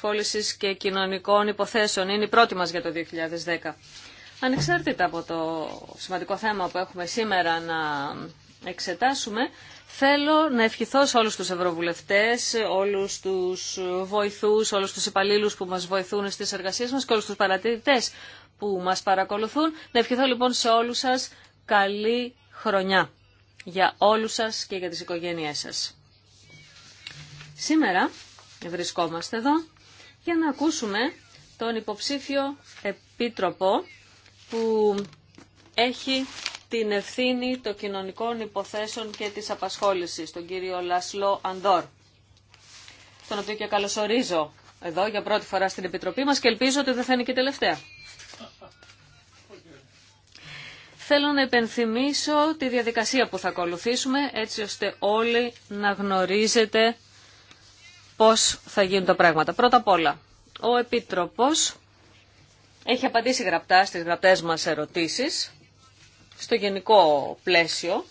Απασχόλησης και Κοινωνικών Υποθέσεων. Είναι η πρώτη μας για το 2010. Ανεξάρτητα από το σημαντικό θέμα που έχουμε σήμερα να εξετάσουμε, θέλω να ευχηθώ σε όλους τους ευρωβουλευτές, όλους τους βοηθούς, όλους τους υπαλλήλους που μας βοηθούν στις εργασίες μας και όλους τους παρατηρητές που μας παρακολουθούν. Να ευχηθώ λοιπόν σε όλους σας καλή χρονιά για όλους σας και για τις οικογένειές σας. Σήμερα βρισκόμαστε εδώ για να ακούσουμε τον υποψήφιο επίτροπο που έχει την ευθύνη των κοινωνικών υποθέσεων και της απασχόλησης, τον κύριο Λασλό Αντόρ, τον οποίο και καλωσορίζω εδώ για πρώτη φορά στην Επιτροπή μας και ελπίζω ότι δεν θα είναι και τελευταία. Θέλω να επενθυμίσω τη διαδικασία που θα ακολουθήσουμε έτσι ώστε όλοι να γνωρίζετε πώς θα γίνουν τα πράγματα. Πρώτα απ' όλα, ο Επίτροπος έχει απαντήσει γραπτά στις γραπτές μας ερωτήσεις, στο γενικό πλαίσιο.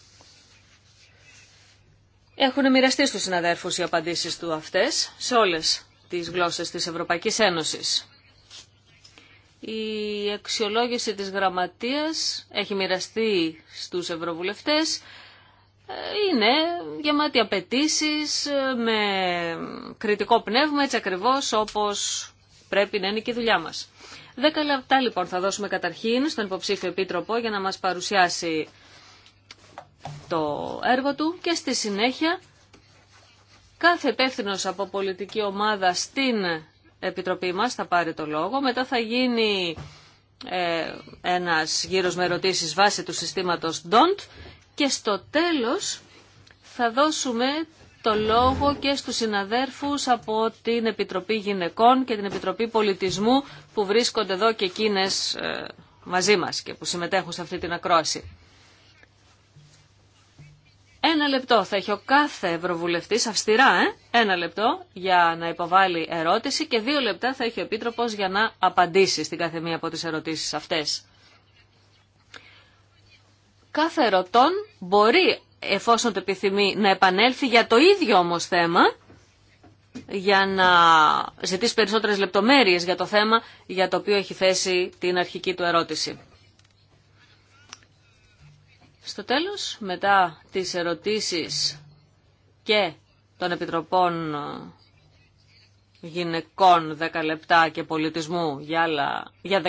Έχουν μοιραστεί στους συναδέρφους οι απαντήσεις του αυτές, σε όλες τις γλώσσες της Ευρωπαϊκής Ένωσης. Η αξιολόγηση της γραμματείας έχει μοιραστεί στους ευρωβουλευτές είναι γεμάτη απαιτήσει ε, με κριτικό πνεύμα, έτσι ακριβώ όπως πρέπει να είναι και η δουλειά μας. Δέκα λεπτά λοιπόν θα δώσουμε καταρχήν στον υποψήφιο επίτροπο για να μας παρουσιάσει το έργο του και στη συνέχεια κάθε υπεύθυνο από πολιτική ομάδα στην Επιτροπή μας θα πάρει το λόγο. Μετά θα γίνει ε, ένας γύρος με ερωτήσεις βάσει του συστήματος DONT και στο τέλος θα δώσουμε το λόγο και στους συναδέρφους από την Επιτροπή Γυναικών και την Επιτροπή Πολιτισμού που βρίσκονται εδώ και εκείνες ε, μαζί μας και που συμμετέχουν σε αυτή την ακρόαση. Ένα λεπτό θα έχει ο κάθε ευρωβουλευτής, αυστηρά, ε? ένα λεπτό για να υποβάλει ερώτηση και δύο λεπτά θα έχει ο Επίτροπος για να απαντήσει στην κάθε μία από τις ερωτήσεις αυτές κάθε ερωτών μπορεί εφόσον το επιθυμεί να επανέλθει για το ίδιο όμως θέμα για να ζητήσει περισσότερες λεπτομέρειες για το θέμα για το οποίο έχει θέσει την αρχική του ερώτηση. Στο τέλος, μετά τις ερωτήσεις και των Επιτροπών Γυναικών 10 λεπτά και Πολιτισμού για, άλλα, για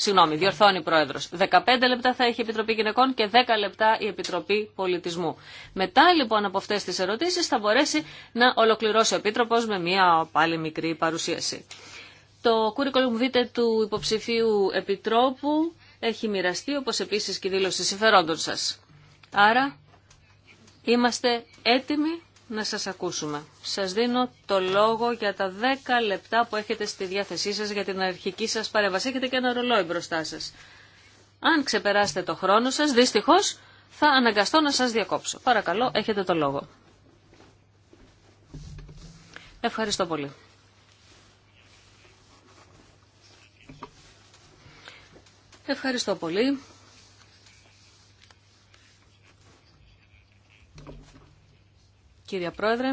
Συγγνώμη, διορθώνει πρόεδρος. 15 λεπτά θα έχει η Επιτροπή Γυναικών και 10 λεπτά η Επιτροπή Πολιτισμού. Μετά λοιπόν από αυτές τις ερωτήσεις θα μπορέσει να ολοκληρώσει ο Επίτροπος με μια πάλι μικρή παρουσίαση. Το κούρικο vitae του υποψηφίου Επιτρόπου έχει μοιραστεί όπως επίσης και η δήλωση συμφερόντων σας. Άρα είμαστε έτοιμοι να σας ακούσουμε. Σας δίνω το λόγο για τα 10 λεπτά που έχετε στη διάθεσή σας για την αρχική σας παρέμβαση. Έχετε και ένα ρολόι μπροστά σας. Αν ξεπεράσετε το χρόνο σας, δυστυχώς θα αναγκαστώ να σας διακόψω. Παρακαλώ, έχετε το λόγο. Ευχαριστώ πολύ. Ευχαριστώ πολύ κύριε Πρόεδρε.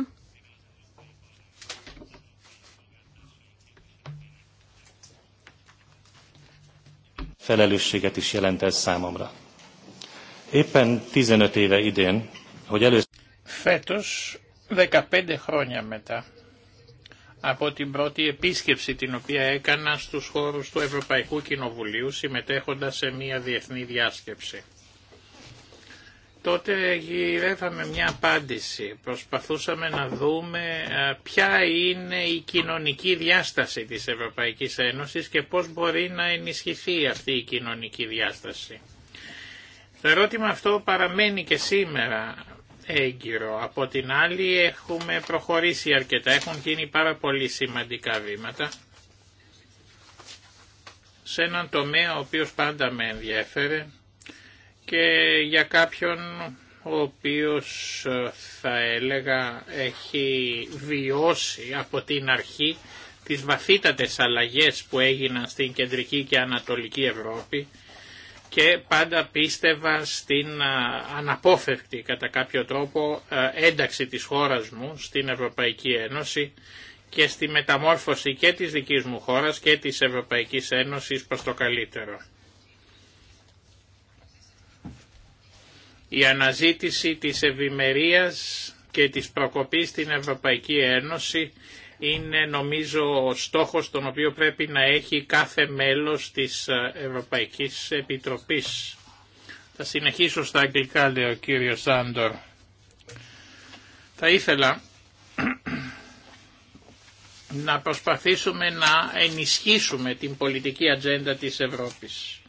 felelősséget is számomra. 15 éve idén, először... Φέτος, 15 χρόνια μετά, από την πρώτη επίσκεψη την οποία έκανα στους χώρους του Ευρωπαϊκού Κοινοβουλίου συμμετέχοντας σε μια διεθνή διάσκεψη τότε γυρεύαμε μια απάντηση. Προσπαθούσαμε να δούμε ε, ποια είναι η κοινωνική διάσταση της Ευρωπαϊκής Ένωσης και πώς μπορεί να ενισχυθεί αυτή η κοινωνική διάσταση. Το ερώτημα αυτό παραμένει και σήμερα έγκυρο. Από την άλλη έχουμε προχωρήσει αρκετά, έχουν γίνει πάρα πολύ σημαντικά βήματα σε έναν τομέα ο οποίος πάντα με ενδιέφερε, και για κάποιον ο οποίος ε, θα έλεγα έχει βιώσει από την αρχή τις βαθύτατες αλλαγές που έγιναν στην κεντρική και ανατολική Ευρώπη και πάντα πίστευα στην ε, αναπόφευκτη κατά κάποιο τρόπο ε, ένταξη της χώρας μου στην Ευρωπαϊκή Ένωση και στη μεταμόρφωση και της δικής μου χώρας και της Ευρωπαϊκής Ένωσης προς το καλύτερο. Η αναζήτηση της ευημερία και της προκοπής στην Ευρωπαϊκή Ένωση είναι νομίζω ο στόχος τον οποίο πρέπει να έχει κάθε μέλος της ε, Ευρωπαϊκής Επιτροπής. Θα συνεχίσω στα αγγλικά, λέει ο κύριος Σάντορ. Θα ήθελα να προσπαθήσουμε να ενισχύσουμε την πολιτική ατζέντα της Ευρώπης.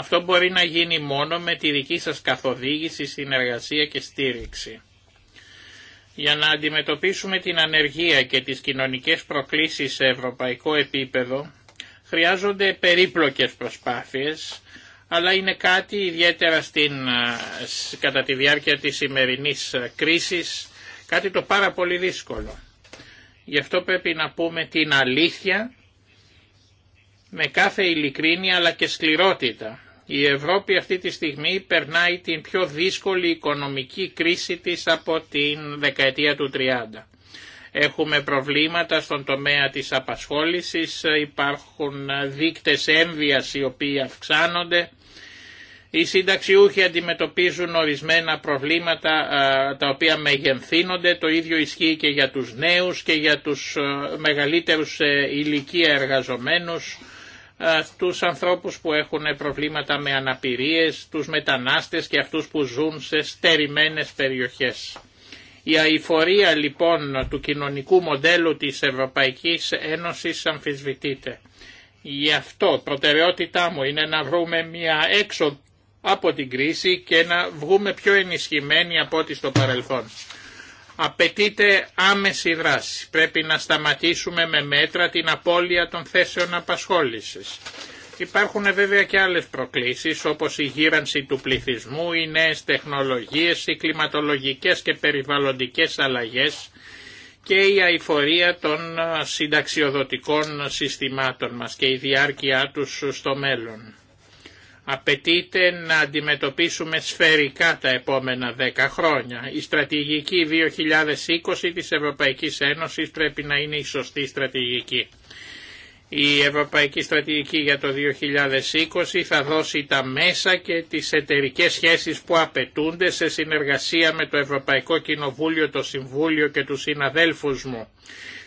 Αυτό μπορεί να γίνει μόνο με τη δική σας καθοδήγηση, συνεργασία και στήριξη. Για να αντιμετωπίσουμε την ανεργία και τις κοινωνικές προκλήσεις σε ευρωπαϊκό επίπεδο, χρειάζονται περίπλοκες προσπάθειες, αλλά είναι κάτι ιδιαίτερα στην, κατά τη διάρκεια της σημερινής κρίσης, κάτι το πάρα πολύ δύσκολο. Γι' αυτό πρέπει να πούμε την αλήθεια με κάθε ειλικρίνη αλλά και σκληρότητα η Ευρώπη αυτή τη στιγμή περνάει την πιο δύσκολη οικονομική κρίση της από την δεκαετία του 30. Έχουμε προβλήματα στον τομέα της απασχόλησης, υπάρχουν δείκτες έμβιας οι οποίοι αυξάνονται. Οι συνταξιούχοι αντιμετωπίζουν ορισμένα προβλήματα τα οποία μεγενθύνονται, το ίδιο ισχύει και για τους νέους και για τους μεγαλύτερους ε, ηλικία εργαζομένους ε, τους ανθρώπους που έχουν προβλήματα με αναπηρίες, τους μετανάστες και αυτούς που ζουν σε στερημένες περιοχές. Η αηφορία λοιπόν του κοινωνικού μοντέλου της Ευρωπαϊκής Ένωσης αμφισβητείται. Γι' αυτό προτεραιότητά μου είναι να βρούμε μια έξοδο από την κρίση και να βγούμε πιο ενισχυμένοι από ό,τι στο παρελθόν. Απαιτείται άμεση δράση. Πρέπει να σταματήσουμε με μέτρα την απώλεια των θέσεων απασχόλησης. Υπάρχουν βέβαια και άλλες προκλήσεις όπως η γύρανση του πληθυσμού, οι νέες τεχνολογίες, οι κλιματολογικές και περιβαλλοντικές αλλαγές και η αηφορία των συνταξιοδοτικών συστημάτων μας και η διάρκεια τους στο μέλλον. Απαιτείται να αντιμετωπίσουμε σφαιρικά τα επόμενα δέκα χρόνια. Η στρατηγική 2020 της Ευρωπαϊκής Ένωσης πρέπει να είναι η σωστή στρατηγική. Η Ευρωπαϊκή Στρατηγική για το 2020 θα δώσει τα μέσα και τις εταιρικές σχέσεις που απαιτούνται σε συνεργασία με το Ευρωπαϊκό Κοινοβούλιο, το Συμβούλιο και τους συναδέλφους μου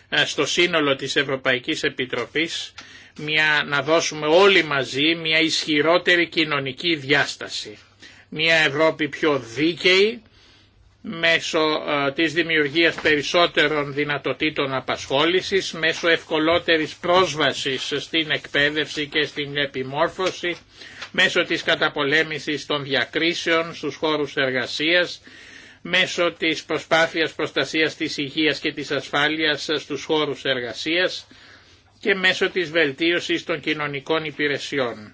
ε, στο σύνολο της Ευρωπαϊκής Επιτροπής μια, να δώσουμε όλοι μαζί μια ισχυρότερη κοινωνική διάσταση. Μια Ευρώπη πιο δίκαιη μέσω ε, της δημιουργίας περισσότερων δυνατοτήτων απασχόλησης, μέσω ευκολότερης πρόσβασης στην εκπαίδευση και στην επιμόρφωση, μέσω της καταπολέμησης των διακρίσεων στους χώρους εργασίας, μέσω της προσπάθειας προστασίας της υγείας και της ασφάλειας στους χώρους εργασίας, και μέσω της βελτίωσης των κοινωνικών υπηρεσιών.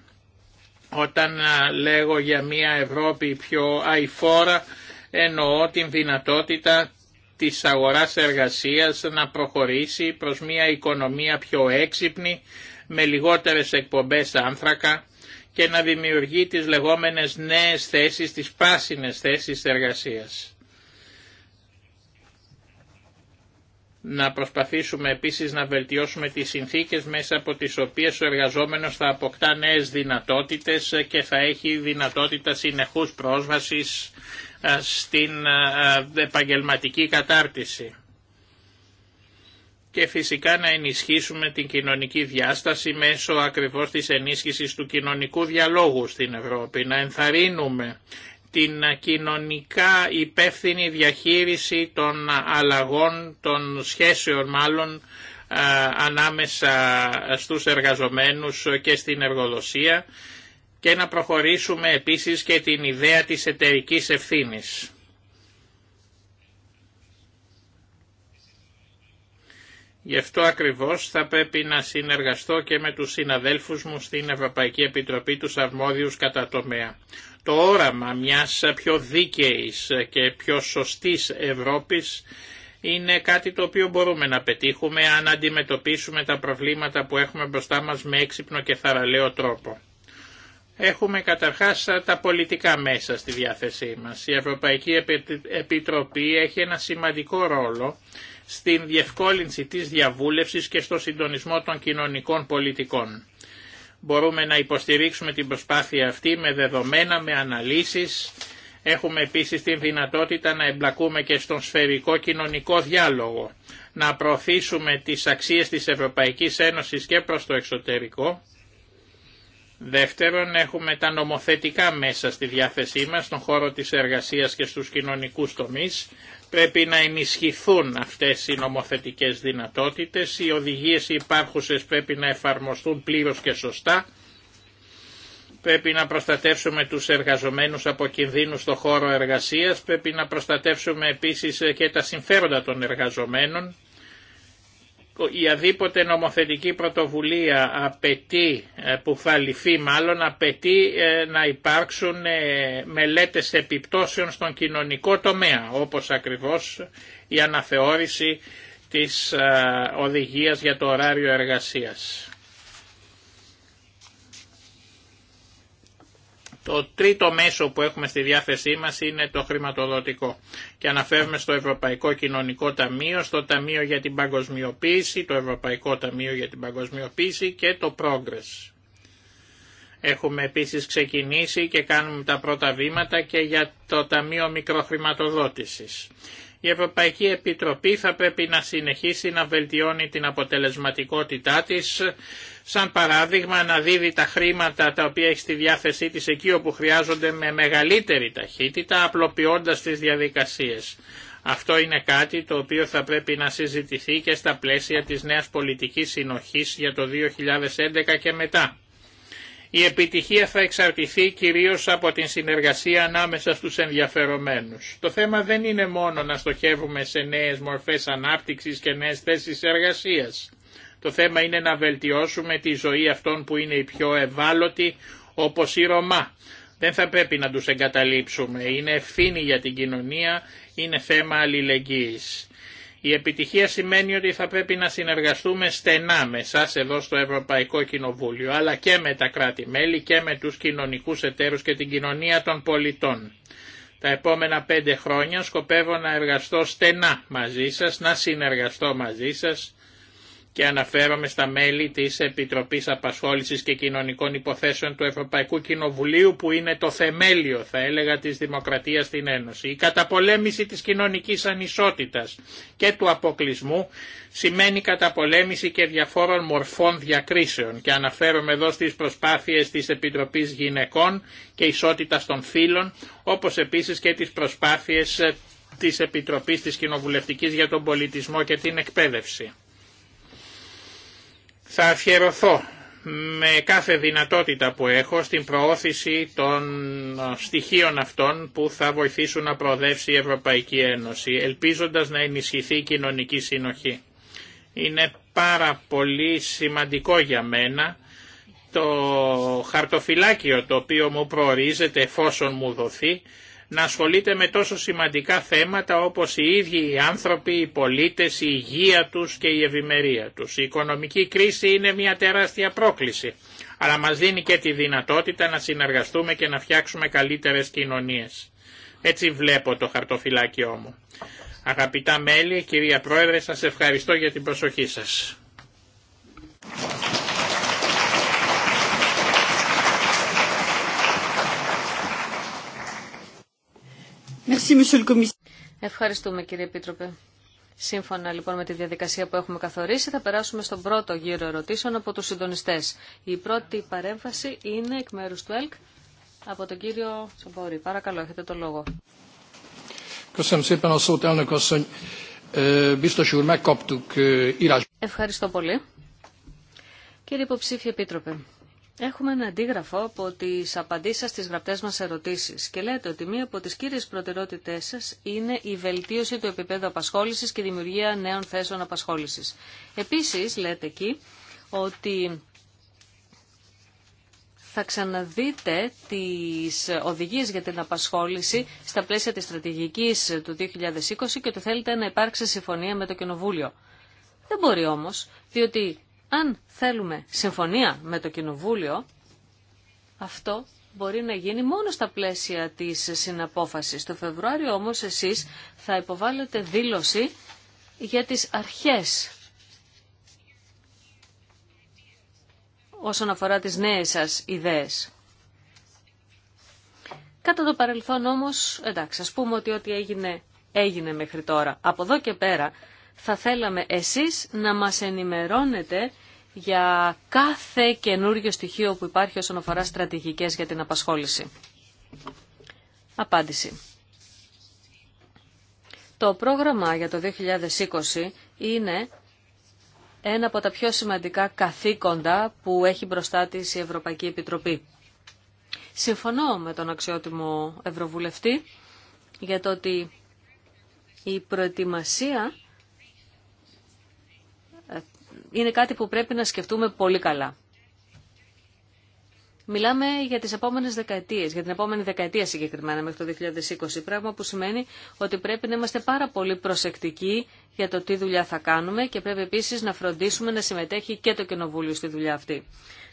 Όταν λέγω για μια Ευρώπη πιο αηφόρα, εννοώ την δυνατότητα της αγοράς εργασίας να προχωρήσει προς μια οικονομία πιο έξυπνη, με λιγότερες εκπομπές άνθρακα και να δημιουργεί τις λεγόμενες νέες θέσεις, τις πράσινες θέσεις εργασίας. να προσπαθήσουμε επίσης να βελτιώσουμε τις συνθήκες μέσα από τις οποίες ο εργαζόμενος θα αποκτά νέες δυνατότητες και θα έχει δυνατότητα συνεχούς πρόσβασης στην επαγγελματική κατάρτιση. Και φυσικά να ενισχύσουμε την κοινωνική διάσταση μέσω ακριβώς της ενίσχυσης του κοινωνικού διαλόγου στην Ευρώπη, να ενθαρρύνουμε την κοινωνικά υπεύθυνη διαχείριση των αλλαγών, των σχέσεων μάλλον ανάμεσα στους εργαζομένους και στην εργοδοσία και να προχωρήσουμε επίσης και την ιδέα της εταιρικής ευθύνης. Γι' αυτό ακριβώς θα πρέπει να συνεργαστώ και με τους συναδέλφους μου στην Ευρωπαϊκή Επιτροπή τους Αρμόδιους κατά τομέα το όραμα μιας πιο δίκαιης και πιο σωστής Ευρώπης είναι κάτι το οποίο μπορούμε να πετύχουμε αν αντιμετωπίσουμε τα προβλήματα που έχουμε μπροστά μας με έξυπνο και θαραλέο τρόπο. Έχουμε καταρχάς τα πολιτικά μέσα στη διάθεσή μας. Η Ευρωπαϊκή Επιτροπή έχει ένα σημαντικό ρόλο στην διευκόλυνση της διαβούλευσης και στο συντονισμό των κοινωνικών πολιτικών. Μπορούμε να υποστηρίξουμε την προσπάθεια αυτή με δεδομένα, με αναλύσεις. Έχουμε επίσης την δυνατότητα να εμπλακούμε και στον σφαιρικό κοινωνικό διάλογο, να προωθήσουμε τις αξίες της Ευρωπαϊκής Ένωσης και προς το εξωτερικό Δεύτερον, έχουμε τα νομοθετικά μέσα στη διάθεσή μας, στον χώρο της εργασίας και στους κοινωνικούς τομείς. Πρέπει να ενισχυθούν αυτές οι νομοθετικές δυνατότητες, οι οδηγίες υπάρχουσες πρέπει να εφαρμοστούν πλήρως και σωστά. Πρέπει να προστατεύσουμε τους εργαζομένους από κινδύνους στο χώρο εργασίας, πρέπει να προστατεύσουμε επίσης και τα συμφέροντα των εργαζομένων, η αδίποτε νομοθετική πρωτοβουλία απαιτεί, ε, που θα λυθεί μάλλον, απαιτεί ε, να υπάρξουν ε, μελέτες επιπτώσεων στον κοινωνικό τομέα, όπως ακριβώς η αναθεώρηση της οδηγίας για το ωράριο εργασίας. Το τρίτο μέσο που έχουμε στη διάθεσή μας είναι το χρηματοδοτικό και αναφέρουμε στο Ευρωπαϊκό Κοινωνικό Ταμείο, στο Ταμείο για την Παγκοσμιοποίηση, το Ευρωπαϊκό Ταμείο για την Παγκοσμιοποίηση και το Progress. Έχουμε επίσης ξεκινήσει και κάνουμε τα πρώτα βήματα και για το Ταμείο Μικροχρηματοδότησης. Η Ευρωπαϊκή Επιτροπή θα πρέπει να συνεχίσει να βελτιώνει την αποτελεσματικότητά της σαν παράδειγμα να δίδει τα χρήματα τα οποία έχει στη διάθεσή της εκεί όπου χρειάζονται με μεγαλύτερη ταχύτητα, απλοποιώντας τις διαδικασίες. Αυτό είναι κάτι το οποίο θα πρέπει να συζητηθεί και στα πλαίσια της νέας πολιτικής συνοχής για το 2011 και μετά. Η επιτυχία θα εξαρτηθεί κυρίως από την συνεργασία ανάμεσα στους ενδιαφερομένους. Το θέμα δεν είναι μόνο να στοχεύουμε σε νέες μορφές ανάπτυξης και νέες θέσεις εργασίας το θέμα είναι να βελτιώσουμε τη ζωή αυτών που είναι οι πιο ευάλωτοι όπως οι Ρωμά. Δεν θα πρέπει να τους εγκαταλείψουμε. Είναι ευθύνη για την κοινωνία, είναι θέμα αλληλεγγύης. Η επιτυχία σημαίνει ότι θα πρέπει να συνεργαστούμε στενά με σας εδώ στο Ευρωπαϊκό Κοινοβούλιο, αλλά και με τα κράτη-μέλη και με τους κοινωνικούς εταίρους και την κοινωνία των πολιτών. Τα επόμενα πέντε χρόνια σκοπεύω να εργαστώ στενά μαζί σας, να συνεργαστώ μαζί σας και αναφέρομαι στα μέλη της Επιτροπής Απασχόλησης και Κοινωνικών Υποθέσεων του Ευρωπαϊκού Κοινοβουλίου που είναι το θεμέλιο θα έλεγα της δημοκρατίας στην Ένωση. Η καταπολέμηση της κοινωνικής ανισότητας και του αποκλεισμού σημαίνει καταπολέμηση και διαφόρων μορφών διακρίσεων και αναφέρομαι εδώ στις προσπάθειες της Επιτροπής Γυναικών και Ισότητας των Φύλων όπως επίσης και τις προσπάθειες της Επιτροπής της Κοινοβουλευτικής για τον Πολιτισμό και την Εκπαίδευση. Θα αφιερωθώ με κάθε δυνατότητα που έχω στην προώθηση των στοιχείων αυτών που θα βοηθήσουν να προοδεύσει η Ευρωπαϊκή Ένωση, ελπίζοντας να ενισχυθεί η κοινωνική συνοχή. Είναι πάρα πολύ σημαντικό για μένα το χαρτοφυλάκιο το οποίο μου προορίζεται εφόσον μου δοθεί να ασχολείται με τόσο σημαντικά θέματα όπως οι ίδιοι οι άνθρωποι, οι πολίτες, η υγεία τους και η ευημερία τους. Η οικονομική κρίση είναι μια τεράστια πρόκληση, αλλά μας δίνει και τη δυνατότητα να συνεργαστούμε και να φτιάξουμε καλύτερες κοινωνίες. Έτσι βλέπω το χαρτοφυλάκιό μου. Αγαπητά μέλη, κυρία Πρόεδρε, σας ευχαριστώ για την προσοχή σας. Ευχαριστούμε κύριε Επίτροπε. Σύμφωνα λοιπόν με τη διαδικασία που έχουμε καθορίσει, θα περάσουμε στον πρώτο γύρο ερωτήσεων από τους συντονιστές. Η πρώτη παρέμβαση είναι εκ μέρους του ΕΛΚ από τον κύριο Σαμπόρη. Παρακαλώ, έχετε το λόγο. Ευχαριστώ πολύ. Κύριε Υποψήφιε Επίτροπε, Έχουμε ένα αντίγραφο από τι απαντήσεις σας στις γραπτές μας ερωτήσεις και λέτε ότι μία από τις κύριες προτεραιότητές σα είναι η βελτίωση του επίπεδου απασχόλησης και η δημιουργία νέων θέσεων απασχόλησης. Επίσης, λέτε εκεί, ότι θα ξαναδείτε τις οδηγίες για την απασχόληση στα πλαίσια της στρατηγικής του 2020 και ότι θέλετε να υπάρξει συμφωνία με το Κοινοβούλιο. Δεν μπορεί όμως, διότι αν θέλουμε συμφωνία με το Κοινοβούλιο, αυτό μπορεί να γίνει μόνο στα πλαίσια της συναπόφασης. Το Φεβρουάριο όμως εσείς θα υποβάλλετε δήλωση για τις αρχές όσον αφορά τις νέες σας ιδέες. Κατά το παρελθόν όμως, εντάξει, ας πούμε ότι ό,τι έγινε, έγινε μέχρι τώρα. Από εδώ και πέρα θα θέλαμε εσείς να μας ενημερώνετε για κάθε καινούργιο στοιχείο που υπάρχει όσον αφορά στρατηγικές για την απασχόληση. Απάντηση. Το πρόγραμμα για το 2020 είναι ένα από τα πιο σημαντικά καθήκοντα που έχει μπροστά της η Ευρωπαϊκή Επιτροπή. Συμφωνώ με τον αξιότιμο Ευρωβουλευτή για το ότι η προετοιμασία είναι κάτι που πρέπει να σκεφτούμε πολύ καλά. Μιλάμε για τις επόμενες δεκαετίες, για την επόμενη δεκαετία συγκεκριμένα μέχρι το 2020, πράγμα που σημαίνει ότι πρέπει να είμαστε πάρα πολύ προσεκτικοί για το τι δουλειά θα κάνουμε και πρέπει επίσης να φροντίσουμε να συμμετέχει και το Κοινοβούλιο στη δουλειά αυτή.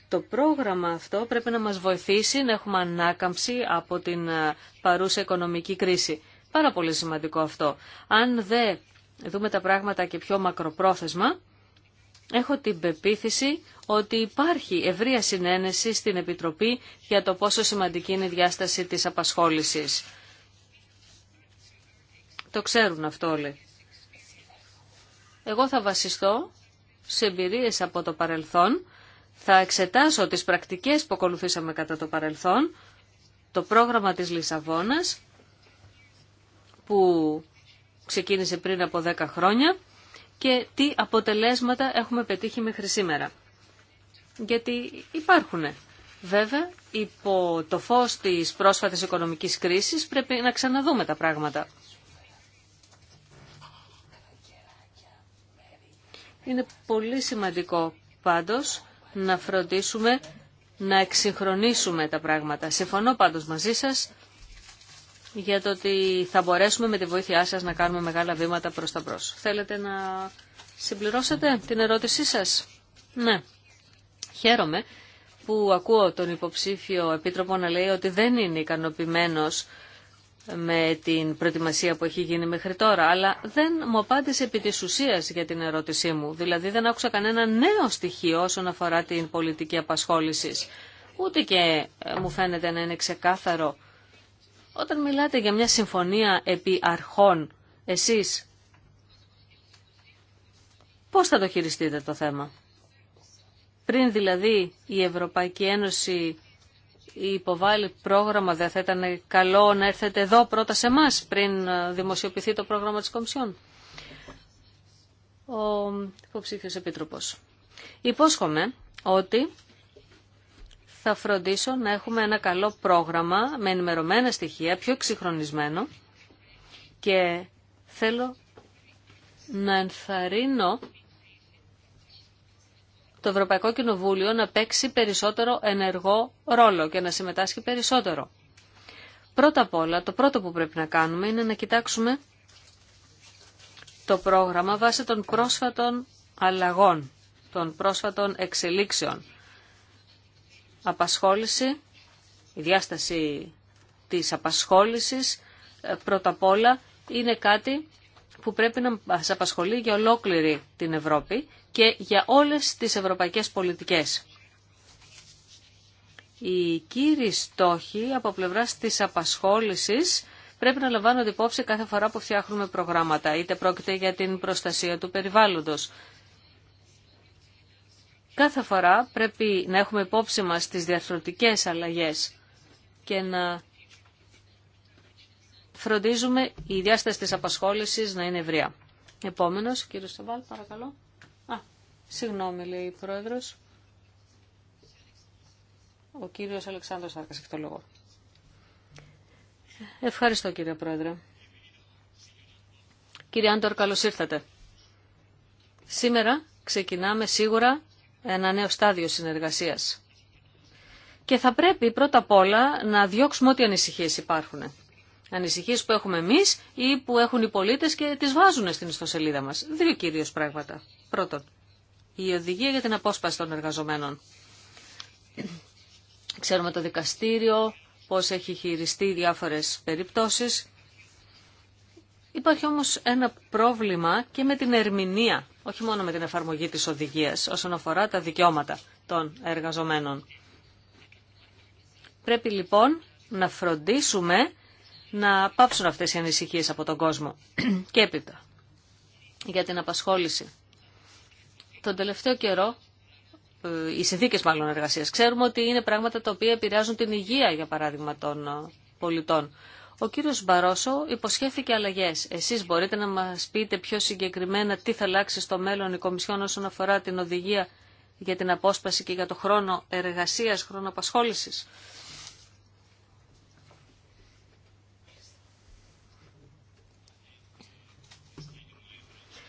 Το πρόγραμμα αυτό πρέπει να μας βοηθήσει να έχουμε ανάκαμψη από την ε, παρούσα οικονομική κρίση. Πάρα πολύ σημαντικό αυτό. Αν δεν δούμε τα πράγματα και πιο μακροπρόθεσμα, έχω την πεποίθηση ότι υπάρχει ευρεία συνένεση στην Επιτροπή για το πόσο σημαντική είναι η διάσταση της απασχόλησης. Το ξέρουν αυτό όλοι. Εγώ θα βασιστώ σε εμπειρίες από το παρελθόν, θα εξετάσω τις πρακτικές που ακολουθήσαμε κατά το παρελθόν, το πρόγραμμα της Λισαβόνας, που ξεκίνησε πριν από 10 χρόνια, και τι αποτελέσματα έχουμε πετύχει μέχρι σήμερα. Γιατί υπάρχουν. Βέβαια, υπό το φως της πρόσφατης οικονομικής κρίσης πρέπει να ξαναδούμε τα πράγματα. Είναι πολύ σημαντικό πάντως να φροντίσουμε να εξυγχρονίσουμε τα πράγματα. Συμφωνώ πάντως μαζί σας για το ότι θα μπορέσουμε με τη βοήθειά σας να κάνουμε μεγάλα βήματα προς τα μπρος. Θέλετε να συμπληρώσετε την ερώτησή σας. Ναι. Χαίρομαι που ακούω τον υποψήφιο επίτροπο να λέει ότι δεν είναι ικανοποιημένος με την προετοιμασία που έχει γίνει μέχρι τώρα, αλλά δεν μου απάντησε επί της ουσίας για την ερώτησή μου. Δηλαδή δεν άκουσα κανένα νέο στοιχείο όσον αφορά την πολιτική απασχόληση. Ούτε και ε, μου φαίνεται να είναι ξεκάθαρο όταν μιλάτε για μια συμφωνία επί αρχών, εσείς πώς θα το χειριστείτε το θέμα. Πριν δηλαδή η Ευρωπαϊκή Ένωση υποβάλει πρόγραμμα, δεν θα ήταν καλό να έρθετε εδώ πρώτα σε εμά πριν ε, δημοσιοποιηθεί το πρόγραμμα της Κομισιόν. Ο υποψήφιος Επίτροπος. Υπόσχομαι ότι θα φροντίσω να έχουμε ένα καλό πρόγραμμα με ενημερωμένα στοιχεία, πιο εξυγχρονισμένο και θέλω να ενθαρρύνω το Ευρωπαϊκό Κοινοβούλιο να παίξει περισσότερο ενεργό ρόλο και να συμμετάσχει περισσότερο. Πρώτα απ' όλα, το πρώτο που πρέπει να κάνουμε είναι να κοιτάξουμε το πρόγραμμα βάσει των πρόσφατων αλλαγών, των πρόσφατων εξελίξεων απασχόληση, η διάσταση της απασχόλησης ε, πρώτα απ' όλα είναι κάτι που πρέπει να μας απασχολεί για ολόκληρη την Ευρώπη και για όλες τις ευρωπαϊκές πολιτικές. Οι κύριοι στόχοι από πλευρά της απασχόλησης πρέπει να λαμβάνονται υπόψη κάθε φορά που φτιάχνουμε προγράμματα, είτε πρόκειται για την προστασία του περιβάλλοντος, Κάθε φορά πρέπει να έχουμε υπόψη μας τις διαφροντικές αλλαγές και να φροντίζουμε η διάσταση της απασχόλησης να είναι ευρεία. Επόμενος, κύριο Σταβάλ, παρακαλώ. Α, συγγνώμη, λέει η Πρόεδρος. Ο κύριος Αλεξάνδρος Σάρκας έχει λόγο. Ευχαριστώ, κύριε Πρόεδρε. Κύριε Άντορ, καλώς ήρθατε. Σήμερα ξεκινάμε σίγουρα ένα νέο στάδιο συνεργασίας. Και θα πρέπει πρώτα απ' όλα να διώξουμε ό,τι ανησυχίες υπάρχουν. Ανησυχίες που έχουμε εμείς ή που έχουν οι πολίτες και τις βάζουν στην ιστοσελίδα μας. Δύο κυρίως πράγματα. Πρώτον, η οδηγία για την απόσπαση των εργαζομένων. Ξέρουμε το δικαστήριο, πώς έχει χειριστεί διάφορες περιπτώσεις. Υπάρχει όμως ένα πρόβλημα και με την ερμηνεία όχι μόνο με την εφαρμογή της οδηγίας, όσον αφορά τα δικαιώματα των εργαζομένων. Πρέπει λοιπόν να φροντίσουμε να πάψουν αυτές οι ανησυχίες από τον κόσμο. Και έπειτα, για την απασχόληση. Τον τελευταίο καιρό, ε, οι συνθήκες μάλλον εργασίας, ξέρουμε ότι είναι πράγματα τα οποία επηρεάζουν την υγεία, για παράδειγμα, των ε, πολιτών. Ο κύριος Μπαρόσο υποσχέθηκε αλλαγές. Εσείς μπορείτε να μας πείτε πιο συγκεκριμένα τι θα αλλάξει στο μέλλον η Κομισιόν όσον αφορά την οδηγία για την απόσπαση και για το χρόνο εργασίας, χρόνο απασχόλησης.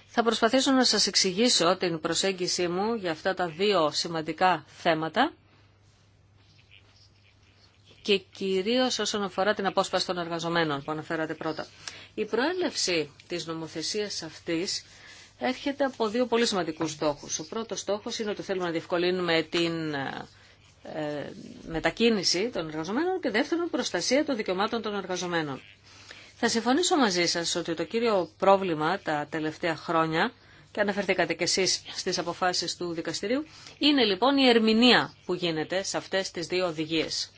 Θα προσπαθήσω να σας εξηγήσω την προσέγγιση μου για αυτά τα δύο σημαντικά θέματα και κυρίως όσον αφορά την απόσπαση των εργαζομένων που αναφέρατε πρώτα. Η προέλευση της νομοθεσίας αυτής έρχεται από δύο πολύ σημαντικούς στόχους. Ο πρώτος στόχος είναι ότι θέλουμε να διευκολύνουμε την ε, μετακίνηση των εργαζομένων και δεύτερον προστασία των δικαιωμάτων των εργαζομένων. Θα συμφωνήσω μαζί σας ότι το κύριο πρόβλημα τα τελευταία χρόνια και αναφερθήκατε κι εσείς στις αποφάσεις του δικαστηρίου, είναι λοιπόν η ερμηνεία που γίνεται σε αυτές τις δύο οδηγίες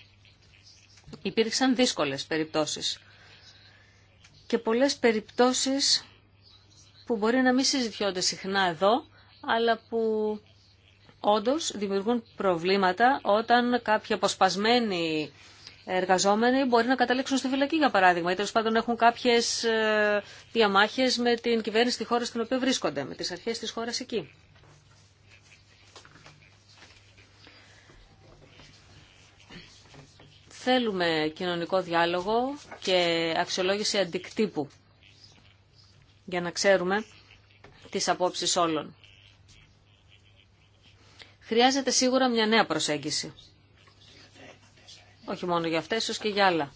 υπήρξαν δύσκολες περιπτώσεις. Και πολλές περιπτώσεις που μπορεί να μην συζητιώνται συχνά εδώ, αλλά που όντως δημιουργούν προβλήματα όταν κάποιοι αποσπασμένοι εργαζόμενοι μπορεί να καταλήξουν στη φυλακή, για παράδειγμα, ή τέλο πάντων έχουν κάποιες ε, διαμάχες με την κυβέρνηση τη χώρα στην οποία βρίσκονται, με τις αρχές της χώρας εκεί. θέλουμε κοινωνικό διάλογο και αξιολόγηση αντικτύπου για να ξέρουμε τις απόψεις όλων. Χρειάζεται σίγουρα μια νέα προσέγγιση. Όχι μόνο για αυτές, ίσως και για άλλα.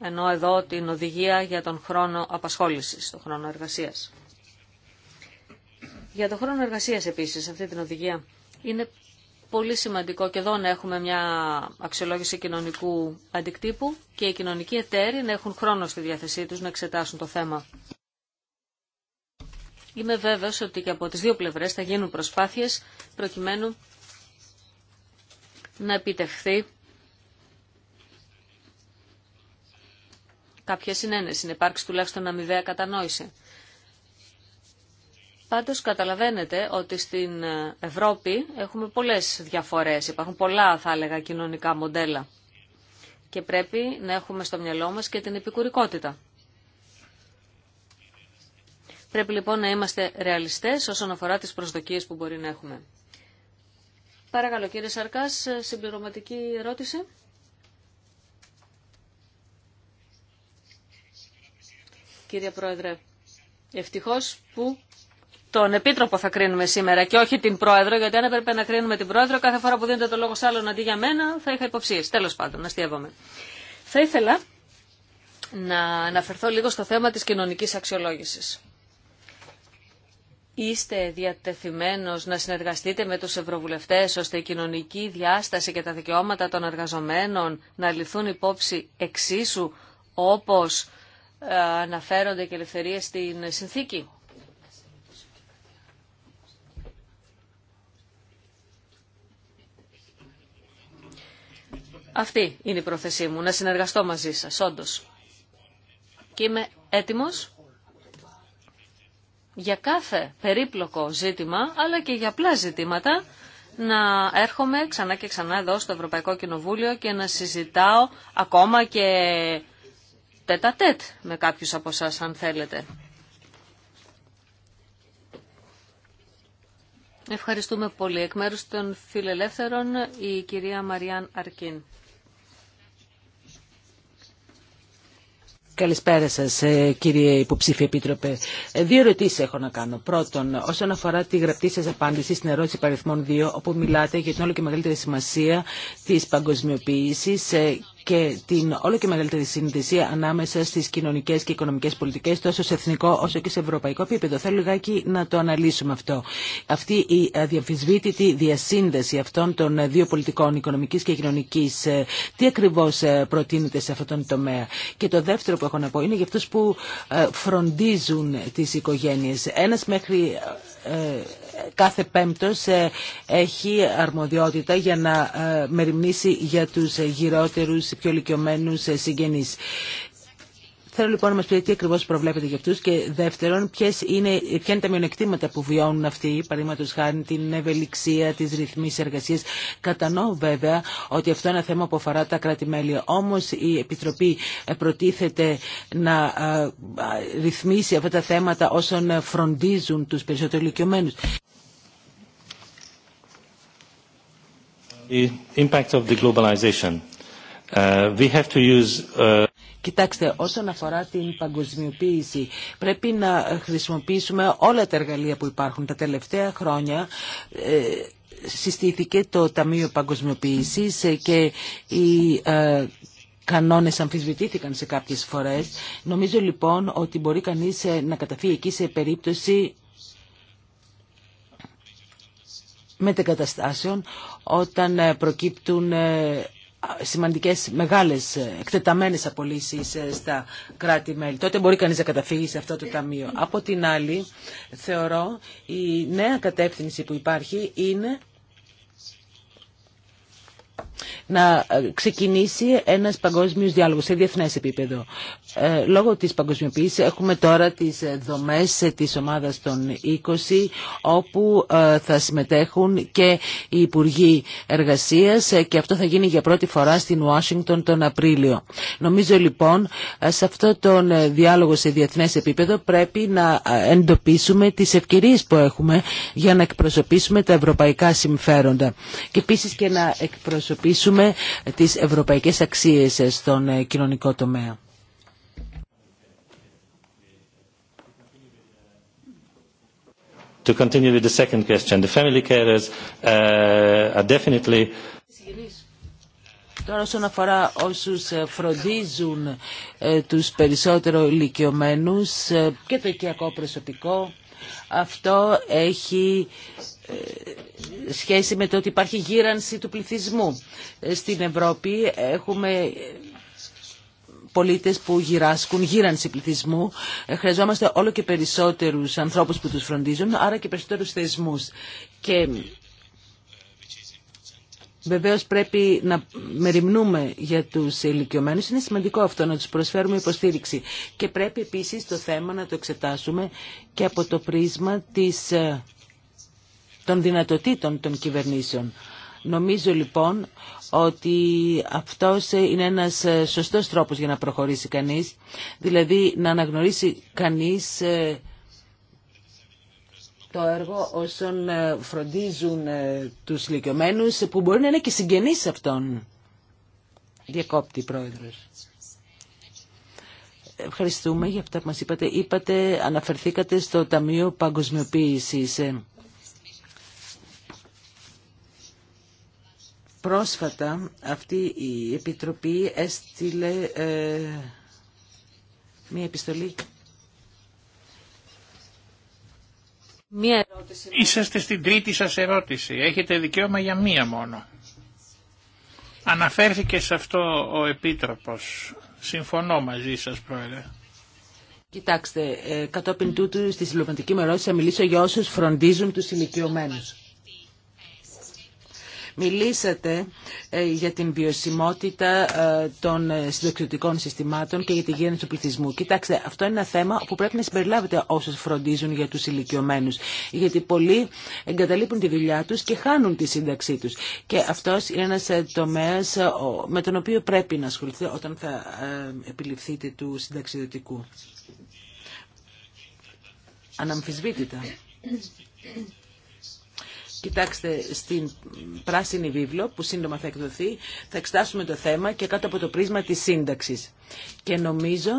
Ενώ εδώ την οδηγία για τον χρόνο απασχόλησης, τον χρόνο εργασίας. Για τον χρόνο εργασίας επίσης, αυτή την οδηγία, είναι πολύ σημαντικό και εδώ να έχουμε μια αξιολόγηση κοινωνικού αντικτύπου και οι κοινωνικοί εταίροι να έχουν χρόνο στη διάθεσή τους να εξετάσουν το θέμα. Είμαι βέβαιος ότι και από τις δύο πλευρές θα γίνουν προσπάθειες προκειμένου να επιτευχθεί κάποια συνένεση, να υπάρξει τουλάχιστον αμοιβαία κατανόηση. Πάντως καταλαβαίνετε ότι στην ε, Ευρώπη έχουμε πολλές διαφορές, υπάρχουν πολλά θα έλεγα κοινωνικά μοντέλα και πρέπει να έχουμε στο μυαλό μας και την επικουρικότητα. Πρέπει λοιπόν να είμαστε ρεαλιστές όσον αφορά τις προσδοκίες που μπορεί να έχουμε. Παρακαλώ κύριε Σαρκάς, ε, συμπληρωματική ερώτηση. Κύριε Πρόεδρε, ευτυχώς που τον Επίτροπο θα κρίνουμε σήμερα και όχι την Πρόεδρο, γιατί αν έπρεπε να κρίνουμε την Πρόεδρο, κάθε φορά που δίνετε το λόγο σε άλλον αντί για μένα, θα είχα υποψίες. Τέλο πάντων, αστείευομαι. Θα ήθελα να αναφερθώ λίγο στο θέμα τη κοινωνική αξιολόγηση. Είστε διατεθειμένος να συνεργαστείτε με τους ευρωβουλευτές ώστε η κοινωνική διάσταση και τα δικαιώματα των εργαζομένων να λυθούν υπόψη εξίσου όπως ε, αναφέρονται και ελευθερίε στην συνθήκη. Αυτή είναι η πρόθεσή μου, να συνεργαστώ μαζί σας, όντως. Και είμαι έτοιμος για κάθε περίπλοκο ζήτημα, αλλά και για απλά ζητήματα, να έρχομαι ξανά και ξανά εδώ στο Ευρωπαϊκό Κοινοβούλιο και να συζητάω ακόμα και τέτα τέτ με κάποιους από εσά αν θέλετε. Ευχαριστούμε πολύ. Εκ μέρους των φιλελεύθερων η κυρία Μαριάν Αρκίν. Καλησπέρα σας ε, κύριε υποψήφιε επίτροπε. Ε, δύο ερωτήσει έχω να κάνω. Πρώτον, όσον αφορά τη γραπτή σας απάντηση στην ερώτηση παριθμών 2, όπου μιλάτε για την όλο και μεγαλύτερη σημασία τη παγκοσμιοποίηση. Ε, και την όλο και μεγαλύτερη συνδυσία ανάμεσα στις κοινωνικές και οικονομικές πολιτικές τόσο σε εθνικό όσο και σε ευρωπαϊκό επίπεδο. Θέλω λιγάκι να το αναλύσουμε αυτό. Αυτή η αδιαφυσβήτητη διασύνδεση αυτών των δύο πολιτικών, οικονομικής και κοινωνικής, ε, τι ακριβώς ε, προτείνεται σε αυτόν τον τομέα. Και το δεύτερο που έχω να πω είναι για αυτούς που ε, φροντίζουν τις οικογένειες. Ένας μέχρι κάθε πέμπτος ε, έχει αρμοδιότητα για να ε, μεριμνήσει για τους γυρότερους πιο ηλικιωμένους ε, συγγενείς. Θέλω λοιπόν να μα πείτε τι ακριβώς προβλέπετε για αυτού και δεύτερον ποιες είναι, ποια είναι τα μειονεκτήματα που βιώνουν αυτοί, παραδείγματο χάρη την ευελιξία της ρυθμής εργασία. Κατανοώ βέβαια ότι αυτό είναι ένα θέμα που αφορά τα κράτη-μέλη. Όμως η Επιτροπή ε, προτίθεται να ε, ρυθμίσει αυτά τα θέματα όσων ε, φροντίζουν τους περισσότερου ηλικιωμένου. The impact of the globalization. Uh, we have to use uh... Κοιτάξτε, όσον αφορά την παγκοσμιοποίηση, πρέπει να χρησιμοποιήσουμε όλα τα εργαλεία που υπάρχουν τα τελευταία χρόνια. Ε, συστήθηκε το Ταμείο Παγκοσμιοποίησης ε, και οι ε, κανόνες αμφισβητήθηκαν σε κάποιες φορές. Νομίζω λοιπόν ότι μπορεί κανείς ε, να καταφύγει εκεί σε περίπτωση μετεγκαταστάσεων όταν προκύπτουν Σημαντικέ, μεγάλες, ε, εκτεταμένες απολύσεις ε, στα κράτη-μέλη. Τότε μπορεί κανεί να καταφύγει σε αυτό το ταμείο. Από την άλλη, θεωρώ η νέα κατεύθυνση που υπάρχει είναι να ε, ξεκινήσει ένας παγκόσμιος διάλογος σε διεθνές επίπεδο. Ε, λόγω της παγκοσμιοποίησης έχουμε τώρα τις ε, δομές της ομάδας των 20 όπου θα συμμετέχουν και οι Υπουργοί Εργασίας και αυτό θα γίνει για πρώτη φορά στην Ουάσιγκτον τον Απρίλιο. Νομίζω λοιπόν σε αυτό τον διάλογο σε διεθνές επίπεδο πρέπει να εντοπίσουμε τις ευκαιρίες που έχουμε για να εκπροσωπήσουμε τα ευρωπαϊκά συμφέροντα και επίσης και να εκπροσωπήσουμε τι τις ευρωπαϊκές αξίες στον ε, κοινωνικό τομέα. To continue with the second question, the family carers uh, are definitely. Τώρα όσον αφορά όσους ε, φροντίζουν ε, τους περισσότερο ηλικιωμένους και το οικιακό προσωπικό, αυτό έχει ε, σχέση με το ότι υπάρχει γύρανση του πληθυσμού. Ε, στην Ευρώπη έχουμε πολίτες που γυράσκουν, γύρανση πληθυσμού. Ε, χρειαζόμαστε όλο και περισσότερους ανθρώπους που τους φροντίζουν, άρα και περισσότερους θεσμούς. Και Βεβαίω πρέπει να μεριμνούμε για του ηλικιωμένου. Είναι σημαντικό αυτό να του προσφέρουμε υποστήριξη. Και πρέπει επίση το θέμα να το εξετάσουμε και από το πρίσμα τη των δυνατοτήτων των κυβερνήσεων. Νομίζω λοιπόν ότι αυτός είναι ένας ε, σωστός τρόπος για να προχωρήσει κανείς, δηλαδή να αναγνωρίσει κανείς ε, το έργο όσων ε, φροντίζουν τους ηλικιωμένους που μπορεί να είναι και συγγενείς αυτών. Διακόπτη πρόεδρος. Ευχαριστούμε για αυτά που μας είπατε. Είπατε, αναφερθήκατε στο Ταμείο Παγκοσμιοποίησης. Πρόσφατα αυτή η Επιτροπή έστειλε ε, μία επιστολή. Μία ερώτηση. Είσαστε στην τρίτη σας ερώτηση. Έχετε δικαίωμα για μία μόνο. Αναφέρθηκε σε αυτό ο Επίτροπος. Συμφωνώ μαζί σας, Πρόεδρε. Κοιτάξτε, ε, κατόπιν τούτου στη συλλογματική μου ερώτηση θα μιλήσω για όσους φροντίζουν τους ηλικιωμένους. Μιλήσατε ε, για την βιωσιμότητα ε, των ε, συνταξιδοτικών συστημάτων και για τη γέννηση του πληθυσμού. Κοιτάξτε, αυτό είναι ένα θέμα που πρέπει να συμπεριλάβετε όσου φροντίζουν για του ηλικιωμένου. Γιατί πολλοί εγκαταλείπουν τη δουλειά του και χάνουν τη σύνταξή του. Και αυτό είναι ένα τομέα με τον οποίο πρέπει να ασχοληθείτε όταν θα επιληφθείτε του συνταξιδοτικού. Αναμφισβήτητα. Κοιτάξτε, στην πράσινη βίβλο που σύντομα θα εκδοθεί, θα εξετάσουμε το θέμα και κάτω από το πρίσμα της σύνταξης. Και νομίζω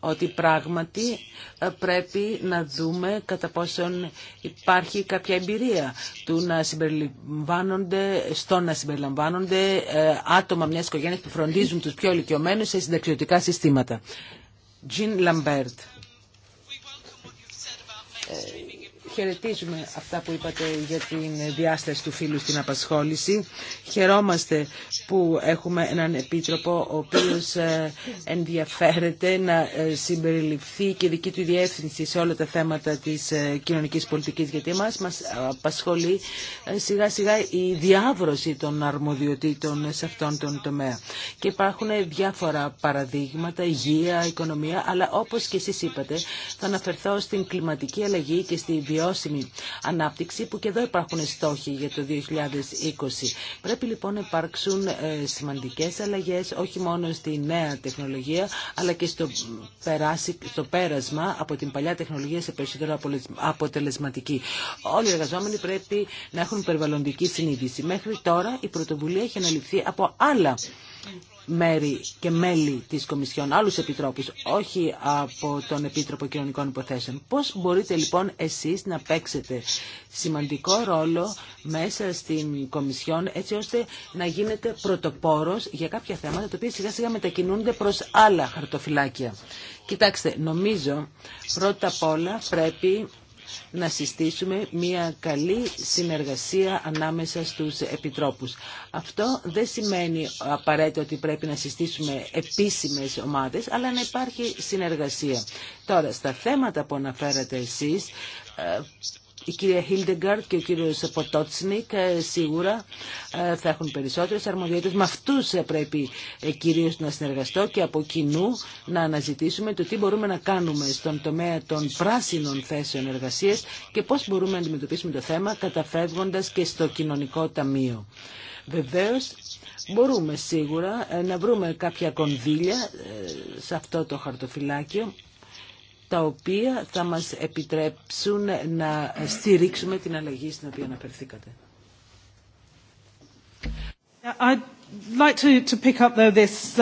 ότι πράγματι ε, πρέπει να δούμε κατά πόσον υπάρχει κάποια εμπειρία του να συμπεριλαμβάνονται, στο να συμπεριλαμβάνονται ε, άτομα μιας οικογένειας που φροντίζουν τους πιο ηλικιωμένους σε συνταξιωτικά συστήματα. Jean Lambert. Χαιρετίζουμε αυτά που είπατε για την διάσταση του φίλου στην απασχόληση. Χαιρόμαστε που έχουμε έναν επίτροπο ο οποίος ε, ενδιαφέρεται να ε, συμπεριληφθεί και δική του διεύθυνση σε όλα τα θέματα της ε, κοινωνικής πολιτικής γιατί μας, μας απασχολεί σιγά σιγά η διάβρωση των αρμοδιοτήτων σε αυτόν τον τομέα. Και υπάρχουν διάφορα παραδείγματα, υγεία, οικονομία, αλλά όπως και εσείς είπατε θα αναφερθώ στην κλιματική αλλαγή και στη βιώσιμη βιώσιμη ανάπτυξη που και εδώ υπάρχουν στόχοι για το 2020. Πρέπει λοιπόν να υπάρξουν ε, σημαντικές αλλαγές όχι μόνο στη νέα τεχνολογία αλλά και στο, περάσι, στο πέρασμα από την παλιά τεχνολογία σε περισσότερο αποτελεσματική. Όλοι οι εργαζόμενοι πρέπει να έχουν περιβαλλοντική συνείδηση. Μέχρι τώρα η πρωτοβουλία έχει αναλυφθεί από άλλα μέρη και μέλη της Κομισιόν, άλλους επιτρόπους, όχι από τον Επίτροπο Κοινωνικών Υποθέσεων. Πώς μπορείτε λοιπόν εσείς να παίξετε σημαντικό ρόλο μέσα στην Κομισιόν έτσι ώστε να γίνετε πρωτοπόρος για κάποια θέματα τα οποία σιγά σιγά μετακινούνται προς άλλα χαρτοφυλάκια. Κοιτάξτε, νομίζω πρώτα απ' όλα πρέπει να συστήσουμε μια καλή συνεργασία ανάμεσα στους επιτρόπους. Αυτό δεν σημαίνει απαραίτητο ότι πρέπει να συστήσουμε επίσημες ομάδες, αλλά να υπάρχει συνεργασία. Τώρα, στα θέματα που αναφέρατε εσείς, ε, η κυρία Χίλντεγκαρτ και ο κύριο Ποτότσνικ ε, σίγουρα ε, θα έχουν περισσότερε αρμοδιότητες. Με αυτού ε, πρέπει κυρίω να συνεργαστώ και από κοινού να αναζητήσουμε το τι μπορούμε να κάνουμε στον τομέα των πράσινων θέσεων εργασία και πώ μπορούμε να αντιμετωπίσουμε το θέμα καταφεύγοντα και στο κοινωνικό ταμείο. Βεβαίω, μπορούμε σίγουρα να βρούμε κάποια κονδύλια σε αυτό το χαρτοφυλάκιο τα οποία θα μας επιτρέψουν να στηρίξουμε την αλλαγή στην οποία αναφερθήκατε.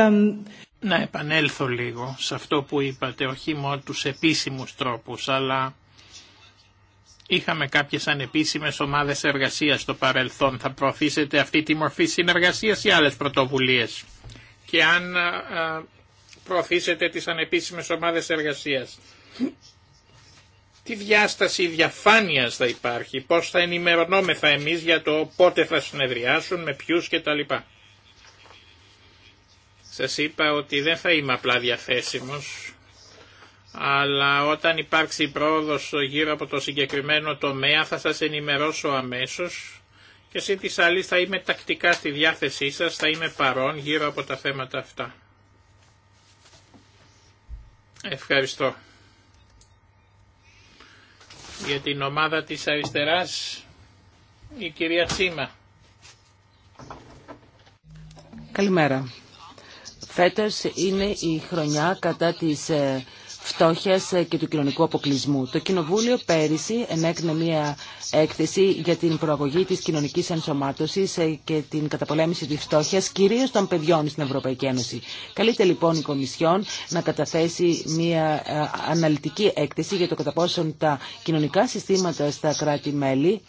Um, να επανέλθω λίγο σε αυτό που είπατε, όχι μόνο τους επίσημους τρόπους, αλλά είχαμε κάποιες ανεπίσημες ομάδες εργασίας στο παρελθόν. Θα προωθήσετε αυτή τη μορφή συνεργασίας ή άλλες πρωτοβουλίες. Και αν προωθήσετε τις ανεπίσημες ομάδες εργασίας. Τι διάσταση διαφάνειας θα υπάρχει, πώς θα ενημερωνόμεθα εμείς για το πότε θα συνεδριάσουν, με ποιους κτλ. Σας είπα ότι δεν θα είμαι απλά διαθέσιμος, αλλά όταν υπάρξει πρόοδος γύρω από το συγκεκριμένο τομέα θα σας ενημερώσω αμέσως και εσύ της άλλης θα είμαι τακτικά στη διάθεσή σας, θα είμαι παρόν γύρω από τα θέματα αυτά. Ευχαριστώ. Για την ομάδα της αριστεράς, η κυρία Τσίμα. Καλημέρα. Φέτος είναι η χρονιά κατά της ε, Φτώχεια ε, και του κοινωνικού αποκλεισμού. Το Κοινοβούλιο πέρυσι ενέκρινε μια έκθεση για την προαγωγή της κοινωνικής ενσωμάτωση ε, και την καταπολέμηση της φτώχεια κυρίως των παιδιών στην Ευρωπαϊκή Ένωση. Καλείται λοιπόν η Κομισιόν να καταθέσει μια ε, αναλυτική έκθεση για το κατά πόσον τα κοινωνικά συστήματα στα κράτη-μέλη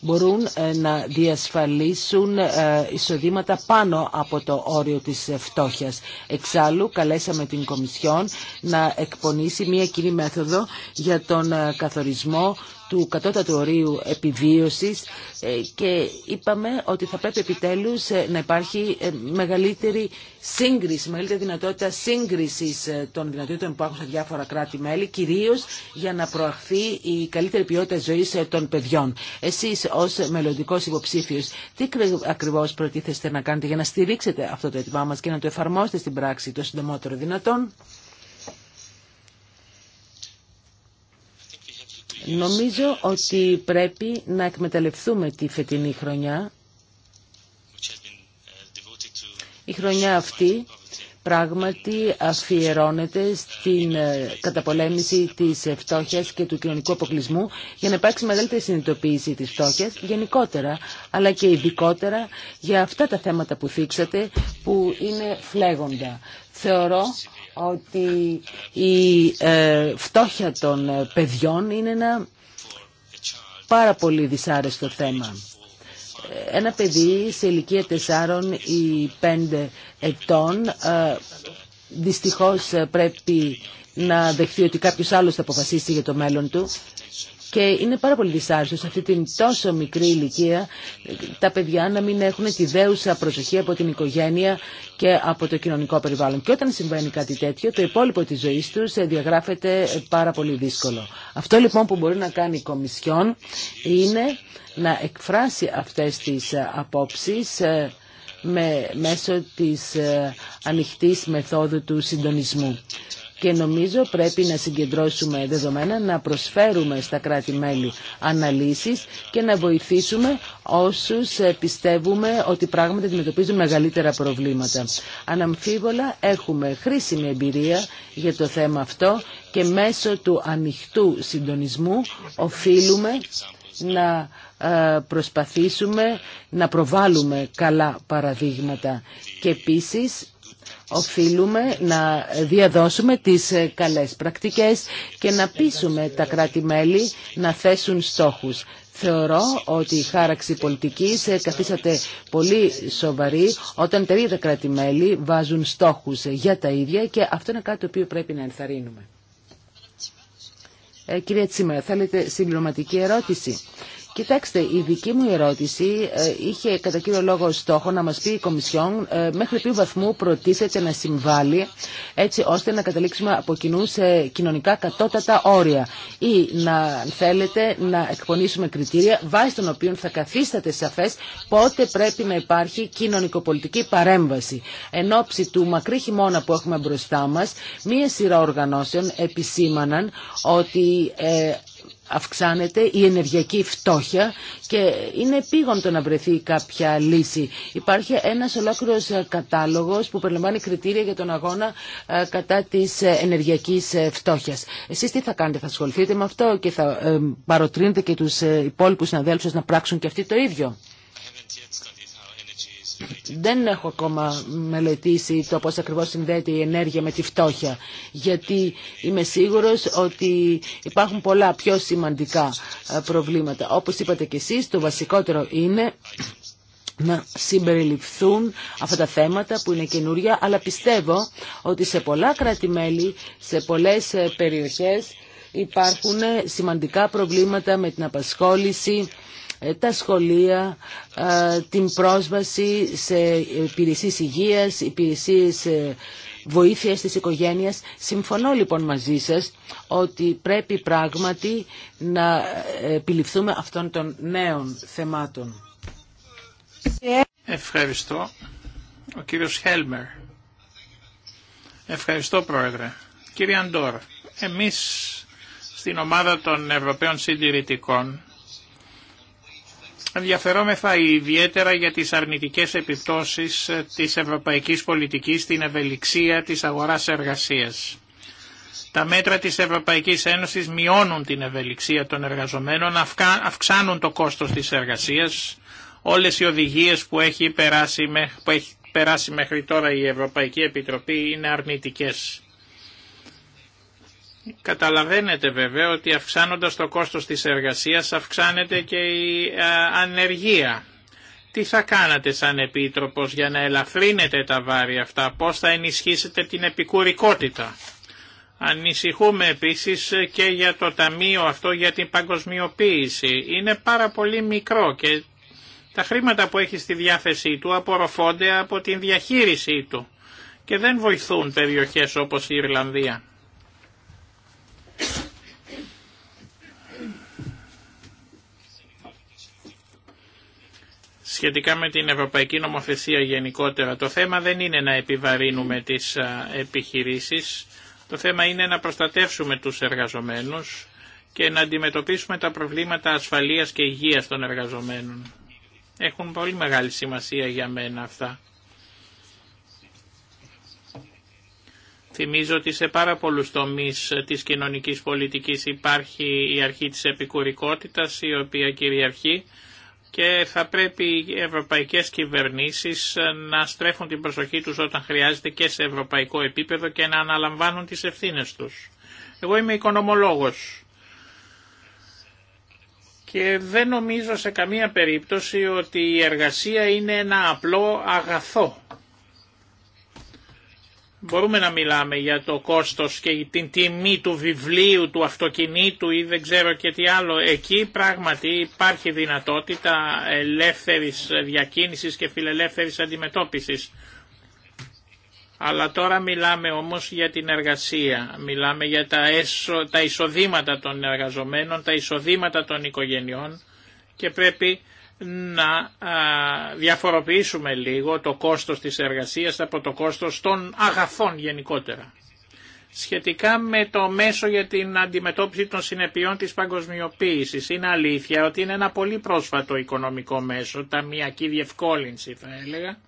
μπορούν ε, να διασφαλίσουν ε, εισοδήματα πάνω από το όριο της ε, φτώχειας. Εξάλλου, καλέσαμε την Κομισιόν να εκπονήσει μία κοινή μέθοδο για τον καθορισμό του κατώτατου ορίου επιβίωσης ε, και είπαμε ότι θα πρέπει επιτέλους ε, να υπάρχει ε, μεγαλύτερη σύγκριση, μεγαλύτερη δυνατότητα σύγκρισης των δυνατοτήτων που έχουν σε διάφορα κράτη-μέλη, κυρίως για να προαχθεί η καλύτερη ποιότητα ζωής των παιδιών. Εσείς ως μελλοντικό υποψήφιος, τι ακριβώς προτίθεστε να κάνετε για να στηρίξετε αυτό το έτοιμά μας και να το εφαρμόσετε στην πράξη το συντομότερο δυνατόν. Νομίζω ότι πρέπει να εκμεταλλευτούμε τη φετινή χρονιά. Η χρονιά αυτή πράγματι αφιερώνεται στην ε, καταπολέμηση της φτώχειας και του κοινωνικού αποκλεισμού για να υπάρξει μεγαλύτερη συνειδητοποίηση της φτώχειας γενικότερα, αλλά και ειδικότερα για αυτά τα θέματα που θίξατε που είναι φλέγοντα. Θεωρώ ότι η ε, φτώχεια των ε, παιδιών είναι ένα πάρα πολύ δυσάρεστο θέμα. Ε, ένα παιδί σε ηλικία 4 ή 5 ετών δυστυχώς πρέπει να δεχθεί ότι κάποιος άλλος θα αποφασίσει για το μέλλον του και είναι πάρα πολύ δυσάρεστο σε αυτή την τόσο μικρή ηλικία τα παιδιά να μην έχουν τη δέουσα προσοχή από την οικογένεια και από το κοινωνικό περιβάλλον. Και όταν συμβαίνει κάτι τέτοιο, το υπόλοιπο τη ζωή του διαγράφεται πάρα πολύ δύσκολο. Αυτό λοιπόν που μπορεί να κάνει η Κομισιόν είναι να εκφράσει αυτές τις ε, απόψεις ε, με, μέσω της ε, ανοιχτής μεθόδου του συντονισμού και νομίζω πρέπει να συγκεντρώσουμε δεδομένα, να προσφέρουμε στα κράτη-μέλη αναλύσεις και να βοηθήσουμε όσους ε, πιστεύουμε ότι πράγματι αντιμετωπίζουν μεγαλύτερα προβλήματα. Αναμφίβολα έχουμε χρήσιμη εμπειρία για το θέμα αυτό και μέσω του ανοιχτού συντονισμού οφείλουμε να ε, προσπαθήσουμε να προβάλλουμε καλά παραδείγματα και επίσης οφείλουμε να διαδώσουμε τις ε, καλές πρακτικές και να πείσουμε τα κράτη-μέλη να θέσουν στόχους. Θεωρώ ότι η χάραξη πολιτικής ε, καθίσατε πολύ σοβαρή όταν τα ίδια κράτη-μέλη βάζουν στόχους ε, για τα ίδια και αυτό είναι κάτι το οποίο πρέπει να ενθαρρύνουμε. Ε, κυρία Τσίμερα, θέλετε συμπληρωματική ερώτηση. Κοιτάξτε, η δική μου ερώτηση ε, είχε κατά κύριο λόγο στόχο να μας πει η Κομισιόν ε, μέχρι ποιο βαθμού προτίθεται να συμβάλλει έτσι ώστε να καταλήξουμε από κοινού σε κοινωνικά κατώτατα όρια ή να θέλετε να εκπονήσουμε κριτήρια βάσει των οποίων θα καθίσταται σαφές πότε πρέπει να υπάρχει κοινωνικοπολιτική παρέμβαση. Εν ώψη του μακρύ χειμώνα που έχουμε μπροστά μας, μία σειρά οργανώσεων επισήμαναν ότι ε, αυξάνεται η ενεργειακή φτώχεια και είναι επίγοντο να βρεθεί κάποια λύση. Υπάρχει ένας ολόκληρος ε, κατάλογος που περιλαμβάνει κριτήρια για τον αγώνα ε, κατά της ε, ενεργειακής φτώχειας. Εσείς τι θα κάνετε, θα ασχοληθείτε με αυτό και θα παροτρύνετε και τους υπόλοιπους συναδέλφους να πράξουν και αυτοί το ίδιο δεν έχω ακόμα μελετήσει το πώς ακριβώς συνδέεται η ενέργεια με τη φτώχεια, γιατί είμαι σίγουρος ότι υπάρχουν πολλά πιο σημαντικά ε, προβλήματα. Όπως είπατε και εσείς, το βασικότερο είναι να συμπεριληφθούν αυτά τα θέματα που είναι καινούρια, αλλά πιστεύω ότι σε πολλά κράτη-μέλη, σε πολλές ε, περιοχές υπάρχουν ε, σημαντικά προβλήματα με την απασχόληση, ε, τα σχολεία, ε, την πρόσβαση σε υπηρεσίες υγείας, υπηρεσίες ε, βοήθεια της οικογένειας. Συμφωνώ λοιπόν μαζί σας ότι πρέπει πράγματι να επιληφθούμε αυτών των νέων θεμάτων. Ευχαριστώ. Ο κύριος Χέλμερ. Ευχαριστώ πρόεδρε. Κύριε Αντόρ, εμείς στην ομάδα των Ευρωπαίων Συντηρητικών Ενδιαφερόμεθα ιδιαίτερα για τις αρνητικές επιπτώσεις της ευρωπαϊκής πολιτικής στην ευελιξία της αγοράς εργασίας. Τα μέτρα της Ευρωπαϊκής Ένωσης μειώνουν την ευελιξία των εργαζομένων, αυξάνουν το κόστος της εργασίας. Όλες οι οδηγίες που έχει περάσει, που έχει περάσει μέχρι τώρα η Ευρωπαϊκή Επιτροπή είναι αρνητικές. Καταλαβαίνετε βέβαια ότι αυξάνοντας το κόστος της εργασίας αυξάνεται και η ανεργία. Τι θα κάνατε σαν Επίτροπος για να ελαφρύνετε τα βάρη αυτά, πώς θα ενισχύσετε την επικουρικότητα. Ανησυχούμε επίσης και για το ταμείο αυτό για την παγκοσμιοποίηση. Είναι πάρα πολύ μικρό και τα χρήματα που έχει στη διάθεσή του απορροφώνται από την διαχείρισή του και δεν βοηθούν περιοχές όπως η Ιρλανδία. σχετικά με την Ευρωπαϊκή Νομοθεσία γενικότερα. Το θέμα δεν είναι να επιβαρύνουμε τις επιχειρήσεις, το θέμα είναι να προστατεύσουμε τους εργαζομένους και να αντιμετωπίσουμε τα προβλήματα ασφαλείας και υγείας των εργαζομένων. Έχουν πολύ μεγάλη σημασία για μένα αυτά. Θυμίζω ότι σε πάρα πολλούς τομείς ε, της κοινωνικής πολιτικής υπάρχει η αρχή της επικουρικότητας η οποία κυριαρχεί και θα πρέπει οι ευρωπαϊκές κυβερνήσεις ε, να στρέφουν την προσοχή τους όταν χρειάζεται και σε ευρωπαϊκό επίπεδο και να αναλαμβάνουν τις ευθύνες τους. Εγώ είμαι οικονομολόγος και δεν νομίζω σε καμία περίπτωση ότι η εργασία είναι ένα απλό αγαθό Μπορούμε να μιλάμε για το κόστος και την τιμή του βιβλίου, του αυτοκινήτου ή δεν ξέρω και τι άλλο. Εκεί πράγματι υπάρχει δυνατότητα ελεύθερης διακίνησης και φιλελεύθερης αντιμετώπισης. Αλλά τώρα μιλάμε όμως για την εργασία, μιλάμε για τα, τα εισοδήματα των εργαζομένων, τα εισοδήματα των οικογενειών και πρέπει να διαφοροποιήσουμε λίγο το κόστος της εργασίας από το κόστος των αγαθών γενικότερα. Σχετικά με το μέσο για την αντιμετώπιση των συνεπειών της παγκοσμιοποίησης, είναι αλήθεια ότι είναι ένα πολύ πρόσφατο οικονομικό μέσο, ταμιακή διευκόλυνση θα έλεγα,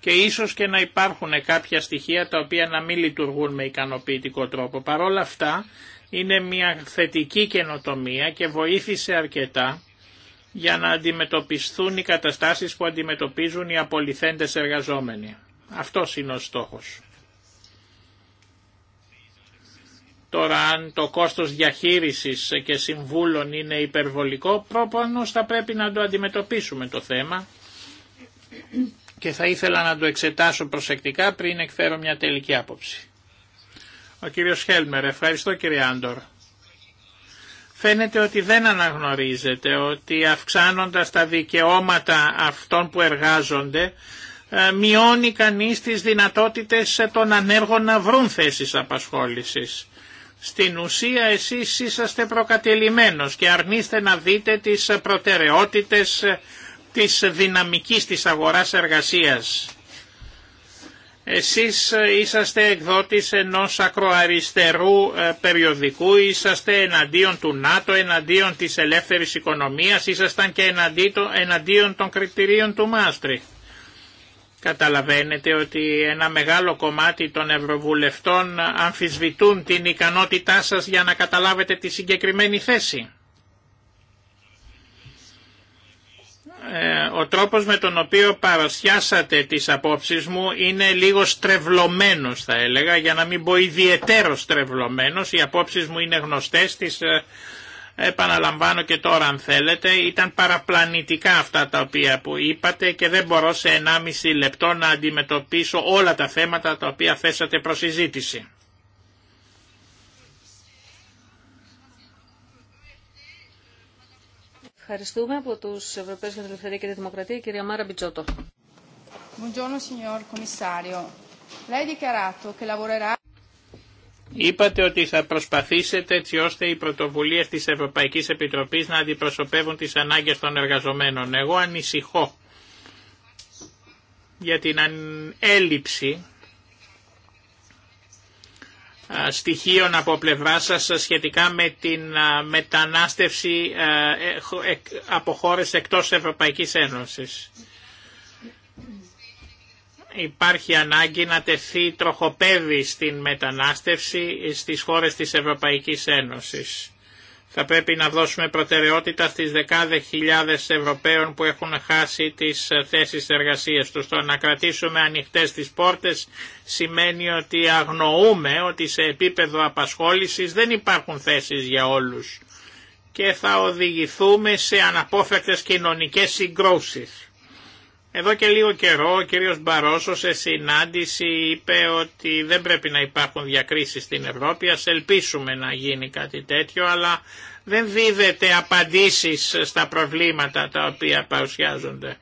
και ίσως και να υπάρχουν κάποια στοιχεία τα οποία να μην λειτουργούν με ικανοποιητικό τρόπο. Παρ' όλα αυτά είναι μια θετική καινοτομία και βοήθησε αρκετά για να αντιμετωπιστούν οι καταστάσεις που αντιμετωπίζουν οι απολυθέντες εργαζόμενοι. Αυτός είναι ο στόχος. Τώρα αν το κόστος διαχείρισης και συμβούλων είναι υπερβολικό, πρόπονος θα πρέπει να το αντιμετωπίσουμε το θέμα και θα ήθελα να το εξετάσω προσεκτικά πριν εκφέρω μια τελική άποψη. Ο κύριος Χέλμερ, ευχαριστώ κύριε Άντορ φαίνεται ότι δεν αναγνωρίζεται ότι αυξάνοντας τα δικαιώματα αυτών που εργάζονται ε, μειώνει κανείς τις δυνατότητες των ανέργων να βρουν θέσεις απασχόλησης. Στην ουσία εσείς είσαστε προκατελημένος και αρνείστε να δείτε τις προτεραιότητες της δυναμικής της αγοράς εργασίας. Εσείς ε, είσαστε εκδότης ενός ακροαριστερού ε, περιοδικού, είσαστε εναντίον του ΝΑΤΟ, εναντίον της ελεύθερης οικονομίας, ήσασταν και εναντίον των κριτηρίων του Μάστρη. Καταλαβαίνετε ότι ένα μεγάλο κομμάτι των ευρωβουλευτών αμφισβητούν την ικανότητά σας για να καταλάβετε τη συγκεκριμένη θέση. Ε, ο τρόπος με τον οποίο παρουσιάσατε τις απόψεις μου είναι λίγο στρεβλωμένος θα έλεγα, για να μην πω ιδιαίτερο στρεβλωμένος. Οι απόψεις μου είναι γνωστές, τις ε, επαναλαμβάνω και τώρα αν θέλετε. Ήταν παραπλανητικά αυτά τα οποία που είπατε και δεν μπορώ σε 1,5 λεπτό να αντιμετωπίσω όλα τα θέματα τα οποία θέσατε προς συζήτηση. Ευχαριστούμε από του Ευρωπαίου για την Ελευθερία και τη Δημοκρατία, κυρία Μάρα Μπιτζότο. Είπατε ότι θα προσπαθήσετε έτσι ώστε οι πρωτοβουλίες της Ευρωπαϊκής Επιτροπής να αντιπροσωπεύουν τις ανάγκες των εργαζομένων. Εγώ ανησυχώ για την έλλειψη στοιχείων από πλευρά σας σχετικά με την μετανάστευση ε, από χώρες εκτός Ευρωπαϊκής Ένωσης. Υπάρχει ανάγκη να τεθεί τροχοπέδι στην μετανάστευση ε, στις χώρες της Ευρωπαϊκής Ένωσης. Θα πρέπει να δώσουμε προτεραιότητα στις δεκάδες χιλιάδες Ευρωπαίων που έχουν χάσει τις ε, θέσεις εργασίας τους. Το να κρατήσουμε ανοιχτές τις πόρτες σημαίνει ότι αγνοούμε ότι σε επίπεδο απασχόλησης δεν υπάρχουν θέσεις για όλους και θα οδηγηθούμε σε αναπόφευκτες κοινωνικές συγκρούσεις. Εδώ και λίγο καιρό ο κύριος Μπαρόσο σε συνάντηση είπε ότι δεν πρέπει να υπάρχουν διακρίσεις στην Ευρώπη, ας ελπίσουμε να γίνει κάτι τέτοιο, αλλά δεν δίδεται απαντήσεις στα προβλήματα τα οποία παρουσιάζονται.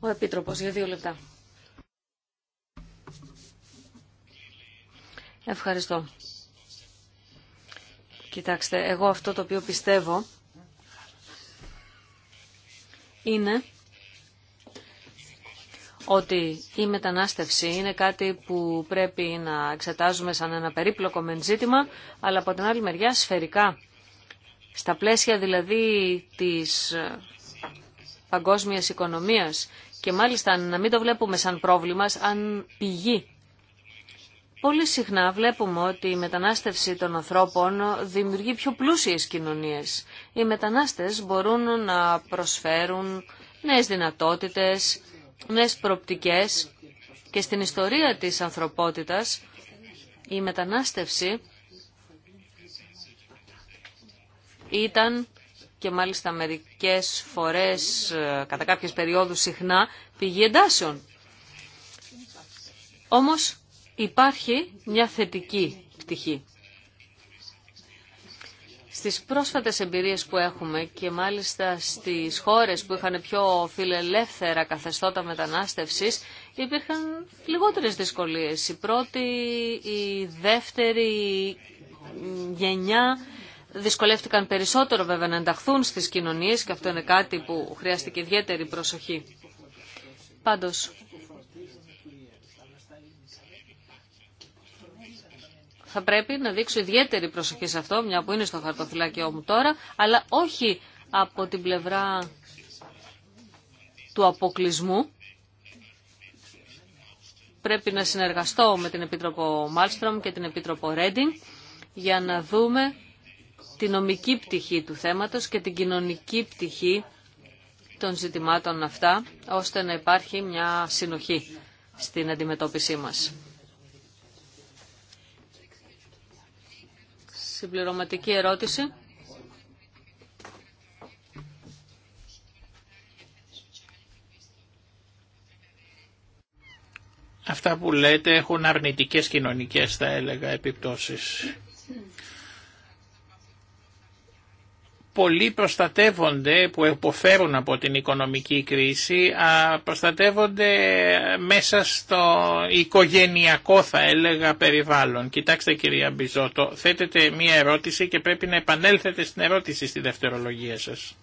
Ο Επίτροπος για δύο λεπτά. Ευχαριστώ. Κοιτάξτε, εγώ αυτό το οποίο πιστεύω είναι ότι η μετανάστευση είναι κάτι που πρέπει να εξετάζουμε σαν ένα περίπλοκο μεν ζήτημα, αλλά από την άλλη μεριά σφαιρικά. Στα πλαίσια δηλαδή της ε, παγκόσμιας οικονομίας και μάλιστα να μην το βλέπουμε σαν πρόβλημα, σαν πηγή Πολύ συχνά βλέπουμε ότι η μετανάστευση των ανθρώπων δημιουργεί πιο πλούσιες κοινωνίες. Οι μετανάστες μπορούν να προσφέρουν νέες δυνατότητες, νέες προπτικές και στην ιστορία της ανθρωπότητας η μετανάστευση ήταν και μάλιστα μερικές φορές, ε, κατά κάποιες περιόδους συχνά, πηγή εντάσεων. Όμως υπάρχει μια θετική πτυχή. Στις πρόσφατες εμπειρίες που έχουμε και μάλιστα στις χώρες που είχαν πιο φιλελεύθερα καθεστώτα μετανάστευσης υπήρχαν λιγότερες δυσκολίες. Η πρώτη, η δεύτερη γενιά δυσκολεύτηκαν περισσότερο βέβαια να ενταχθούν στις κοινωνίες και αυτό είναι κάτι που χρειάστηκε ιδιαίτερη προσοχή. Πάντως, θα πρέπει να δείξω ιδιαίτερη προσοχή σε αυτό, μια που είναι στο χαρτοφυλάκιό μου τώρα, αλλά όχι από την πλευρά του αποκλεισμού. Πρέπει να συνεργαστώ με την Επίτροπο Μάλστρομ και την Επίτροπο Ρέντινγκ για να δούμε την νομική πτυχή του θέματος και την κοινωνική πτυχή των ζητημάτων αυτά, ώστε να υπάρχει μια συνοχή στην αντιμετώπιση μας. συμπληρωματική ερώτηση. Αυτά που λέτε έχουν αρνητικές κοινωνικές, θα έλεγα, επιπτώσεις πολλοί προστατεύονται που υποφέρουν από την οικονομική κρίση, προστατεύονται μέσα στο οικογενειακό θα έλεγα περιβάλλον. Κοιτάξτε κυρία Μπιζότο, θέτετε μία ερώτηση και πρέπει να επανέλθετε στην ερώτηση στη δευτερολογία σας.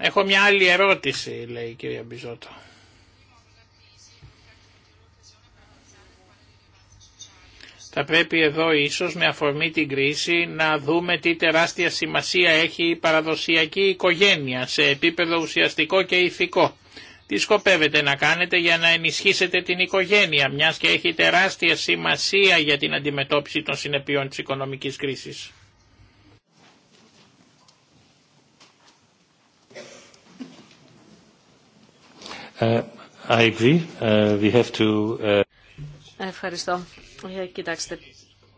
Έχω μια άλλη ερώτηση λέει η κυρία Μπιζότο. Θα πρέπει εδώ ίσως με αφορμή την κρίση να δούμε τι τεράστια σημασία έχει η παραδοσιακή οικογένεια σε επίπεδο ουσιαστικό και ηθικό. Τι σκοπεύετε να κάνετε για να ενισχύσετε την οικογένεια, μιας και έχει τεράστια σημασία για την αντιμετώπιση των συνεπειών της οικονομικής κρίσης. Ε, I ε, We ε, Ευχαριστώ. Ε, κοιτάξτε,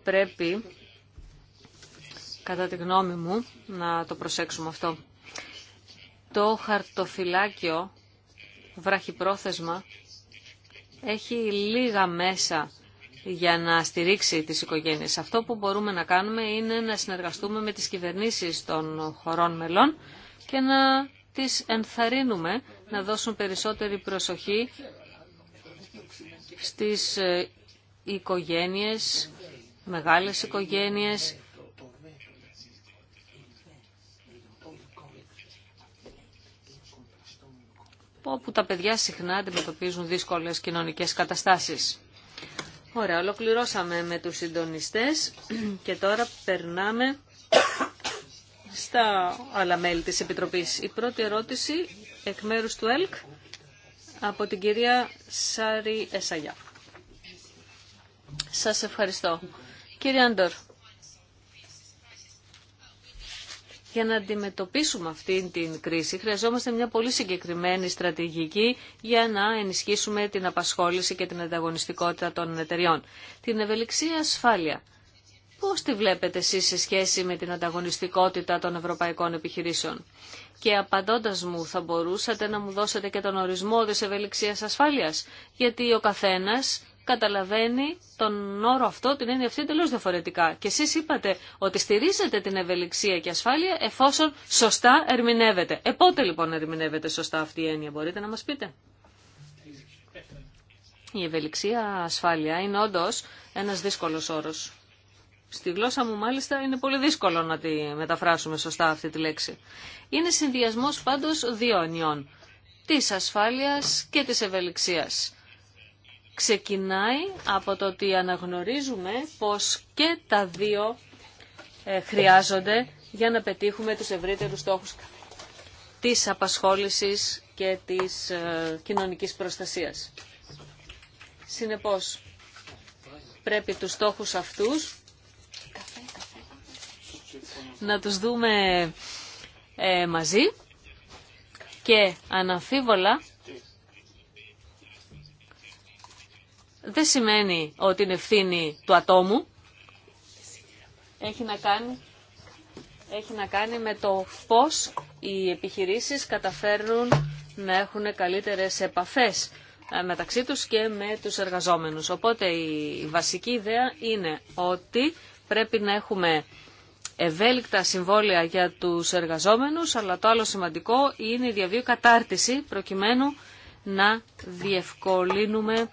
πρέπει κατά τη γνώμη μου να το προσέξουμε αυτό. Το χαρτοφυλάκιο βραχυπρόθεσμα έχει λίγα μέσα για να στηρίξει τις οικογένειες. Αυτό που μπορούμε να κάνουμε είναι να συνεργαστούμε με τις κυβερνήσεις των χωρών μελών και να τις ενθαρρύνουμε να δώσουν περισσότερη προσοχή στις ε, οικογένειες, μεγάλες οικογένειες. όπου τα παιδιά συχνά αντιμετωπίζουν δύσκολες κοινωνικές καταστάσεις. Ωραία, ολοκληρώσαμε με τους συντονιστές και τώρα περνάμε στα άλλα μέλη της Επιτροπής. Η πρώτη ερώτηση εκ μέρους του ΕΛΚ από την κυρία Σάρι Εσαγιά. Σας ευχαριστώ. Κύριε Άντορ, για να αντιμετωπίσουμε αυτή την κρίση χρειαζόμαστε μια πολύ συγκεκριμένη στρατηγική για να ενισχύσουμε την απασχόληση και την ανταγωνιστικότητα των εταιριών. Την ευελιξία ασφάλεια. Πώς τη βλέπετε εσείς σε σχέση με την ανταγωνιστικότητα των ευρωπαϊκών επιχειρήσεων και απαντώντας μου θα μπορούσατε να μου δώσετε και τον ορισμό της ευελιξίας ασφάλειας, γιατί ο καθένας καταλαβαίνει τον όρο αυτό, την έννοια αυτή τελώς διαφορετικά. Και εσείς είπατε ότι στηρίζετε την ευελιξία και ασφάλεια εφόσον σωστά ερμηνεύεται. Επότε λοιπόν ερμηνεύεται σωστά αυτή η έννοια, μπορείτε να μας πείτε. Η ευελιξία ασφάλεια είναι όντω ένας δύσκολος όρος. Στη γλώσσα μου μάλιστα είναι πολύ δύσκολο να τη μεταφράσουμε σωστά αυτή τη λέξη. Είναι συνδυασμός πάντως δύο ενιών, της ασφάλειας και της ευελιξίας. Ξεκινάει από το ότι αναγνωρίζουμε πως και τα δύο ε, χρειάζονται για να πετύχουμε τους ευρύτερους στόχους της απασχόλησης και της ε, κοινωνικής προστασίας. Συνεπώς, πρέπει τους στόχους αυτούς να τους δούμε ε, μαζί και αναμφίβολα δεν σημαίνει ότι είναι ευθύνη του ατόμου. Έχει να κάνει, έχει να κάνει με το πώς οι επιχειρήσεις καταφέρνουν να έχουν καλύτερες επαφές ε, μεταξύ τους και με τους εργαζόμενους. Οπότε η βασική ιδέα είναι ότι πρέπει να έχουμε ευέλικτα συμβόλαια για τους εργαζόμενους, αλλά το άλλο σημαντικό είναι η διαβίω κατάρτιση προκειμένου να διευκολύνουμε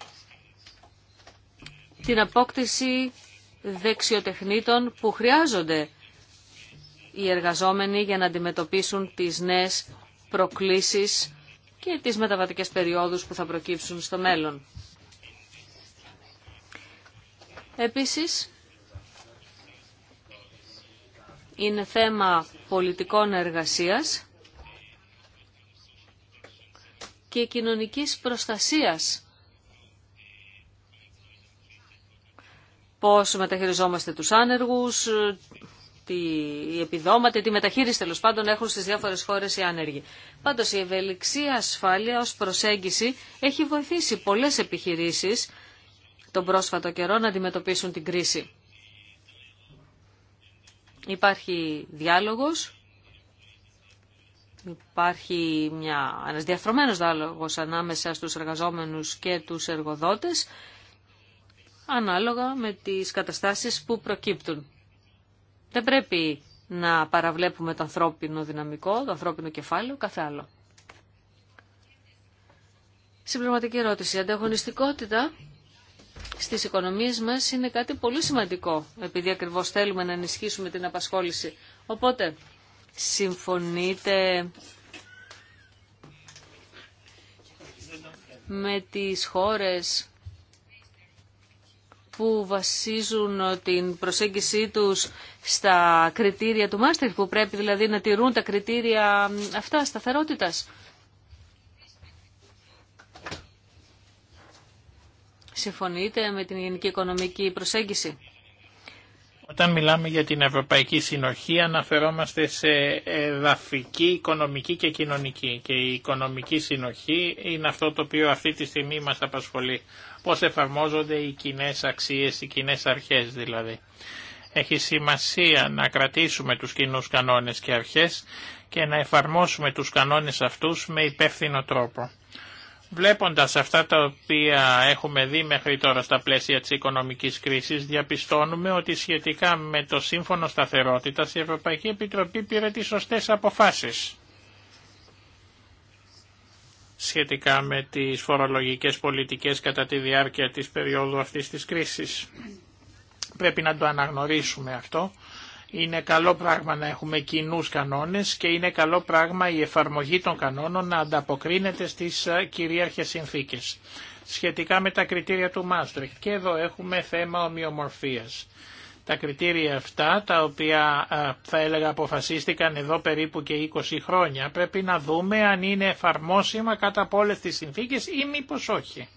την απόκτηση δεξιοτεχνήτων που χρειάζονται οι εργαζόμενοι για να αντιμετωπίσουν τις νέες προκλήσεις και τις μεταβατικές περιόδους που θα προκύψουν στο μέλλον. Επίσης, είναι θέμα πολιτικών εργασίας και κοινωνικής προστασίας. Πώς μεταχειριζόμαστε τους άνεργους, τι επιδόματα, τι μεταχείριση τέλο πάντων έχουν στις διάφορες χώρες οι άνεργοι. Πάντως η ευελιξία ασφάλεια ως προσέγγιση έχει βοηθήσει πολλές επιχειρήσεις τον πρόσφατο καιρό να αντιμετωπίσουν την κρίση. Υπάρχει διάλογος, υπάρχει μια, ένας διαφρωμένος διάλογος ανάμεσα στους εργαζόμενους και τους εργοδότες, ανάλογα με τις καταστάσεις που προκύπτουν. Δεν πρέπει να παραβλέπουμε το ανθρώπινο δυναμικό, το ανθρώπινο κεφάλαιο, κάθε άλλο. Συμπληρωματική ερώτηση. Ανταγωνιστικότητα στις οικονομίες μας είναι κάτι πολύ σημαντικό, επειδή ακριβώς θέλουμε να ενισχύσουμε την απασχόληση. Οπότε, συμφωνείτε με τις χώρες που βασίζουν την προσέγγιση τους στα κριτήρια του Μάστερ, που πρέπει δηλαδή να τηρούν τα κριτήρια αυτά σταθερότητας. Συμφωνείτε με την γενική οικονομική προσέγγιση. Όταν μιλάμε για την Ευρωπαϊκή Συνοχή αναφερόμαστε σε εδαφική, οικονομική και κοινωνική. Και η οικονομική συνοχή είναι αυτό το οποίο αυτή τη στιγμή μας απασχολεί. Πώς εφαρμόζονται οι κοινέ αξίες, οι κοινέ αρχές δηλαδή. Έχει σημασία να κρατήσουμε τους κοινούς κανόνες και αρχές και να εφαρμόσουμε τους κανόνες αυτούς με υπεύθυνο τρόπο. Βλέποντας αυτά τα οποία έχουμε δει μέχρι τώρα στα πλαίσια της οικονομικής κρίσης, διαπιστώνουμε ότι σχετικά με το Σύμφωνο Σταθερότητας η Ευρωπαϊκή Επιτροπή πήρε τις σωστές αποφάσεις σχετικά με τις φορολογικές πολιτικές κατά τη διάρκεια της περίοδου αυτής της κρίσης. Πρέπει να το αναγνωρίσουμε αυτό είναι καλό πράγμα να έχουμε κοινούς κανόνες και είναι καλό πράγμα η εφαρμογή των κανόνων να ανταποκρίνεται στις ε, κυρίαρχες συνθήκες. Σχετικά με τα κριτήρια του Μάστρεχτ και εδώ έχουμε θέμα ομοιομορφίας. Τα κριτήρια αυτά, τα οποία ε, θα έλεγα αποφασίστηκαν εδώ περίπου και 20 χρόνια, πρέπει να δούμε αν είναι εφαρμόσιμα κατά από όλες τις συνθήκες ή μήπως όχι.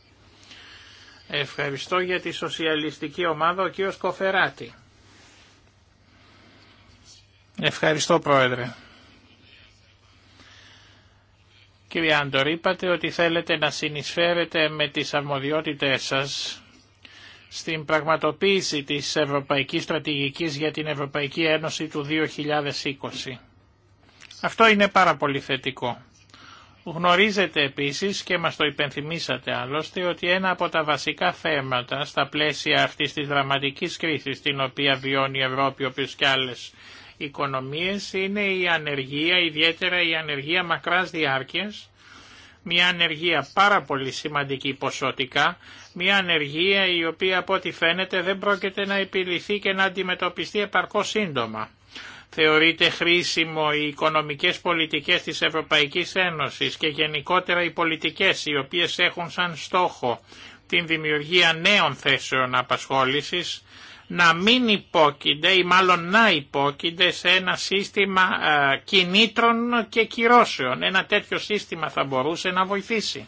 Ευχαριστώ για τη σοσιαλιστική ομάδα ο κ. Κοφεράτη. Ευχαριστώ Πρόεδρε. Κύριε Άντορ, είπατε ότι θέλετε να συνεισφέρετε με τις αρμοδιότητές σας στην πραγματοποίηση της Ευρωπαϊκής Στρατηγικής για την Ευρωπαϊκή Ένωση του 2020. Αυτό είναι πάρα πολύ θετικό. Γνωρίζετε επίσης και μας το υπενθυμίσατε άλλωστε ότι ένα από τα βασικά θέματα στα πλαίσια αυτής της δραματικής κρίσης την οποία βιώνει η Ευρώπη όπως και άλλες οικονομίες είναι η ανεργία, ιδιαίτερα η ανεργία μακράς διάρκειας, μια ανεργία πάρα πολύ σημαντική ποσοτικά, μια ανεργία η οποία από ό,τι φαίνεται δεν πρόκειται να επιληθεί και να αντιμετωπιστεί επαρκώς σύντομα. Θεωρείται χρήσιμο οι οικονομικές πολιτικές της Ευρωπαϊκής Ένωσης και γενικότερα οι πολιτικές οι οποίες έχουν σαν στόχο την δημιουργία νέων θέσεων απασχόλησης να μην υπόκεινται ή μάλλον να υπόκεινται σε ένα σύστημα ε, κινήτρων και κυρώσεων. Ένα τέτοιο σύστημα θα μπορούσε να βοηθήσει.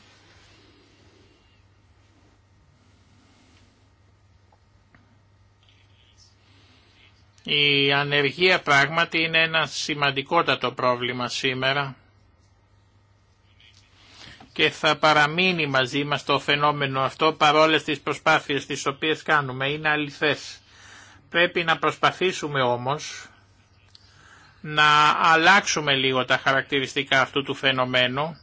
Η ανεργία πράγματι είναι ένα σημαντικότατο πρόβλημα σήμερα και θα παραμείνει μαζί μας το φαινόμενο αυτό παρόλες τις προσπάθειες τις οποίες κάνουμε. Είναι αληθές. Πρέπει να προσπαθήσουμε όμως να αλλάξουμε λίγο τα χαρακτηριστικά αυτού του φαινομένου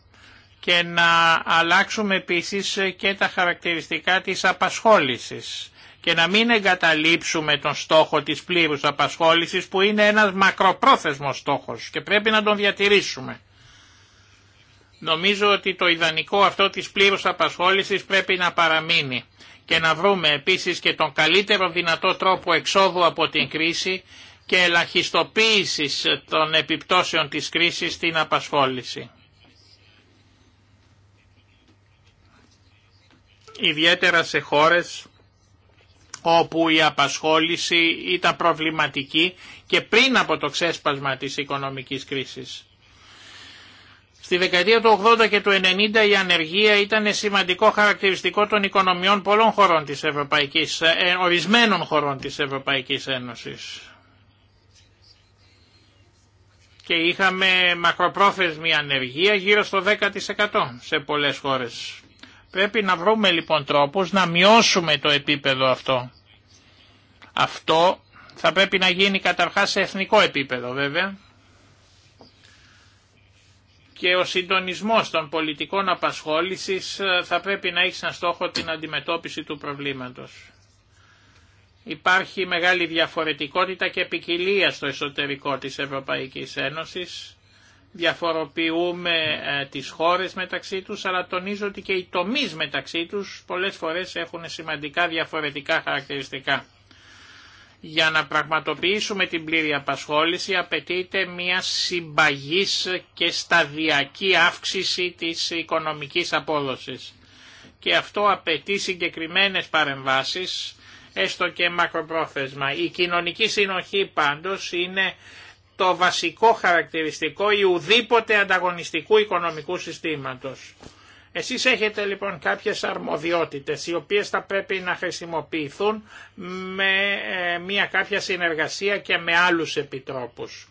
και να αλλάξουμε επίσης και τα χαρακτηριστικά της απασχόλησης και να μην εγκαταλείψουμε τον στόχο της πλήρους απασχόλησης που είναι ένας μακροπρόθεσμος στόχος και πρέπει να τον διατηρήσουμε. Νομίζω ότι το ιδανικό αυτό της πλήρους απασχόλησης πρέπει να παραμείνει και να βρούμε επίσης και τον καλύτερο δυνατό τρόπο εξόδου από την κρίση και ελαχιστοποίησης των επιπτώσεων της κρίσης στην απασχόληση. Ιδιαίτερα σε χώρες όπου η απασχόληση ήταν προβληματική και πριν από το ξέσπασμα της οικονομικής κρίσης. Στη δεκαετία του 80 και του 90 η ανεργία ήταν σημαντικό χαρακτηριστικό των οικονομιών πολλών χωρών της Ευρωπαϊκής, ε, ε, ορισμένων χωρών της Ευρωπαϊκής Ένωσης. Και είχαμε μακροπρόθεσμη ανεργία γύρω στο 10% σε πολλές χώρες. Πρέπει να βρούμε λοιπόν τρόπους να μειώσουμε το επίπεδο αυτό. Αυτό θα πρέπει να γίνει καταρχάς σε εθνικό επίπεδο βέβαια και ο συντονισμός των πολιτικών απασχόλησης ε, θα πρέπει να έχει σαν στόχο την αντιμετώπιση του προβλήματος. Υπάρχει μεγάλη διαφορετικότητα και ποικιλία στο εσωτερικό της Ευρωπαϊκής Ένωσης. Διαφοροποιούμε ε, τις χώρες μεταξύ τους, αλλά τονίζω ότι και οι τομείς μεταξύ τους πολλές φορές έχουν σημαντικά διαφορετικά χαρακτηριστικά για να πραγματοποιήσουμε την πλήρη απασχόληση απαιτείται μια συμπαγής και σταδιακή αύξηση της οικονομικής απόδοσης. Και αυτό απαιτεί συγκεκριμένες παρεμβάσεις, έστω και μακροπρόθεσμα. Η κοινωνική συνοχή πάντως είναι το βασικό χαρακτηριστικό ή ανταγωνιστικού οικονομικού συστήματος. Εσείς έχετε λοιπόν κάποιες αρμοδιότητες οι οποίες θα πρέπει να χρησιμοποιηθούν με ε, μια κάποια συνεργασία και με άλλους επιτρόπους.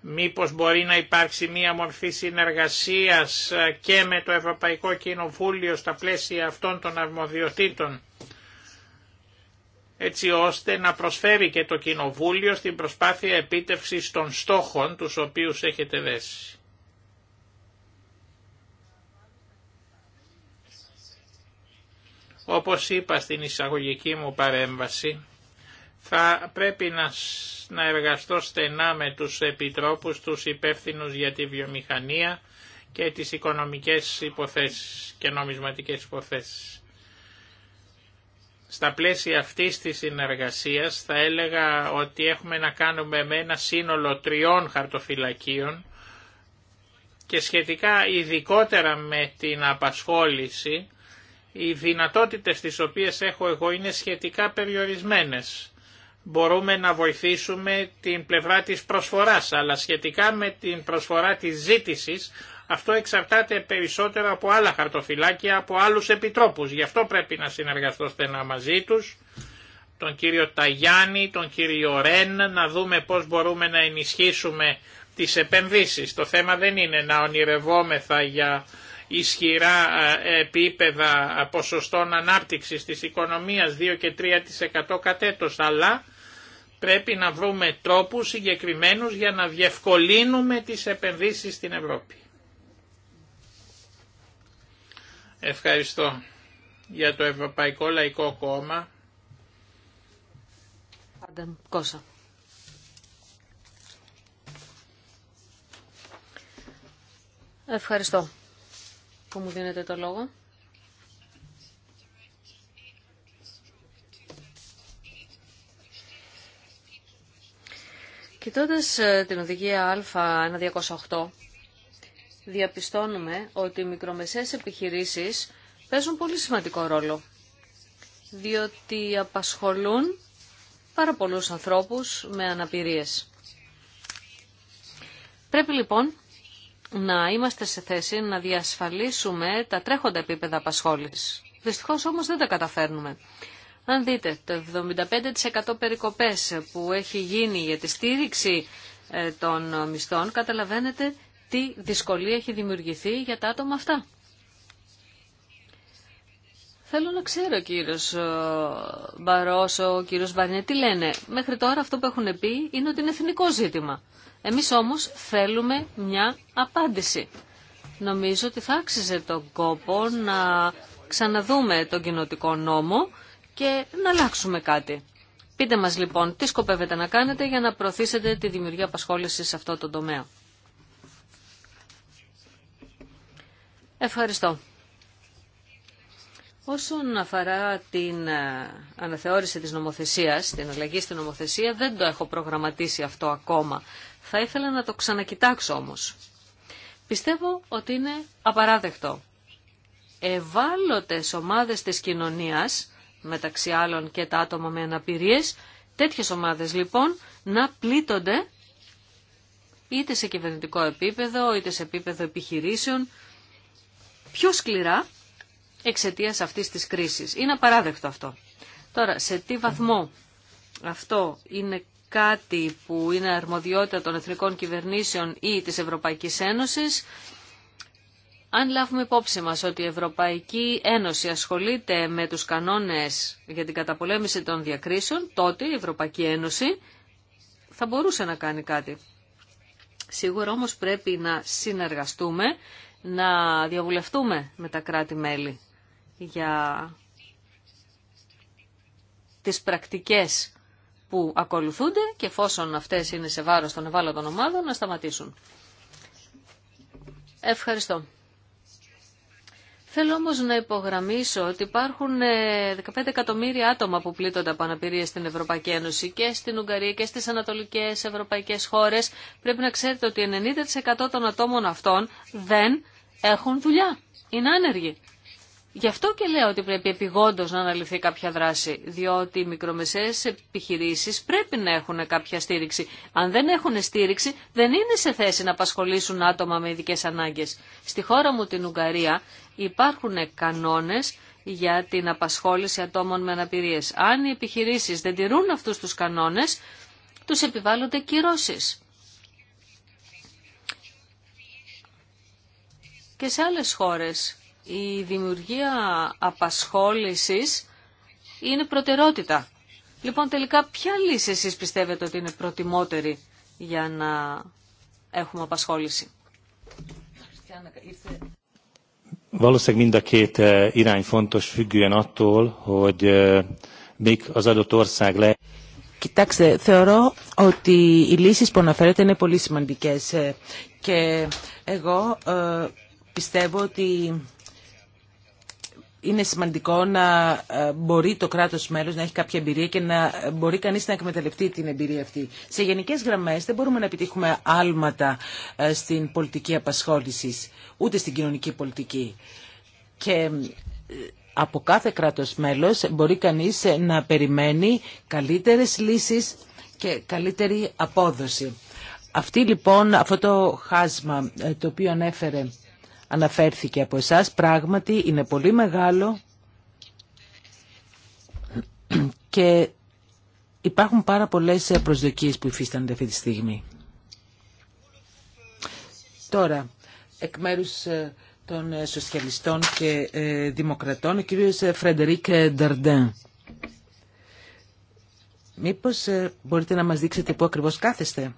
Μήπως μπορεί να υπάρξει μία μορφή συνεργασίας ε, και με το Ευρωπαϊκό Κοινοβούλιο στα πλαίσια αυτών των αρμοδιοτήτων, έτσι ώστε να προσφέρει και το Κοινοβούλιο στην προσπάθεια επίτευξης των στόχων τους οποίους έχετε δέσει. Όπως είπα στην εισαγωγική μου παρέμβαση, θα πρέπει να, να εργαστώ στενά με τους επιτρόπους, τους υπεύθυνου για τη βιομηχανία και τις οικονομικές υποθέσεις και νομισματικές υποθέσεις. Στα πλαίσια αυτής της συνεργασίας θα έλεγα ότι έχουμε να κάνουμε με ένα σύνολο τριών χαρτοφυλακίων και σχετικά ειδικότερα με την απασχόληση οι δυνατότητες τις οποίες έχω εγώ είναι σχετικά περιορισμένες. Μπορούμε να βοηθήσουμε την πλευρά της προσφοράς, αλλά σχετικά με την προσφορά της ζήτησης, αυτό εξαρτάται περισσότερο από άλλα χαρτοφυλάκια, από άλλους επιτρόπους. Γι' αυτό πρέπει να συνεργαστώ στενά μαζί τους, τον κύριο Ταγιάννη, τον κύριο Ρεν, να δούμε πώς μπορούμε να ενισχύσουμε τις επενδύσεις. Το θέμα δεν είναι να ονειρευόμεθα για ισχυρά ε, επίπεδα ποσοστών ανάπτυξης της οικονομίας 2 και 3% κατέτος, αλλά πρέπει να βρούμε τρόπους συγκεκριμένους για να διευκολύνουμε τις επενδύσεις στην Ευρώπη. Ευχαριστώ για το Ευρωπαϊκό Λαϊκό Κόμμα. Κόσα. Ευχαριστώ που μου δίνετε το λόγο. Κοιτώντα ε, την οδηγία Α1208, διαπιστώνουμε ότι οι μικρομεσαίες επιχειρήσεις παίζουν πολύ σημαντικό ρόλο, διότι απασχολούν πάρα πολλούς ανθρώπους με αναπηρίες. Πρέπει λοιπόν να είμαστε σε θέση να διασφαλίσουμε τα τρέχοντα επίπεδα απασχόλησης. Δυστυχώς όμως δεν τα καταφέρνουμε. Αν δείτε το 75% περικοπές που έχει γίνει για τη στήριξη ε, των μισθών, καταλαβαίνετε τι δυσκολία έχει δημιουργηθεί για τα άτομα αυτά. Θέλω να ξέρω, κύριο ε, Μπαρόσο, ο κύριο Μπαρνιέ, τι λένε. Μέχρι τώρα αυτό που έχουν πει είναι ότι είναι εθνικό ζήτημα. Εμεί όμω θέλουμε μια απάντηση. Νομίζω ότι θα άξιζε τον κόπο να ξαναδούμε τον κοινοτικό νόμο και να αλλάξουμε κάτι. Πείτε μας λοιπόν τι σκοπεύετε να κάνετε για να προωθήσετε τη δημιουργία απασχόλησης σε αυτό το τομέα. Ευχαριστώ. Όσον αφορά την ε, αναθεώρηση της νομοθεσίας, την αλλαγή στην νομοθεσία, δεν το έχω προγραμματίσει αυτό ακόμα. Θα ήθελα να το ξανακοιτάξω όμως. Πιστεύω ότι είναι απαράδεκτο. Ευάλωτες ομάδες της κοινωνίας, μεταξύ άλλων και τα άτομα με αναπηρίες, τέτοιες ομάδες λοιπόν να πλήττονται είτε σε κυβερνητικό επίπεδο, είτε σε επίπεδο επιχειρήσεων, πιο σκληρά εξαιτία αυτή τη κρίση. Είναι απαράδεκτο αυτό. Τώρα, σε τι βαθμό αυτό είναι κάτι που είναι αρμοδιότητα των εθνικών κυβερνήσεων ή της Ευρωπαϊκής Ένωσης, αν λάβουμε υπόψη μας ότι η Ευρωπαϊκή Ένωση ασχολείται με τους κανόνες για την καταπολέμηση των διακρίσεων, τότε η Ευρωπαϊκή Ένωση θα μπορούσε να κάνει κάτι. Σίγουρα όμως πρέπει να συνεργαστούμε, να διαβουλευτούμε με τα κράτη-μέλη για τις πρακτικές που ακολουθούνται και εφόσον αυτές είναι σε βάρος των ευάλωτων ομάδων να σταματήσουν. Ευχαριστώ. Θέλω όμως να υπογραμμίσω ότι υπάρχουν 15 ε, εκατομμύρια άτομα που πλήττονται από αναπηρία στην Ευρωπαϊκή Ένωση και στην Ουγγαρία και στις ανατολικές ευρωπαϊκές χώρες. Πρέπει να ξέρετε ότι 90% των ατόμων αυτών δεν έχουν δουλειά. Είναι άνεργοι. Γι' αυτό και λέω ότι πρέπει επιγόντως να αναλυθεί κάποια δράση, διότι οι μικρομεσαίες επιχειρήσεις πρέπει να έχουν κάποια στήριξη. Αν δεν έχουν στήριξη, δεν είναι σε θέση να απασχολήσουν άτομα με ειδικές ανάγκες. Στη χώρα μου, την Ουγγαρία, υπάρχουν κανόνες για την απασχόληση ατόμων με αναπηρίες. Αν οι επιχειρήσεις δεν τηρούν αυτούς τους κανόνες, τους επιβάλλονται κυρώσεις. Και σε άλλες χώρες η δημιουργία απασχόλησης είναι προτερότητα. Λοιπόν, τελικά ποια λύση εσείς πιστεύετε ότι είναι προτιμότερη για να έχουμε απασχόληση. Eh, irány fontos függően attól, hogy eh, még az adott Κοιτάξτε, θεωρώ ότι οι λύσεις που αναφέρετε είναι πολύ σημαντικές ε, και εγώ ε, πιστεύω ότι είναι σημαντικό να ε, μπορεί το κράτος μέλος να έχει κάποια εμπειρία και να ε, μπορεί κανείς να εκμεταλλευτεί την εμπειρία αυτή. Σε γενικές γραμμές δεν μπορούμε να επιτύχουμε άλματα ε, στην πολιτική απασχόλησης, ούτε στην κοινωνική πολιτική. Και από κάθε κράτος μέλος μπορεί κανείς να περιμένει καλύτερες λύσεις και καλύτερη απόδοση. Αυτή λοιπόν, αυτό το χάσμα το οποίο ανέφερε αναφέρθηκε από εσάς. Πράγματι είναι πολύ μεγάλο και υπάρχουν πάρα πολλές προσδοκίες που υφίστανται αυτή τη στιγμή. Τώρα, εκ μέρους ε, των ε, σοσιαλιστών και ε, δημοκρατών, ο κύριος Φρεντερίκ Νταρντέν. Μήπως μπορείτε να μας δείξετε πού ακριβώς κάθεστε.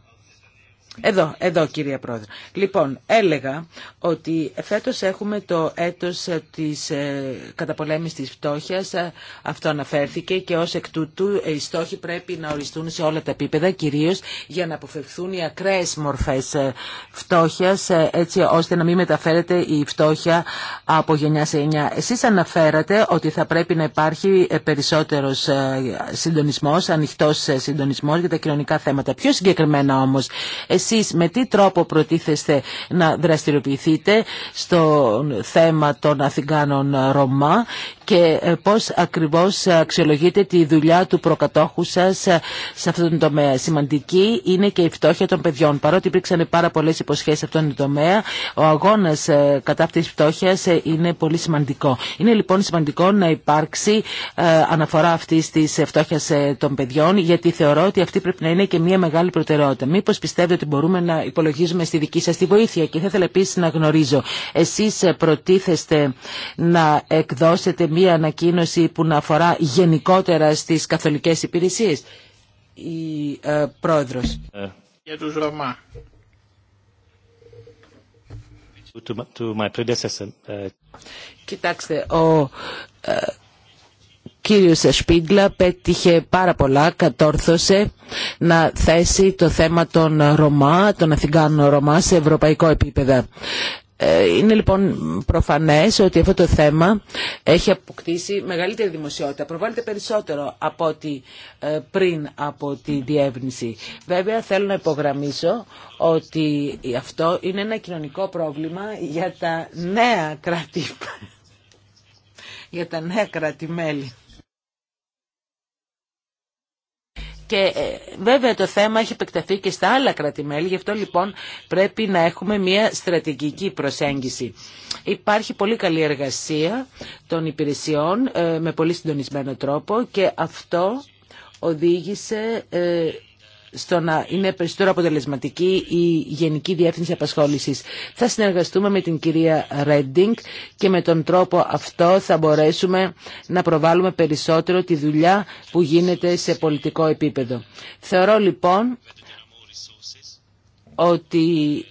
Εδώ, εδώ κυρία Πρόεδρε. Λοιπόν, έλεγα ότι φέτος έχουμε το έτος ε, της ε, καταπολέμησης της φτώχειας. Ε, αυτό αναφέρθηκε και ως εκ τούτου οι στόχοι πρέπει να οριστούν σε όλα τα επίπεδα, κυρίως για να αποφευθούν οι ακραίες μορφές φτώχειας, έτσι ώστε να μην μεταφέρεται η φτώχεια από γενιά σε γενιά. Εσείς αναφέρατε ότι θα πρέπει να υπάρχει περισσότερος συντονισμός, ανοιχτός συντονισμός για τα κοινωνικά θέματα. Πιο συγκεκριμένα όμως, εσείς με τι τρόπο προτίθεστε να δραστηριοποιηθείτε στο θέμα των Αθηγάνων Ρωμά και ε, πώς ακριβώς αξιολογείτε τη δουλειά του προκατόχου σας ε, σε αυτόν τον τομέα. Σημαντική είναι και η φτώχεια των παιδιών. Παρότι υπήρξαν πάρα πολλές υποσχέσεις σε αυτόν τον τομέα, ο αγώνας ε, κατά αυτής της φτώχειας είναι πολύ σημαντικό. Είναι λοιπόν σημαντικό να υπάρξει αναφορά αυτής της φτώχειας των παιδιών, γιατί θεωρώ ότι αυτή πρέπει να είναι και μια μεγάλη προτεραιότητα. Μήπως πιστεύετε ότι μπορούμε να υπολογίζουμε στη δική σας τη βοήθεια. Και θα ήθελα επίση να γνωρίζω, εσείς προτίθεστε να εκδώσετε μία ανακοίνωση που να αφορά γενικότερα στις καθολικές υπηρεσίες. Η ε, πρόεδρος. Ε. Για τους Ρωμά. To ε. Κοιτάξτε, ο ε, κύριος Σπίγκλα πέτυχε πάρα πολλά, κατόρθωσε να θέσει το θέμα των Ρωμά, των Αθηγάνων Ρωμά σε ευρωπαϊκό επίπεδο. Ε, είναι λοιπόν προφανές ότι αυτό το θέμα έχει αποκτήσει μεγαλύτερη δημοσιότητα. Προβάλλεται περισσότερο από ότι ε, πριν από τη διεύνηση. Βέβαια θέλω να υπογραμμίσω ότι αυτό είναι ένα κοινωνικό πρόβλημα για τα νέα κράτη, για τα νεα κράτη-μέλη. Και ε, βέβαια το θέμα έχει επεκταθεί και στα άλλα γι' αυτό λοιπόν πρέπει να έχουμε μια στρατηγική προσέγγιση. Υπάρχει πολύ καλή εργασία των υπηρεσιών ε, με πολύ συντονισμένο τρόπο και αυτό οδήγησε ε, στο να είναι περισσότερο αποτελεσματική η Γενική Διεύθυνση Απασχόλησης. Θα συνεργαστούμε με την κυρία Ρέντινγκ και με τον τρόπο αυτό θα μπορέσουμε να προβάλλουμε περισσότερο τη δουλειά που γίνεται σε πολιτικό επίπεδο. Θεωρώ λοιπόν ότι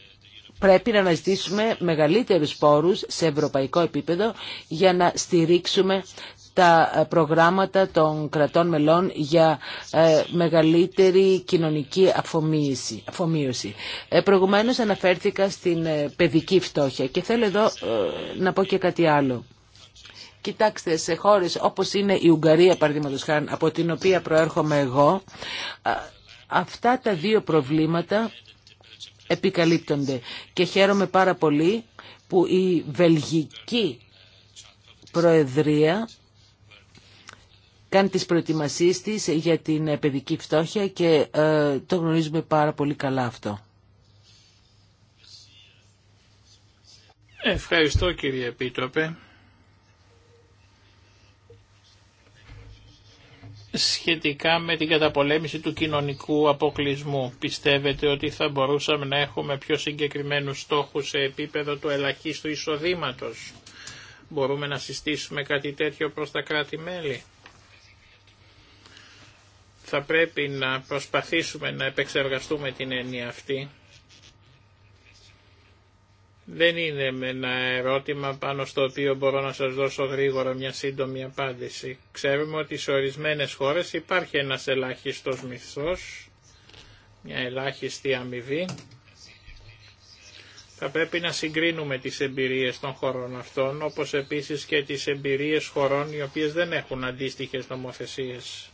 πρέπει να αναζητήσουμε μεγαλύτερους πόρους σε ευρωπαϊκό επίπεδο για να στηρίξουμε τα προγράμματα των κρατών μελών για ε, μεγαλύτερη κοινωνική αφομοίωση. Ε, προηγουμένως αναφέρθηκα στην ε, παιδική φτώχεια και θέλω εδώ να πω και κάτι άλλο. Κοιτάξτε, σε χώρες όπως είναι η Ουγγαρία, παραδείγματος χάρη, από την οποία προέρχομαι εγώ, αυτά τα δύο προβλήματα επικαλύπτονται. Και χαίρομαι πάρα πολύ που η Βελγική Προεδρία κάνει τις προετοιμασίες της για την παιδική φτώχεια και ε, το γνωρίζουμε πάρα πολύ καλά αυτό. Ευχαριστώ κύριε Επίτροπε. σχετικά με την καταπολέμηση του κοινωνικού αποκλεισμού. Πιστεύετε ότι θα μπορούσαμε να έχουμε πιο συγκεκριμένους στόχους σε επίπεδο του ελαχίστου εισοδήματος. Μπορούμε να συστήσουμε κάτι τέτοιο προς τα κράτη-μέλη θα πρέπει να προσπαθήσουμε να επεξεργαστούμε την έννοια αυτή. Δεν είναι με ένα ερώτημα πάνω στο οποίο μπορώ να σας δώσω γρήγορα μια σύντομη απάντηση. Ξέρουμε ότι σε ορισμένες χώρες υπάρχει ένας ελάχιστος μισθός, μια ελάχιστη αμοιβή. Θα πρέπει να συγκρίνουμε τις εμπειρίες των χωρών αυτών, όπως επίσης και τις εμπειρίες χωρών οι οποίες δεν έχουν αντίστοιχες νομοθεσίες.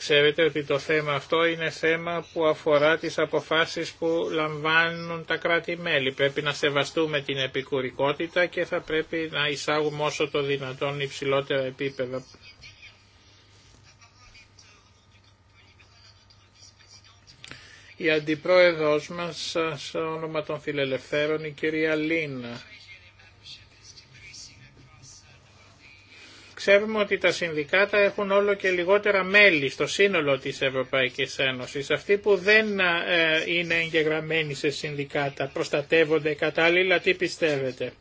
Ξέρετε ότι το θέμα αυτό είναι θέμα που αφορά τις αποφάσεις που λαμβάνουν τα κράτη-μέλη. Πρέπει να σεβαστούμε την επικουρικότητα και θα πρέπει να εισάγουμε όσο το δυνατόν υψηλότερα επίπεδα. Η αντιπρόεδρος μας, σε όνομα των φιλελευθέρων, η κυρία Λίνα, Ξέρουμε ότι τα συνδικάτα έχουν όλο και λιγότερα μέλη στο σύνολο της Ευρωπαϊκής Ένωσης. Αυτοί που δεν ε, είναι εγγεγραμμένοι σε συνδικάτα προστατεύονται κατάλληλα. Τι πιστεύετε.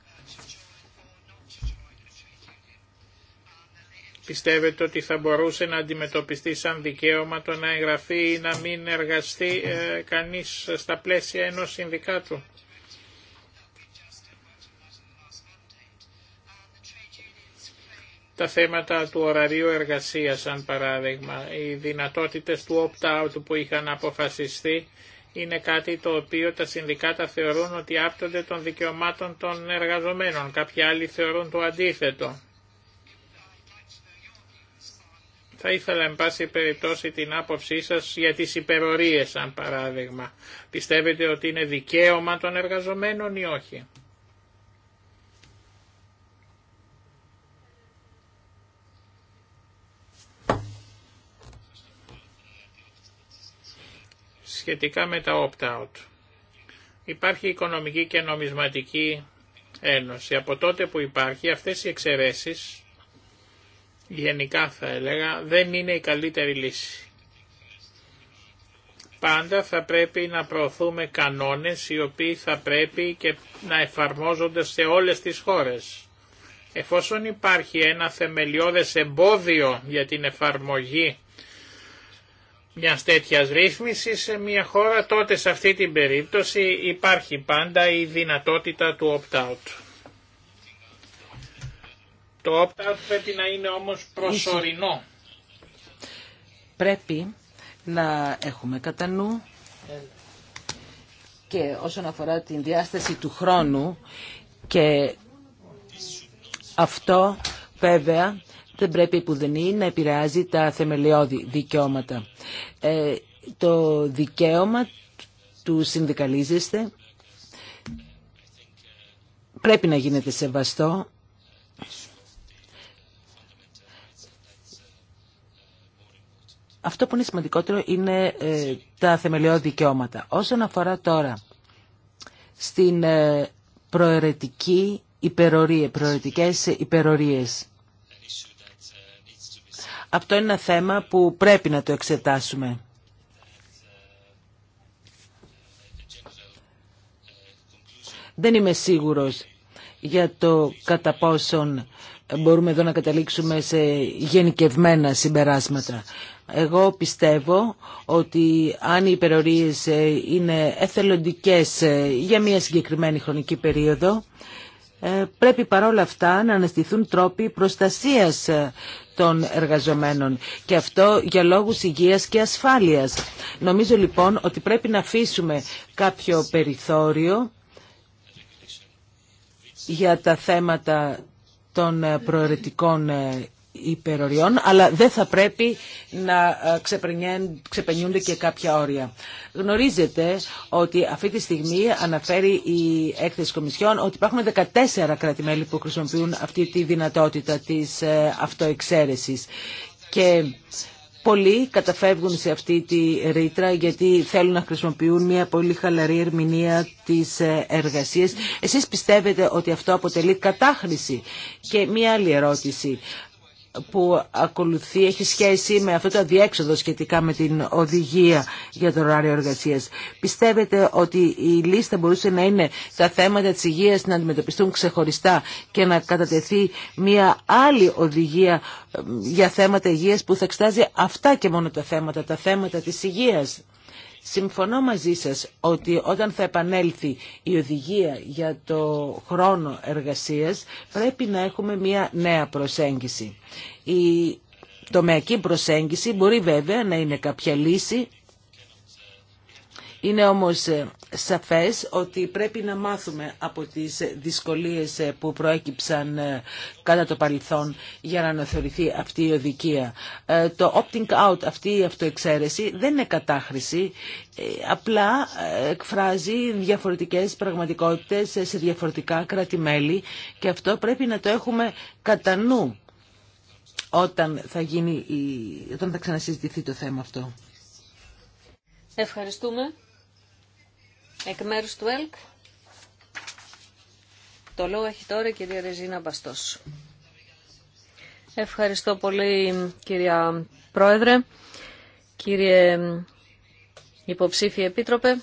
Πιστεύετε ότι θα μπορούσε να αντιμετωπιστεί σαν δικαίωμα το να εγγραφεί ή να μην εργαστεί ε, κανείς στα πλαίσια ενός συνδικάτου. τα θέματα του ωραρίου εργασίας, σαν παράδειγμα. Οι δυνατότητες του opt-out που είχαν αποφασιστεί είναι κάτι το οποίο τα συνδικάτα θεωρούν ότι άπτονται των δικαιωμάτων των εργαζομένων. Κάποιοι άλλοι θεωρούν το αντίθετο. Θα ήθελα εν πάση περιπτώσει την άποψή σας για τις υπερορίες σαν παράδειγμα. Πιστεύετε ότι είναι δικαίωμα των εργαζομένων ή όχι. σχετικά με τα opt-out. Υπάρχει οικονομική και νομισματική ένωση. Από τότε που υπάρχει αυτές οι εξαιρέσεις, γενικά θα έλεγα, δεν είναι η καλύτερη λύση. Πάντα θα πρέπει να προωθούμε κανόνες οι οποίοι θα πρέπει και να εφαρμόζονται σε όλες τις χώρες. Εφόσον υπάρχει ένα θεμελιώδες εμπόδιο για την εφαρμογή μια τέτοια ρύθμιση σε μια χώρα, τότε σε αυτή την περίπτωση υπάρχει πάντα η δυνατότητα του opt-out. Το opt-out πρέπει να είναι όμως προσωρινό. Πρέπει να έχουμε κατά νου και όσον αφορά την διάσταση του χρόνου και αυτό βέβαια δεν πρέπει είναι να επηρεάζει τα θεμελιώδη δικαιώματα. Ε, το δικαίωμα του συνδικαλίζεστε πρέπει να γίνεται σεβαστό. Αυτό που είναι σημαντικότερο είναι ε, τα θεμελιώδη δικαιώματα. Όσον αφορά τώρα στην ε, προαιρετική υπερορία, προαιρετικές υπερορίες. Αυτό είναι ένα θέμα που πρέπει να το εξετάσουμε. Δεν είμαι σίγουρος για το κατά πόσον μπορούμε εδώ να καταλήξουμε σε γενικευμένα συμπεράσματα. Εγώ πιστεύω ότι αν οι υπερορίες είναι εθελοντικές για μια συγκεκριμένη χρονική περίοδο, ε, πρέπει παρόλα αυτά να αναστηθούν τρόποι προστασίας των εργαζομένων και αυτό για λόγους υγείας και ασφάλειας. Νομίζω λοιπόν ότι πρέπει να αφήσουμε κάποιο περιθώριο για τα θέματα των προαιρετικών ε, υπεροριών, αλλά δεν θα πρέπει να ε, ξεπενιούνται και κάποια όρια. Γνωρίζετε ότι αυτή τη στιγμή αναφέρει η έκθεση Κομισιόν ότι υπάρχουν 14 κράτη-μέλη που χρησιμοποιούν αυτή τη δυνατότητα της ε, αυτοεξαίρεσης. Και Πολλοί καταφεύγουν σε αυτή τη ρήτρα γιατί θέλουν να χρησιμοποιούν μια πολύ χαλαρή ερμηνεία της ε, εργασίας. Εσείς πιστεύετε ότι αυτό αποτελεί κατάχρηση. Και μια άλλη ερώτηση που ακολουθεί έχει σχέση με αυτό το αδιέξοδο σχετικά με την οδηγία για το ωράριο εργασία. Πιστεύετε ότι η λίστα μπορούσε να είναι τα θέματα της υγείας να αντιμετωπιστούν ξεχωριστά και να κατατεθεί μια άλλη οδηγία ε, για θέματα υγείας που θα εξετάζει αυτά και μόνο τα θέματα, τα θέματα της υγείας. Συμφωνώ μαζί σας ότι όταν θα επανέλθει η οδηγία για το χρόνο εργασίας πρέπει να έχουμε μια νέα προσέγγιση. Η τομεακή προσέγγιση μπορεί βέβαια να είναι κάποια λύση είναι όμως ε, σαφές ότι πρέπει να μάθουμε από τις ε, δυσκολίες ε, που προέκυψαν κατά το παρελθόν για να αναθεωρηθεί αυτή η οδικία. Το opting out, αυτή η αυτοεξαίρεση δεν είναι κατάχρηση, απλά εκφράζει διαφορετικές πραγματικότητες σε διαφορετικά κράτη-μέλη και αυτό πρέπει να το έχουμε κατά νου όταν θα, γίνει η... όταν θα ξανασυζητηθεί το θέμα αυτό. Ευχαριστούμε. Εκ μέρους του ΕΛΚ, το λόγο έχει τώρα η κυρία Ρεζίνα Μπαστός. Ευχαριστώ πολύ κυρία Πρόεδρε, κύριε υποψήφιε Επίτροπε.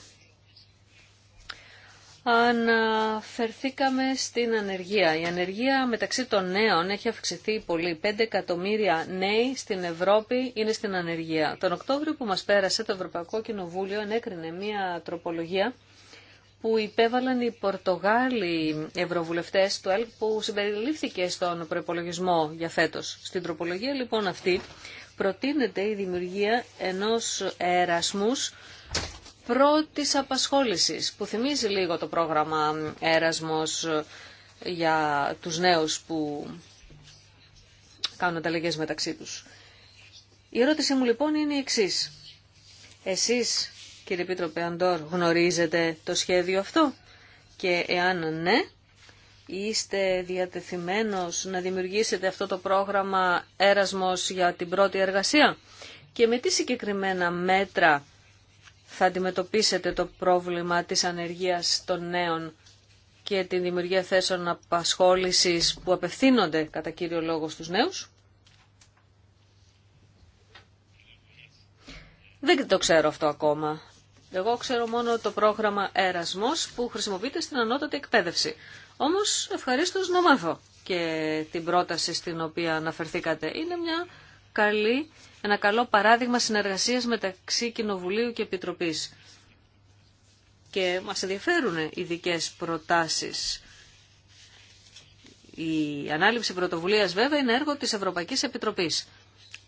Αναφερθήκαμε στην ανεργία. Η ανεργία μεταξύ των νέων έχει αυξηθεί πολύ. 5 εκατομμύρια νέοι στην Ευρώπη είναι στην ανεργία. Τον Οκτώβριο που μας πέρασε το Ευρωπαϊκό Κοινοβούλιο ενέκρινε μία τροπολογία που υπέβαλαν οι Πορτογάλοι ευρωβουλευτές του ΕΛΚ που συμπεριλήφθηκε στον προπολογισμό για φέτος. Στην τροπολογία λοιπόν αυτή προτείνεται η δημιουργία ενός έρασμους πρώτης απασχόλησης που θυμίζει λίγο το πρόγραμμα έρασμος για τους νέους που κάνουν ανταλλαγέ μεταξύ τους. Η ερώτησή μου λοιπόν είναι η εξής. Εσείς Κύριε Επίτροπε Αντόρ, γνωρίζετε το σχέδιο αυτό και εάν ναι, είστε διατεθειμένος να δημιουργήσετε αυτό το πρόγραμμα έρασμος για την πρώτη εργασία και με τι συγκεκριμένα μέτρα θα αντιμετωπίσετε το πρόβλημα της ανεργίας των νέων και την δημιουργία θέσεων απασχόλησης που απευθύνονται κατά κύριο λόγο στους νέους. Δεν το ξέρω αυτό ακόμα. Εγώ ξέρω μόνο το πρόγραμμα Ερασμό που χρησιμοποιείται στην ανώτατη εκπαίδευση. Όμως ευχαρίστω να μάθω και την πρόταση στην οποία αναφερθήκατε. Είναι μια καλή, ένα καλό παράδειγμα συνεργασίας μεταξύ Κοινοβουλίου και Επιτροπής. Και μα ενδιαφέρουν ειδικέ προτάσεις. Η ανάληψη πρωτοβουλίας βέβαια είναι έργο της Ευρωπαϊκή Επιτροπή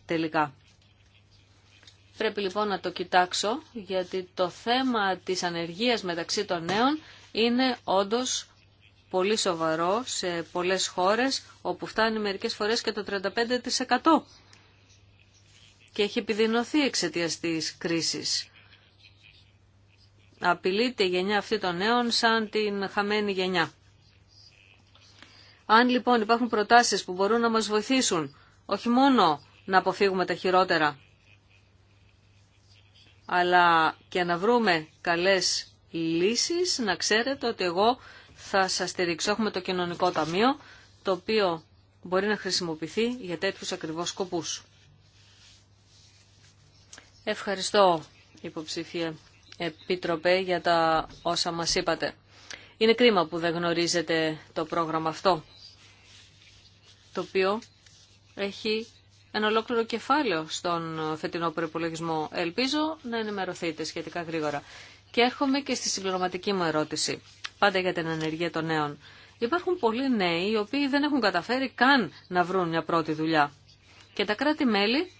τελικά. Πρέπει λοιπόν να το κοιτάξω, γιατί το θέμα της ανεργίας μεταξύ των νέων είναι όντως πολύ σοβαρό σε πολλές χώρες, όπου φτάνει μερικές φορές και το 35% και έχει επιδεινωθεί εξαιτία της κρίσης. Απειλείται η γενιά αυτή των νέων σαν την χαμένη γενιά. Αν λοιπόν υπάρχουν προτάσεις που μπορούν να μας βοηθήσουν, όχι μόνο να αποφύγουμε τα χειρότερα, αλλά και να βρούμε καλές λύσεις, να ξέρετε ότι εγώ θα σας στηρίξω. Έχουμε το κοινωνικό ταμείο, το οποίο μπορεί να χρησιμοποιηθεί για τέτοιους ακριβώς σκοπούς. Ευχαριστώ, υποψηφία Επίτροπε, για τα όσα μας είπατε. Είναι κρίμα που δεν γνωρίζετε το πρόγραμμα αυτό, το οποίο έχει ένα ολόκληρο κεφάλαιο στον φετινό προπολογισμό. Ελπίζω να ενημερωθείτε σχετικά γρήγορα. Και έρχομαι και στη συμπληρωματική μου ερώτηση, πάντα για την ανεργία των νέων. Υπάρχουν πολλοί νέοι οι οποίοι δεν έχουν καταφέρει καν να βρουν μια πρώτη δουλειά. Και τα κράτη-μέλη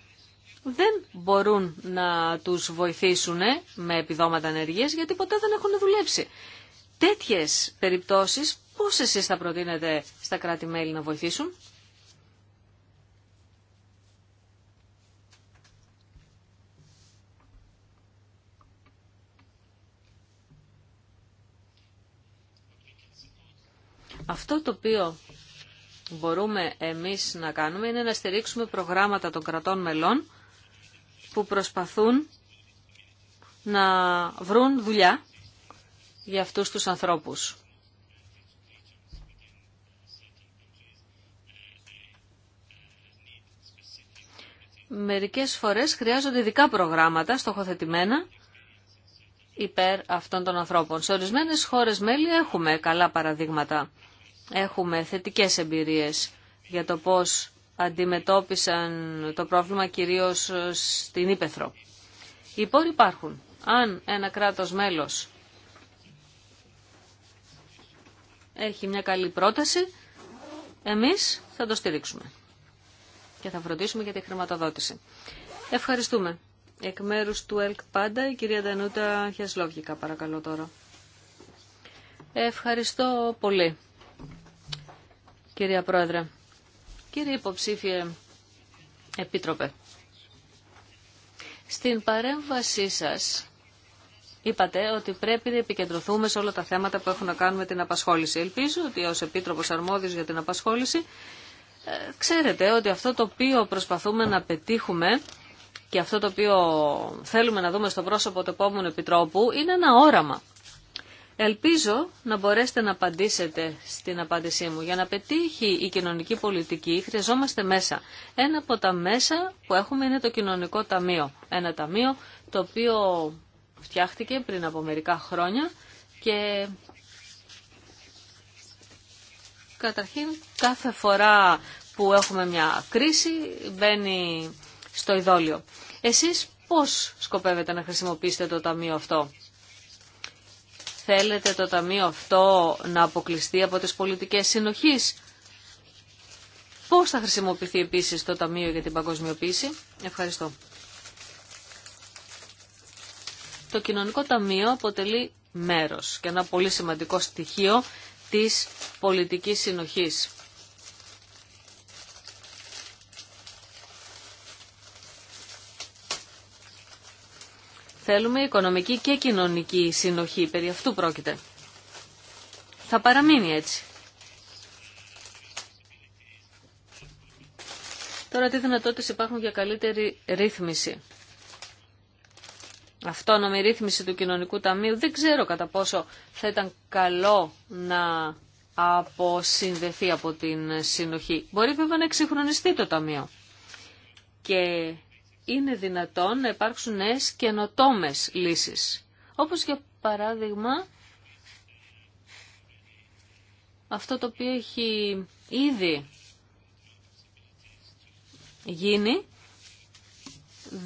δεν μπορούν να τους βοηθήσουν με επιδόματα ανεργίας γιατί ποτέ δεν έχουν δουλέψει. Τέτοιες περιπτώσεις πώς εσείς θα προτείνετε στα κράτη-μέλη να βοηθήσουν. Αυτό το οποίο μπορούμε εμείς να κάνουμε είναι να στηρίξουμε προγράμματα των κρατών μελών που προσπαθούν να βρουν δουλειά για αυτούς τους ανθρώπους. Μερικές φορές χρειάζονται ειδικά προγράμματα στοχοθετημένα υπέρ αυτών των ανθρώπων. Σε ορισμένες χώρες μέλη έχουμε καλά παραδείγματα έχουμε θετικές εμπειρίες για το πώς αντιμετώπισαν το πρόβλημα κυρίως στην Ήπεθρο. Οι πόροι υπάρχουν. Αν ένα κράτος μέλος έχει μια καλή πρόταση, εμείς θα το στηρίξουμε και θα φροντίσουμε για τη χρηματοδότηση. Ευχαριστούμε. Εκ μέρου του ΕΛΚ πάντα η κυρία Ντανούτα Χιασλόβγικα παρακαλώ τώρα. Ευχαριστώ πολύ κυρία Πρόεδρε. Κύριε Υποψήφιε Επίτροπε, στην παρέμβασή σας είπατε ότι πρέπει να επικεντρωθούμε σε όλα τα θέματα που έχουν να κάνουν με την απασχόληση. Ελπίζω ότι ως Επίτροπος Αρμόδιος για την απασχόληση ε, ξέρετε ότι αυτό το οποίο προσπαθούμε να πετύχουμε και αυτό το οποίο θέλουμε να δούμε στο πρόσωπο του επόμενου Επιτρόπου είναι ένα όραμα. Ελπίζω να μπορέσετε να απαντήσετε στην απάντησή μου. Για να πετύχει η κοινωνική πολιτική χρειαζόμαστε μέσα. Ένα από τα μέσα που έχουμε είναι το κοινωνικό ταμείο. Ένα ταμείο το οποίο φτιάχτηκε πριν από μερικά χρόνια και καταρχήν κάθε φορά που έχουμε μια κρίση μπαίνει στο ειδόλιο. Εσείς πώς σκοπεύετε να χρησιμοποιήσετε το ταμείο αυτό θέλετε το ταμείο αυτό να αποκλειστεί από τις πολιτικές συνοχής. Πώς θα χρησιμοποιηθεί επίσης το Ταμείο για την Παγκοσμιοποίηση. Ευχαριστώ. Το Κοινωνικό Ταμείο αποτελεί μέρος και ένα πολύ σημαντικό στοιχείο της πολιτικής συνοχής. Θέλουμε οικονομική και κοινωνική συνοχή, περί αυτού πρόκειται. Θα παραμείνει έτσι. Τώρα τι δυνατότητες υπάρχουν για καλύτερη ρύθμιση. Αυτόνομη ρύθμιση του κοινωνικού ταμείου δεν ξέρω κατά πόσο θα ήταν καλό να αποσυνδεθεί από την συνοχή. Μπορεί βέβαια να εξυγχρονιστεί το ταμείο. Και είναι δυνατόν να υπάρξουν νέες καινοτόμες λύσεις. Όπως για παράδειγμα αυτό το οποίο έχει ήδη γίνει,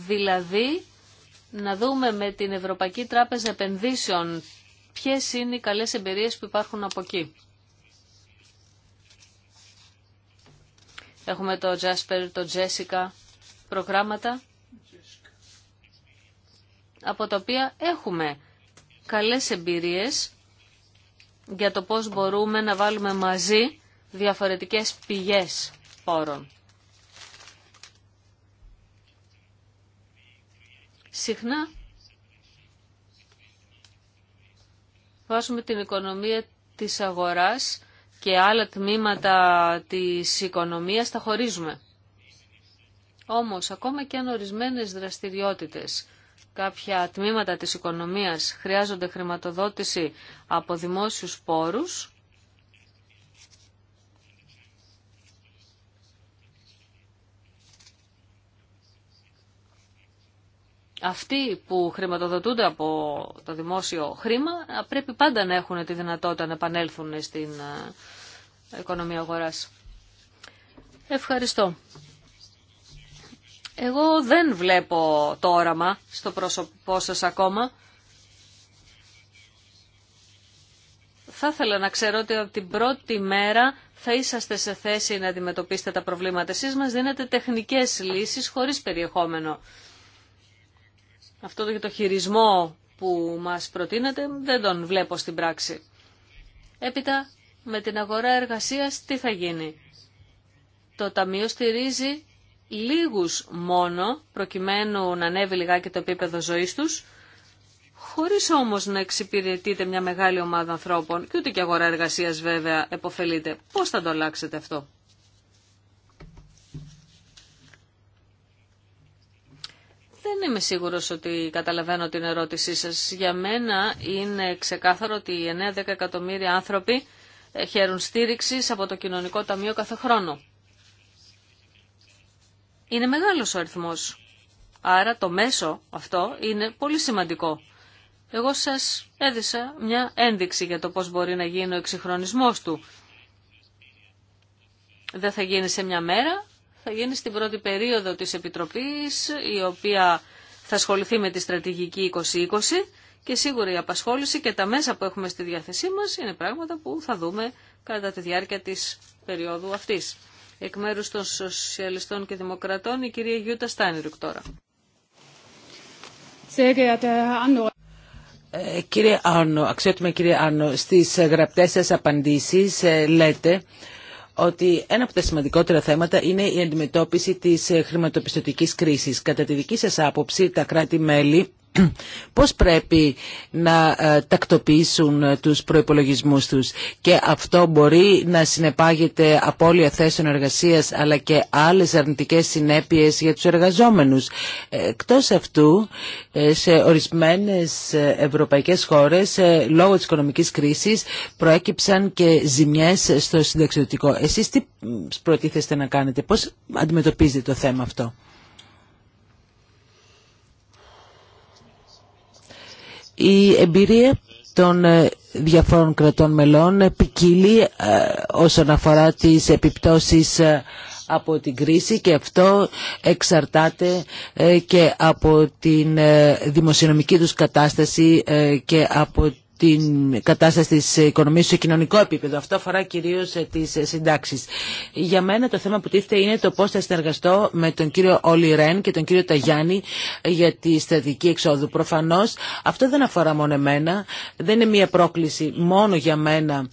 δηλαδή να δούμε με την Ευρωπαϊκή Τράπεζα Επενδύσεων ποιες είναι οι καλές εμπειρίες που υπάρχουν από εκεί. Έχουμε το Jasper, το Jessica, προγράμματα από τα οποία έχουμε καλές εμπειρίες για το πώς μπορούμε να βάλουμε μαζί διαφορετικές πηγές πόρων. Συχνά βάζουμε την οικονομία της αγοράς και άλλα τμήματα της οικονομίας τα χωρίζουμε. Όμως, ακόμα και αν ορισμένες δραστηριότητες κάποια τμήματα της οικονομίας χρειάζονται χρηματοδότηση από δημόσιους πόρους, αυτοί που χρηματοδοτούνται από το δημόσιο χρήμα πρέπει πάντα να έχουν τη δυνατότητα να επανέλθουν στην ε, οικονομία αγοράς. Ευχαριστώ. Εγώ δεν βλέπω το όραμα στο πρόσωπό σας ακόμα. Θα ήθελα να ξέρω ότι από την πρώτη μέρα θα είσαστε σε θέση να αντιμετωπίσετε τα προβλήματα. Εσείς μας δίνετε τεχνικές λύσεις χωρίς περιεχόμενο. Αυτό το χειρισμό που μας προτείνετε δεν τον βλέπω στην πράξη. Έπειτα με την αγορά εργασίας τι θα γίνει. Το Ταμείο στηρίζει λίγους μόνο, προκειμένου να ανέβει λιγάκι το επίπεδο ζωής τους, χωρίς όμως να εξυπηρετείτε μια μεγάλη ομάδα ανθρώπων και ούτε και αγορά εργασίας βέβαια επωφελείται. Πώς θα το αλλάξετε αυτό. Δεν είμαι σίγουρος ότι καταλαβαίνω την ερώτησή σας. Για μένα είναι ξεκάθαρο ότι 9-10 εκατομμύρια άνθρωποι ε, χαίρουν στήριξη από το Κοινωνικό Ταμείο κάθε χρόνο. Είναι μεγάλος ο αριθμός. Άρα το μέσο αυτό είναι πολύ σημαντικό. Εγώ σας έδισα μια ένδειξη για το πώς μπορεί να γίνει ο εξυγχρονισμός του. Δεν θα γίνει σε μια μέρα, θα γίνει στην πρώτη περίοδο της Επιτροπής, η οποία θα ασχοληθεί με τη στρατηγική 2020 και σίγουρα η απασχόληση και τα μέσα που έχουμε στη διάθεσή μας είναι πράγματα που θα δούμε κατά τη διάρκεια της περίοδου αυτής εκ μέρους των Σοσιαλιστών και Δημοκρατών η κυρία Γιούτα Στάνιρουκ τώρα. Ε, κύριε Άννο, αξιότιμα κύριε Ανω, στις γραπτές σας απαντήσεις ε, λέτε ότι ένα από τα σημαντικότερα θέματα είναι η αντιμετώπιση της χρηματοπιστωτικής κρίσης. Κατά τη δική σας άποψη, τα κράτη-μέλη πώς πρέπει να ε, τακτοποιήσουν ε, τους προϋπολογισμούς τους και αυτό μπορεί να συνεπάγεται απώλεια θέσεων εργασίας αλλά και άλλες αρνητικές συνέπειες για τους εργαζόμενους. Ε, εκτός αυτού, σε ορισμένες ευρωπαϊκές χώρες λόγω της οικονομικής κρίσης προέκυψαν και ζημιές στο συνταξιδοτικό. Εσείς τι προτίθεστε να κάνετε, πώς αντιμετωπίζετε το θέμα αυτό. Η εμπειρία των ε, διαφόρων κρατών μελών ποικίλει ε, όσον αφορά τις επιπτώσεις ε, από την κρίση και αυτό εξαρτάται και από την δημοσιονομική τους κατάσταση και από την κατάσταση της οικονομίας σε κοινωνικό επίπεδο. Αυτό αφορά κυρίως ε, τις ε, συντάξεις. Για μένα το θέμα που τίθεται είναι το πώς θα συνεργαστώ με τον κύριο Όλι Ρεν και τον κύριο Ταγιάννη ε, για τη στρατηγική εξόδου. Προφανώς αυτό δεν αφορά μόνο εμένα, δεν είναι μια πρόκληση μόνο για μένα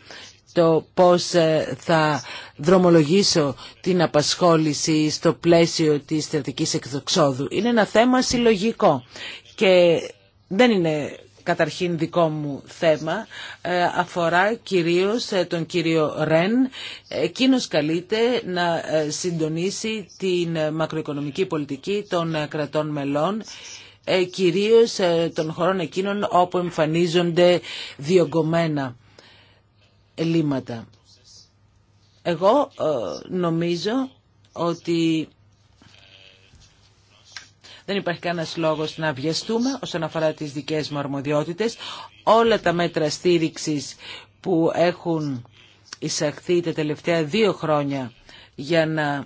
το πώς θα δρομολογήσω την απασχόληση στο πλαίσιο της στρατηγικής εξόδου. Είναι ένα θέμα συλλογικό και δεν είναι καταρχήν δικό μου θέμα ε, αφορά κυρίως ε, τον κύριο Ρεν. Εκείνος καλείται να ε, συντονίσει την μακροοικονομική πολιτική των κρατών μελών κυρίως των χωρών εκείνων όπου εμφανίζονται διωγγωμένα ελλείμματα. Εγώ νομίζω ότι δεν υπάρχει κανένας λόγος να βιαστούμε όσον αφορά τι δικές μου αρμοδιότητες. Όλα τα μέτρα στήριξης που έχουν εισαχθεί τα τελευταία δύο χρόνια για να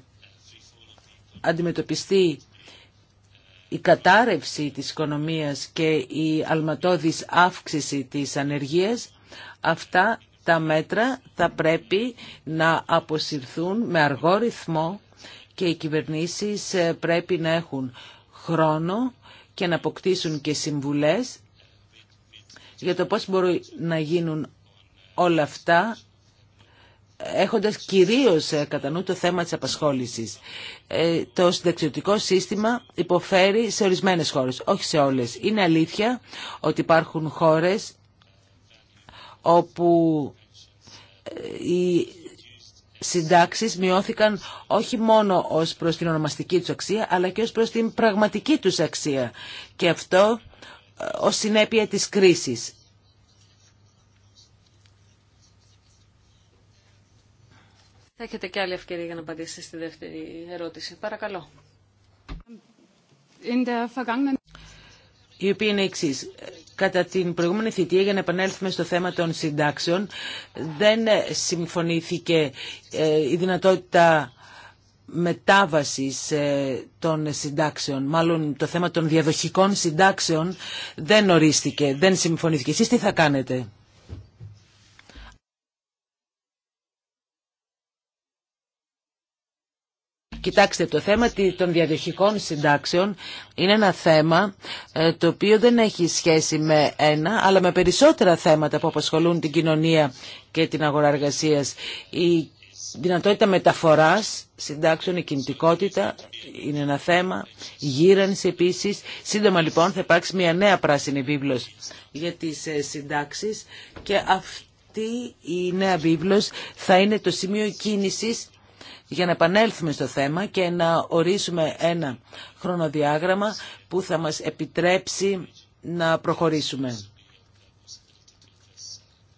αντιμετωπιστεί η κατάρρευση της οικονομίας και η αλματώδης αύξηση της ανεργίας, αυτά τα μέτρα θα πρέπει να αποσυρθούν με αργό ρυθμό και οι κυβερνήσεις ε, πρέπει να έχουν χρόνο και να αποκτήσουν και συμβουλές για το πώς μπορούν να γίνουν όλα αυτά έχοντας κυρίως ε, κατά νου το θέμα της απασχόλησης. Ε, το συνταξιωτικό σύστημα υποφέρει σε ορισμένες χώρες, όχι σε όλες. Είναι αλήθεια ότι υπάρχουν χώρες όπου η ε, συντάξεις μειώθηκαν όχι μόνο ως προς την ονομαστική τους αξία, αλλά και ως προς την πραγματική τους αξία. Και αυτό ε, ως συνέπεια της κρίσης. Θα έχετε και άλλη ευκαιρία για να απαντήσετε στη δεύτερη ερώτηση. Παρακαλώ. Η οποία είναι εξή κατά την προηγούμενη θητεία για να επανέλθουμε στο θέμα των συντάξεων δεν συμφωνήθηκε ε, η δυνατότητα μετάβασης ε, των συντάξεων, μάλλον το θέμα των διαδοχικών συντάξεων δεν ορίστηκε, δεν συμφωνήθηκε. Εσείς τι θα κάνετε. Κοιτάξτε, το θέμα των διαδοχικών συντάξεων είναι ένα θέμα ε, το οποίο δεν έχει σχέση με ένα, αλλά με περισσότερα θέματα που απασχολούν την κοινωνία και την αγορά εργασία. Η δυνατότητα μεταφοράς συντάξεων, η κινητικότητα είναι ένα θέμα, η γύρανση επίσης. Σύντομα λοιπόν θα υπάρξει μια νέα πράσινη βίβλος για τις ε, συντάξεις και αυτή η νέα βίβλος θα είναι το σημείο κίνησης για να επανέλθουμε στο θέμα και να ορίσουμε ένα χρονοδιάγραμμα που θα μας επιτρέψει να προχωρήσουμε.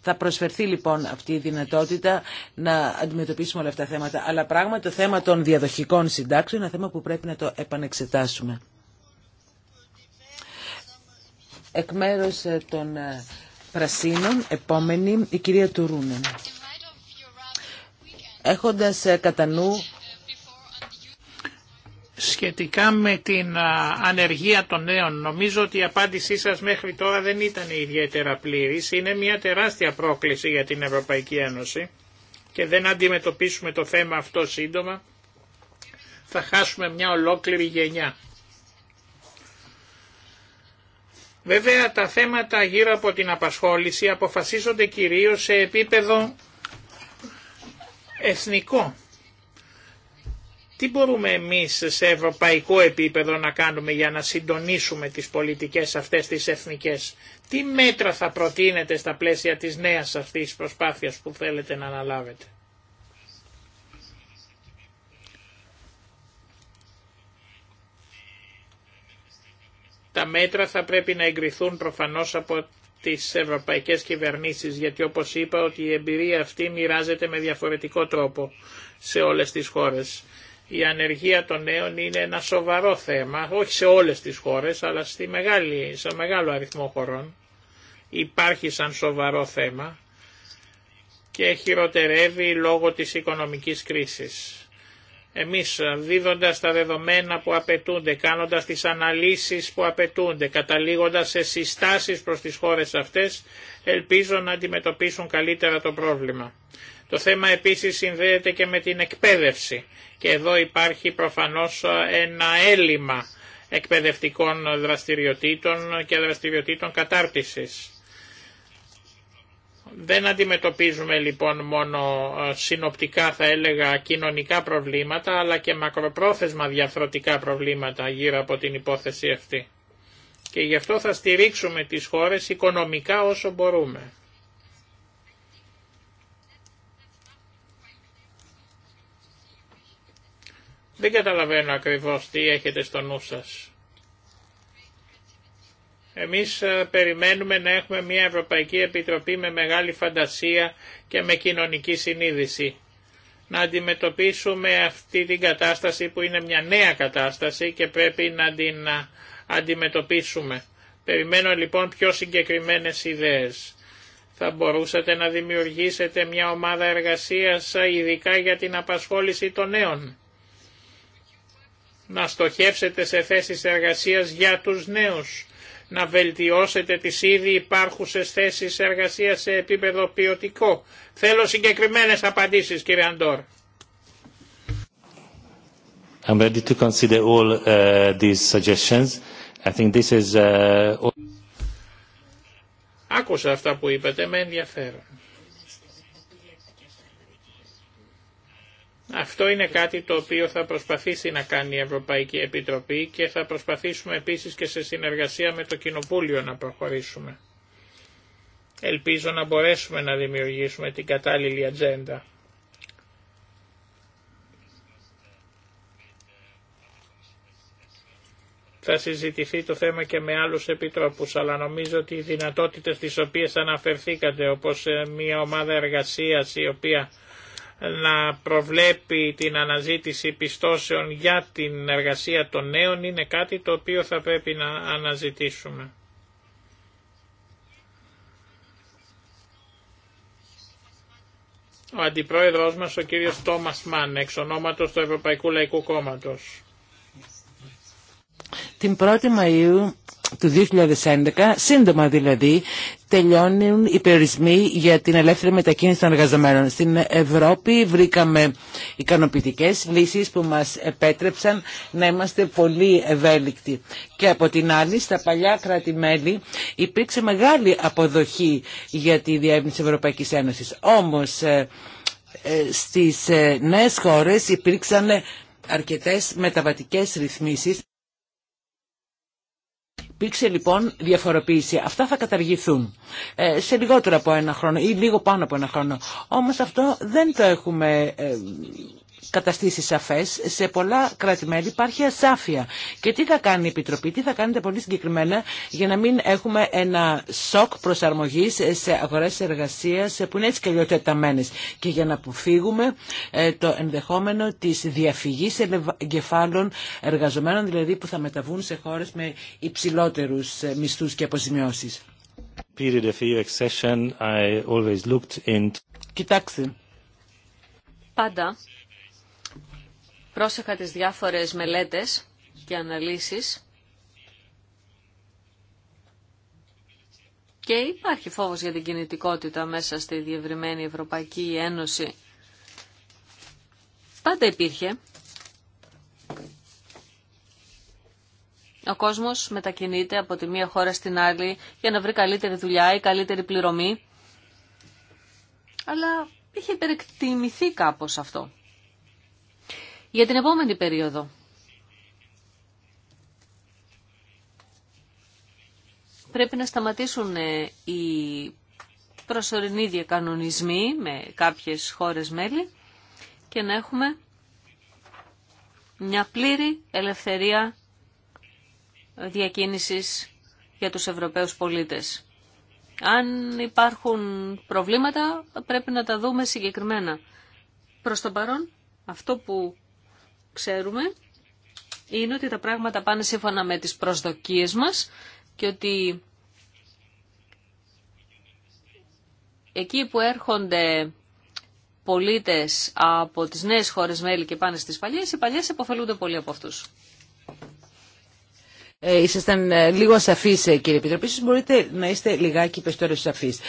Θα προσφερθεί λοιπόν αυτή η δυνατότητα να αντιμετωπίσουμε όλα αυτά τα θέματα. Αλλά πράγμα το θέμα των διαδοχικών συντάξεων είναι ένα θέμα που πρέπει να το επανεξετάσουμε. Εκ μέρους ε, των ε, Πρασίνων, επόμενη η κυρία Τουρούνεν έχοντας ε, κατά νου Σχετικά με την ανεργία των νέων, νομίζω ότι η απάντησή σας μέχρι τώρα δεν ήταν ιδιαίτερα πλήρης. Είναι μια τεράστια πρόκληση για την Ευρωπαϊκή Ένωση και δεν αντιμετωπίσουμε το θέμα αυτό σύντομα, θα χάσουμε μια ολόκληρη γενιά. Βέβαια τα θέματα γύρω από την απασχόληση αποφασίζονται κυρίως σε επίπεδο εθνικό. Τι μπορούμε εμείς σε ευρωπαϊκό επίπεδο να κάνουμε για να συντονίσουμε τις πολιτικές αυτές τις εθνικές. Τι μέτρα θα προτείνετε στα πλαίσια της νέας αυτής προσπάθειας που θέλετε να αναλάβετε. Τα μέτρα θα πρέπει να εγκριθούν προφανώς από τις ευρωπαϊκές κυβερνήσεις, γιατί όπως είπα ότι η εμπειρία αυτή μοιράζεται με διαφορετικό τρόπο σε όλες τις χώρες. Η ανεργία των νέων είναι ένα σοβαρό θέμα, όχι σε όλες τις χώρες, αλλά στη μεγάλη, σε μεγάλο αριθμό χωρών. Υπάρχει σαν σοβαρό θέμα και χειροτερεύει λόγω της οικονομικής κρίσης. Εμείς ε, δίδοντας τα δεδομένα που απαιτούνται, κάνοντας τις αναλύσεις που απαιτούνται, καταλήγοντας σε συστάσεις προς τις χώρες αυτές, ελπίζω να αντιμετωπίσουν καλύτερα το πρόβλημα. Το θέμα επίσης συνδέεται και με την εκπαίδευση και εδώ υπάρχει προφανώς ε, ένα έλλειμμα εκπαιδευτικών δραστηριοτήτων και δραστηριοτήτων κατάρτισης. Δεν αντιμετωπίζουμε λοιπόν μόνο ε, συνοπτικά θα έλεγα κοινωνικά προβλήματα αλλά και μακροπρόθεσμα διαφροτικά προβλήματα γύρω από την υπόθεση αυτή. Και γι' αυτό θα στηρίξουμε τις χώρες οικονομικά όσο μπορούμε. Δεν καταλαβαίνω ακριβώς τι έχετε στο νου σας. Εμείς ε, περιμένουμε να έχουμε μια Ευρωπαϊκή Επιτροπή με μεγάλη φαντασία και με κοινωνική συνείδηση. Να αντιμετωπίσουμε αυτή την κατάσταση που είναι μια νέα κατάσταση και πρέπει να την ε, αντιμετωπίσουμε. Περιμένω λοιπόν πιο συγκεκριμένες ιδέες. Θα μπορούσατε να δημιουργήσετε μια ομάδα εργασίας ε, ειδικά για την απασχόληση των νέων. Να στοχεύσετε σε θέσεις εργασίας για τους νέους να βελτιώσετε τις ήδη υπάρχουσες θέσεις εργασίας σε επίπεδο ποιοτικό. Θέλω συγκεκριμένες απαντήσεις κύριε Αντόρ. I'm ready to consider all uh, these suggestions. I think this is, uh... Άκουσα αυτά που είπατε με ενδιαφέρον. Αυτό είναι κάτι το οποίο θα προσπαθήσει να κάνει η Ευρωπαϊκή Επιτροπή και θα προσπαθήσουμε επίσης και σε συνεργασία με το Κοινοβούλιο να προχωρήσουμε. Ελπίζω να μπορέσουμε να δημιουργήσουμε την κατάλληλη ατζέντα. θα συζητηθεί το θέμα και με άλλους επιτρόπους, αλλά νομίζω ότι οι δυνατότητες τις οποίες αναφερθήκατε, όπως ε, μια ομάδα εργασίας η οποία να προβλέπει την αναζήτηση πιστώσεων για την εργασία των νέων είναι κάτι το οποίο θα πρέπει να αναζητήσουμε. Ο αντιπρόεδρος μας ο κύριος Τόμας Μάν, εξ ονόματος του Ευρωπαϊκού Λαϊκού Κόμματος. Την 1η Μαΐου του 2011, σύντομα δηλαδή, τελειώνουν οι περιορισμοί για την ελεύθερη μετακίνηση των εργαζομένων. Στην Ευρώπη βρήκαμε ικανοποιητικές λύσεις που μας επέτρεψαν να είμαστε πολύ ευέλικτοι. Και από την άλλη, στα παλιά κράτη-μέλη υπήρξε μεγάλη αποδοχή για τη διεύνηση Ευρωπαϊκής Ένωσης. Όμως, ε, ε, στις ε, νέες χώρες υπήρξαν αρκετές μεταβατικές ρυθμίσεις Υπήρξε λοιπόν διαφοροποίηση. Αυτά θα καταργηθούν ε, σε λιγότερο από ένα χρόνο ή λίγο πάνω από ένα χρόνο. Όμως αυτό δεν το έχουμε ε, καταστήσει σαφές, σε πολλά κράτη-μέλη υπάρχει ασάφεια. Και τι θα κάνει η Επιτροπή, τι θα κάνετε πολύ συγκεκριμένα για να μην έχουμε ένα σοκ προσαρμογής σε αγορέ εργασία που είναι έτσι και λιωτεταμένε. και για να αποφύγουμε ε, το ενδεχόμενο τη διαφυγής εγκεφάλων εργαζομένων, δηλαδή που θα μεταβούν σε χώρε με υψηλότερου ε, μισθού και αποζημιώσεις. Κοιτάξτε, πάντα πρόσεχα τις διάφορες μελέτες και αναλύσεις και υπάρχει φόβος για την κινητικότητα μέσα στη διευρυμένη Ευρωπαϊκή Ένωση. Πάντα υπήρχε. Ο κόσμος μετακινείται από τη μία χώρα στην άλλη για να βρει καλύτερη δουλειά ή καλύτερη πληρωμή. Αλλά είχε υπερεκτιμηθεί κάπως αυτό για την επόμενη περίοδο. Πρέπει να σταματήσουν ε, οι προσωρινοί διακανονισμοί με κάποιες χώρες μέλη και να έχουμε μια πλήρη ελευθερία διακίνησης για τους Ευρωπαίους πολίτες. Αν υπάρχουν προβλήματα πρέπει να τα δούμε συγκεκριμένα. Προς το παρόν αυτό που ξέρουμε είναι ότι τα πράγματα πάνε σύμφωνα με τις προσδοκίες μας και ότι εκεί που έρχονται πολίτες από τις νέες χώρες μέλη και πάνε στις παλιές, οι παλιές επωφελούνται πολύ από αυτούς. Ε, ήσασταν ε, λίγο σαφείς ε, κύριε Επιτροπή, ίσως μπορείτε να είστε λιγάκι περισσότερο σαφείς.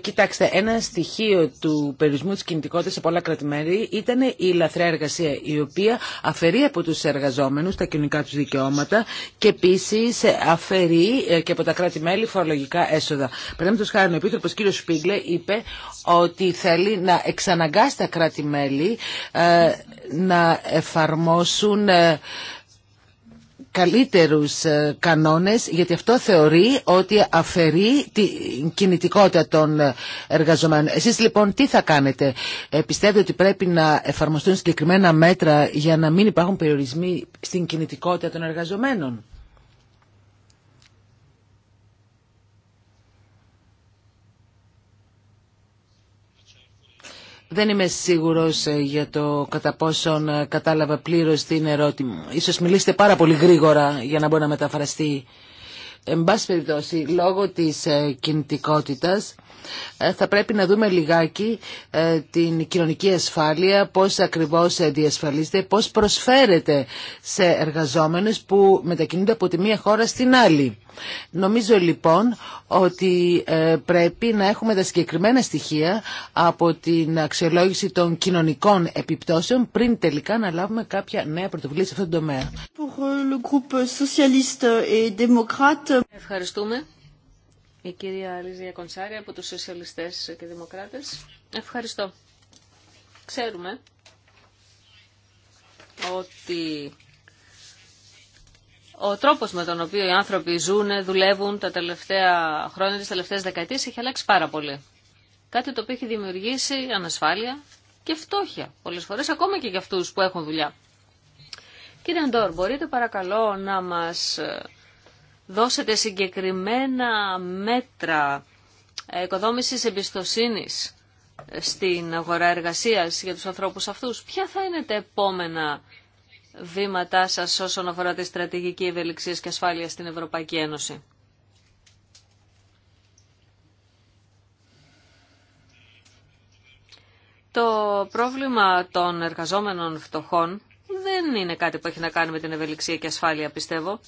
Κοιτάξτε, ένα στοιχείο του περιορισμού της κινητικότητας σε πολλά κρατημέρη ήταν η λαθρέα εργασία, η οποία αφαιρεί από τους εργαζόμενους τα κοινωνικά τους δικαιώματα και επίσης αφαιρεί και από τα κράτη-μέλη φορολογικά έσοδα. Παραδείγματο χάρη, ο Επίτροπο κύριο Σπίγκλε είπε ότι θέλει να εξαναγκάσει τα κράτη-μέλη να εφαρμόσουν καλύτερους ε, κανόνες γιατί αυτό θεωρεί ότι αφαιρεί την κινητικότητα των ε, εργαζομένων. Εσείς λοιπόν τι θα κάνετε. Ε, πιστεύετε ότι πρέπει να εφαρμοστούν συγκεκριμένα μέτρα για να μην υπάρχουν περιορισμοί στην κινητικότητα των εργαζομένων. Δεν είμαι σίγουρος ε, για το κατά πόσον ε, κατάλαβα πλήρως την ερώτημα. Ίσως μιλήσετε πάρα πολύ γρήγορα για να μπορεί να μεταφραστεί. Εν πάση περιπτώσει, λόγω της ε, κινητικότητας ε, θα πρέπει να δούμε λιγάκι ε, την κοινωνική ασφάλεια, πώς ακριβώς ε, διασφαλίζεται, πώς προσφέρεται σε εργαζόμενους που μετακινούνται από τη μία χώρα στην άλλη. Νομίζω λοιπόν ότι πρέπει να έχουμε τα συγκεκριμένα στοιχεία από την αξιολόγηση των κοινωνικών επιπτώσεων πριν τελικά να λάβουμε κάποια νέα πρωτοβουλία σε αυτόν τον τομέα. Ευχαριστούμε. Η κυρία Ρίζια Κονσάρη από τους Σοσιαλιστές και Δημοκράτες. Ευχαριστώ. Ξέρουμε ότι ο τρόπος με τον οποίο οι άνθρωποι ζουν, δουλεύουν τα τελευταία χρόνια, τις τελευταίες δεκαετίες, έχει αλλάξει πάρα πολύ. Κάτι το οποίο έχει δημιουργήσει ανασφάλεια και φτώχεια. Πολλές φορές ακόμα και για αυτούς που έχουν δουλειά. Κύριε Αντόρ, μπορείτε παρακαλώ να μας ε, δώσετε συγκεκριμένα μέτρα οικοδόμησης εμπιστοσύνης στην αγορά εργασίας για τους ανθρώπους αυτούς. Ποια θα είναι τα επόμενα βήματά σας όσον αφορά τη στρατηγική ευελιξία και ασφάλεια στην Ευρωπαϊκή Ένωση. Το πρόβλημα των εργαζόμενων φτωχών δεν είναι κάτι που έχει να κάνει με την ευελιξία και ασφάλεια, πιστεύω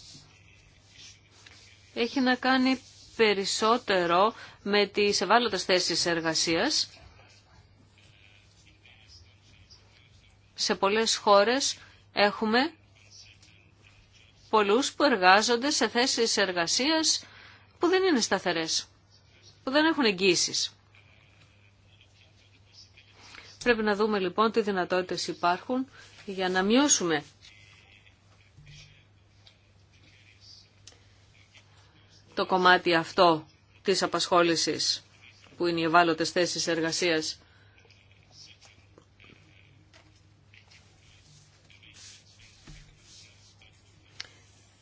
έχει να κάνει περισσότερο με τις ευάλωτες θέσεις εργασίας. Σε πολλές χώρες έχουμε πολλούς που εργάζονται σε θέσεις εργασίας που δεν είναι σταθερές, που δεν έχουν εγγύησεις. Πρέπει να δούμε λοιπόν τι δυνατότητες υπάρχουν για να μειώσουμε το κομμάτι αυτό της απασχόλησης που είναι οι ευάλωτες θέσεις εργασίας.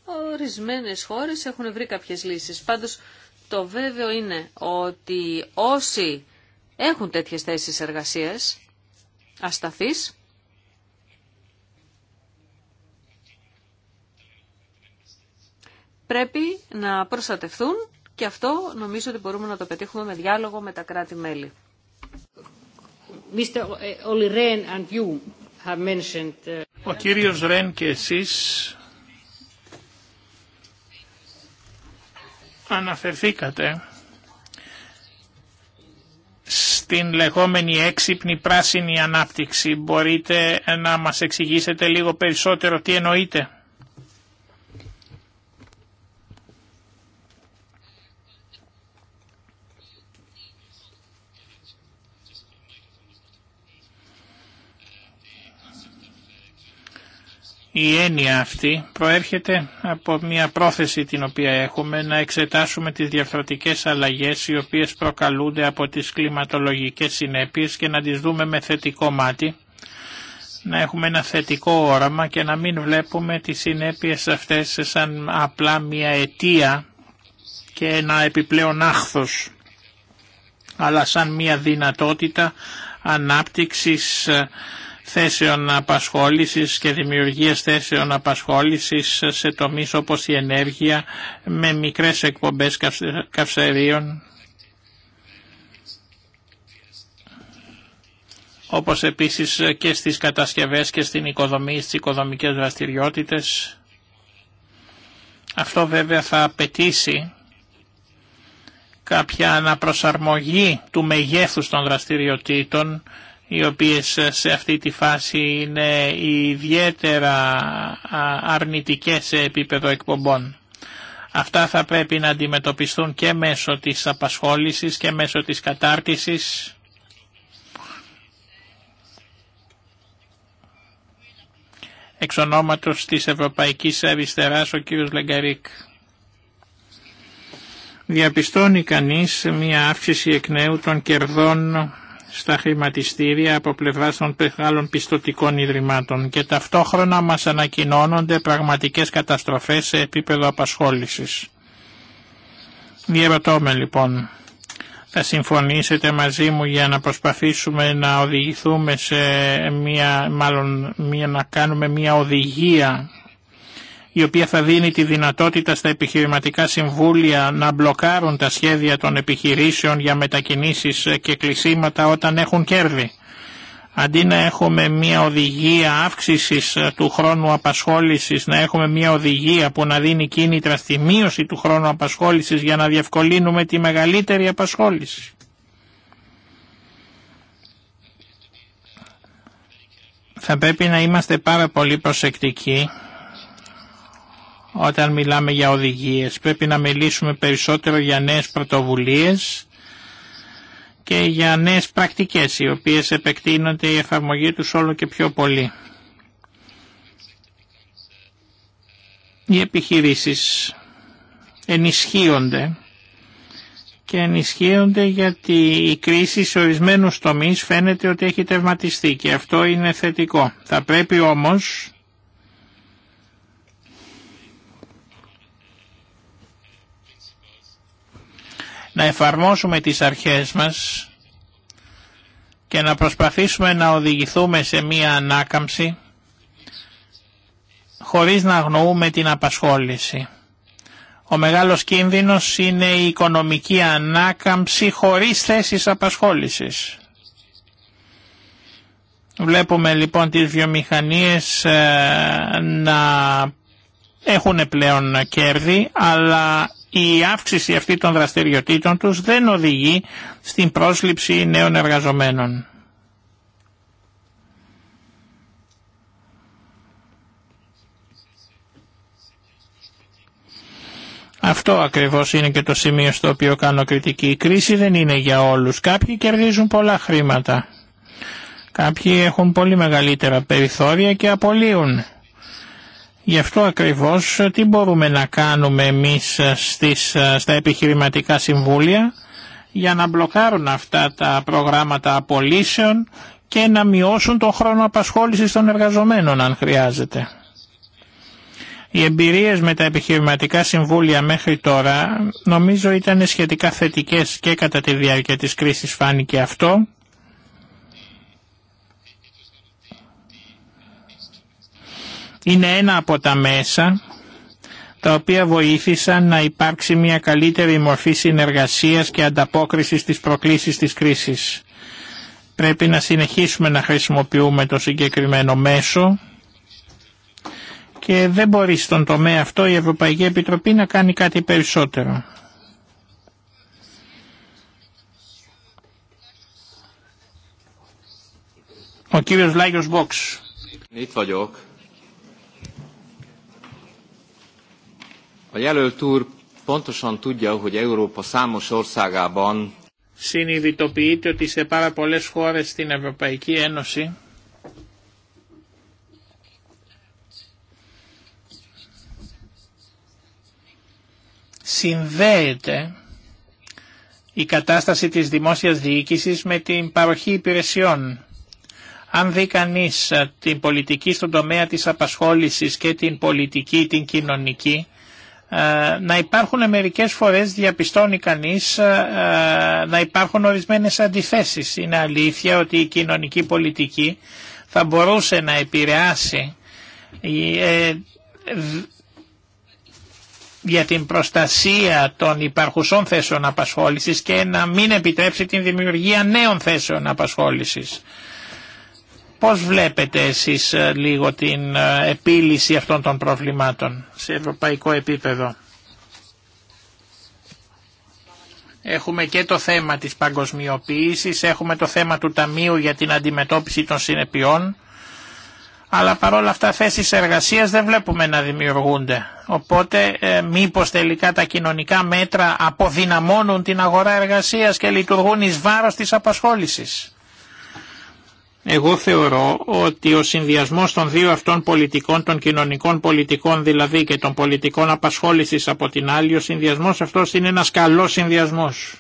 Ορισμένες χώρες έχουν βρει κάποιες λύσεις. Πάντως το βέβαιο είναι ότι όσοι έχουν τέτοιες θέσεις εργασίας, ασταθείς, πρέπει να προστατευθούν και αυτό νομίζω ότι μπορούμε να το πετύχουμε με διάλογο με τα κράτη-μέλη. Uh, Ο κύριος Ρεν και εσείς αναφερθήκατε στην λεγόμενη έξυπνη πράσινη ανάπτυξη. Μπορείτε να μας εξηγήσετε λίγο περισσότερο τι εννοείτε. Η έννοια αυτή προέρχεται από μια πρόθεση την οποία έχουμε να εξετάσουμε τις διαφορετικές αλλαγές οι οποίες προκαλούνται από τις κλιματολογικές συνέπειες και να τις δούμε με θετικό μάτι, να έχουμε ένα θετικό όραμα και να μην βλέπουμε τις συνέπειες αυτές σαν απλά μια αιτία και ένα επιπλέον άχθος, αλλά σαν μια δυνατότητα ανάπτυξης θέσεων απασχόλησης και δημιουργίας θέσεων απασχόλησης σε τομείς όπως η ενέργεια με μικρές εκπομπές καυσερίων όπως επίσης και στις κατασκευές και στην οικοδομή, στις οικοδομικές δραστηριότητες. Αυτό βέβαια θα απαιτήσει κάποια αναπροσαρμογή του μεγέθους των δραστηριοτήτων οι οποίες ε, σε αυτή τη φάση είναι ιδιαίτερα αρνητικές σε επίπεδο εκπομπών. Αυτά θα πρέπει να αντιμετωπιστούν και μέσω της απασχόλησης και μέσω της κατάρτισης. Εξ ονόματος της Ευρωπαϊκής Αριστεράς ο κ. Λεγκαρίκ. Διαπιστώνει κανείς μια αύξηση εκ νέου των κερδών στα χρηματιστήρια από πλευρά των μεγάλων πιστοτικών ιδρυμάτων και ταυτόχρονα μας ανακοινώνονται πραγματικές καταστροφές σε επίπεδο απασχόλησης. Διερωτώ λοιπόν, θα συμφωνήσετε μαζί μου για να προσπαθήσουμε να οδηγηθούμε σε μια, μάλλον μια, να κάνουμε μια οδηγία η οποία θα δίνει τη δυνατότητα στα επιχειρηματικά συμβούλια να μπλοκάρουν τα σχέδια των επιχειρήσεων για μετακινήσεις και κλεισίματα όταν έχουν κέρδη. Αντί να έχουμε μια οδηγία αύξησης ε, του χρόνου απασχόλησης, να έχουμε μια οδηγία που να δίνει κίνητρα στη μείωση του χρόνου απασχόλησης για να διευκολύνουμε τη μεγαλύτερη απασχόληση. Θα πρέπει να είμαστε πάρα πολύ προσεκτικοί όταν μιλάμε για οδηγίες. Πρέπει να μιλήσουμε περισσότερο για νέες πρωτοβουλίες και για νέες πρακτικές οι οποίες επεκτείνονται η εφαρμογή τους όλο και πιο πολύ. Οι επιχειρήσεις ενισχύονται και ενισχύονται γιατί η κρίση σε ορισμένους τομείς φαίνεται ότι έχει τερματιστεί και αυτό είναι θετικό. Θα πρέπει όμως να εφαρμόσουμε τις αρχές μας και να προσπαθήσουμε να οδηγηθούμε σε μία ανάκαμψη χωρίς να αγνοούμε την απασχόληση. Ο μεγάλος κίνδυνος είναι η οικονομική ανάκαμψη χωρίς θέσεις απασχόλησης. Βλέπουμε λοιπόν τις βιομηχανίες ε, να έχουν πλέον κέρδη, αλλά η αύξηση αυτή των δραστηριοτήτων τους δεν οδηγεί στην πρόσληψη νέων εργαζομένων. Αυτό ακριβώς είναι και το σημείο στο οποίο κάνω κριτική. Η κρίση δεν είναι για όλους. Κάποιοι κερδίζουν πολλά χρήματα. Κάποιοι έχουν πολύ μεγαλύτερα περιθώρια και απολύουν. Γι' αυτό ακριβώς τι μπορούμε να κάνουμε εμείς ε, στις, ε, στα επιχειρηματικά συμβούλια για να μπλοκάρουν αυτά τα προγράμματα απολύσεων και να μειώσουν τον χρόνο απασχόλησης των εργαζομένων αν χρειάζεται. Οι εμπειρίες με τα επιχειρηματικά συμβούλια μέχρι τώρα νομίζω ήταν σχετικά θετικές και κατά τη διάρκεια της κρίσης φάνηκε αυτό είναι ένα από τα μέσα τα οποία βοήθησαν να υπάρξει μια καλύτερη μορφή συνεργασίας και ανταπόκρισης στις προκλήσεις της κρίσης. Πρέπει να συνεχίσουμε να χρησιμοποιούμε το συγκεκριμένο μέσο και δεν μπορεί στον τομέα αυτό η Ευρωπαϊκή Επιτροπή να κάνει κάτι περισσότερο. Ο κύριος Λάγιος Βόξ. συνειδητοποιείται ότι σε πάρα πολλές χώρες στην Ευρωπαϊκή Ένωση συνδέεται η κατάσταση της δημόσιας διοίκησης με την παροχή υπηρεσιών. Αν δει κανείς την πολιτική στον τομέα της απασχόλησης και την πολιτική, την κοινωνική, ε, να υπάρχουν μερικές φορές διαπιστώνει κανείς ε, ε, να υπάρχουν ορισμένες αντιθέσεις. Είναι αλήθεια ότι η κοινωνική πολιτική θα μπορούσε να επηρεάσει για την προστασία των υπαρχουσών θέσεων απασχόλησης και να μην επιτρέψει την δημιουργία νέων θέσεων απασχόλησης. Πώς βλέπετε εσείς ε, λίγο την ε, επίλυση αυτών των προβλημάτων σε ευρωπαϊκό επίπεδο. Έχουμε και το θέμα της παγκοσμιοποίησης, έχουμε το θέμα του Ταμείου για την αντιμετώπιση των συνεπειών, αλλά παρόλα αυτά θέσεις εργασίας δεν βλέπουμε να δημιουργούνται. Οπότε ε, μήπως τελικά τα κοινωνικά μέτρα αποδυναμώνουν την αγορά εργασίας και λειτουργούν εις βάρος της απασχόλησης. Εγώ θεωρώ ότι ο συνδυασμός των δύο αυτών πολιτικών, των κοινωνικών πολιτικών δηλαδή και των πολιτικών απασχόλησης από την άλλη, ο συνδυασμός αυτός είναι ένας καλός συνδυασμός.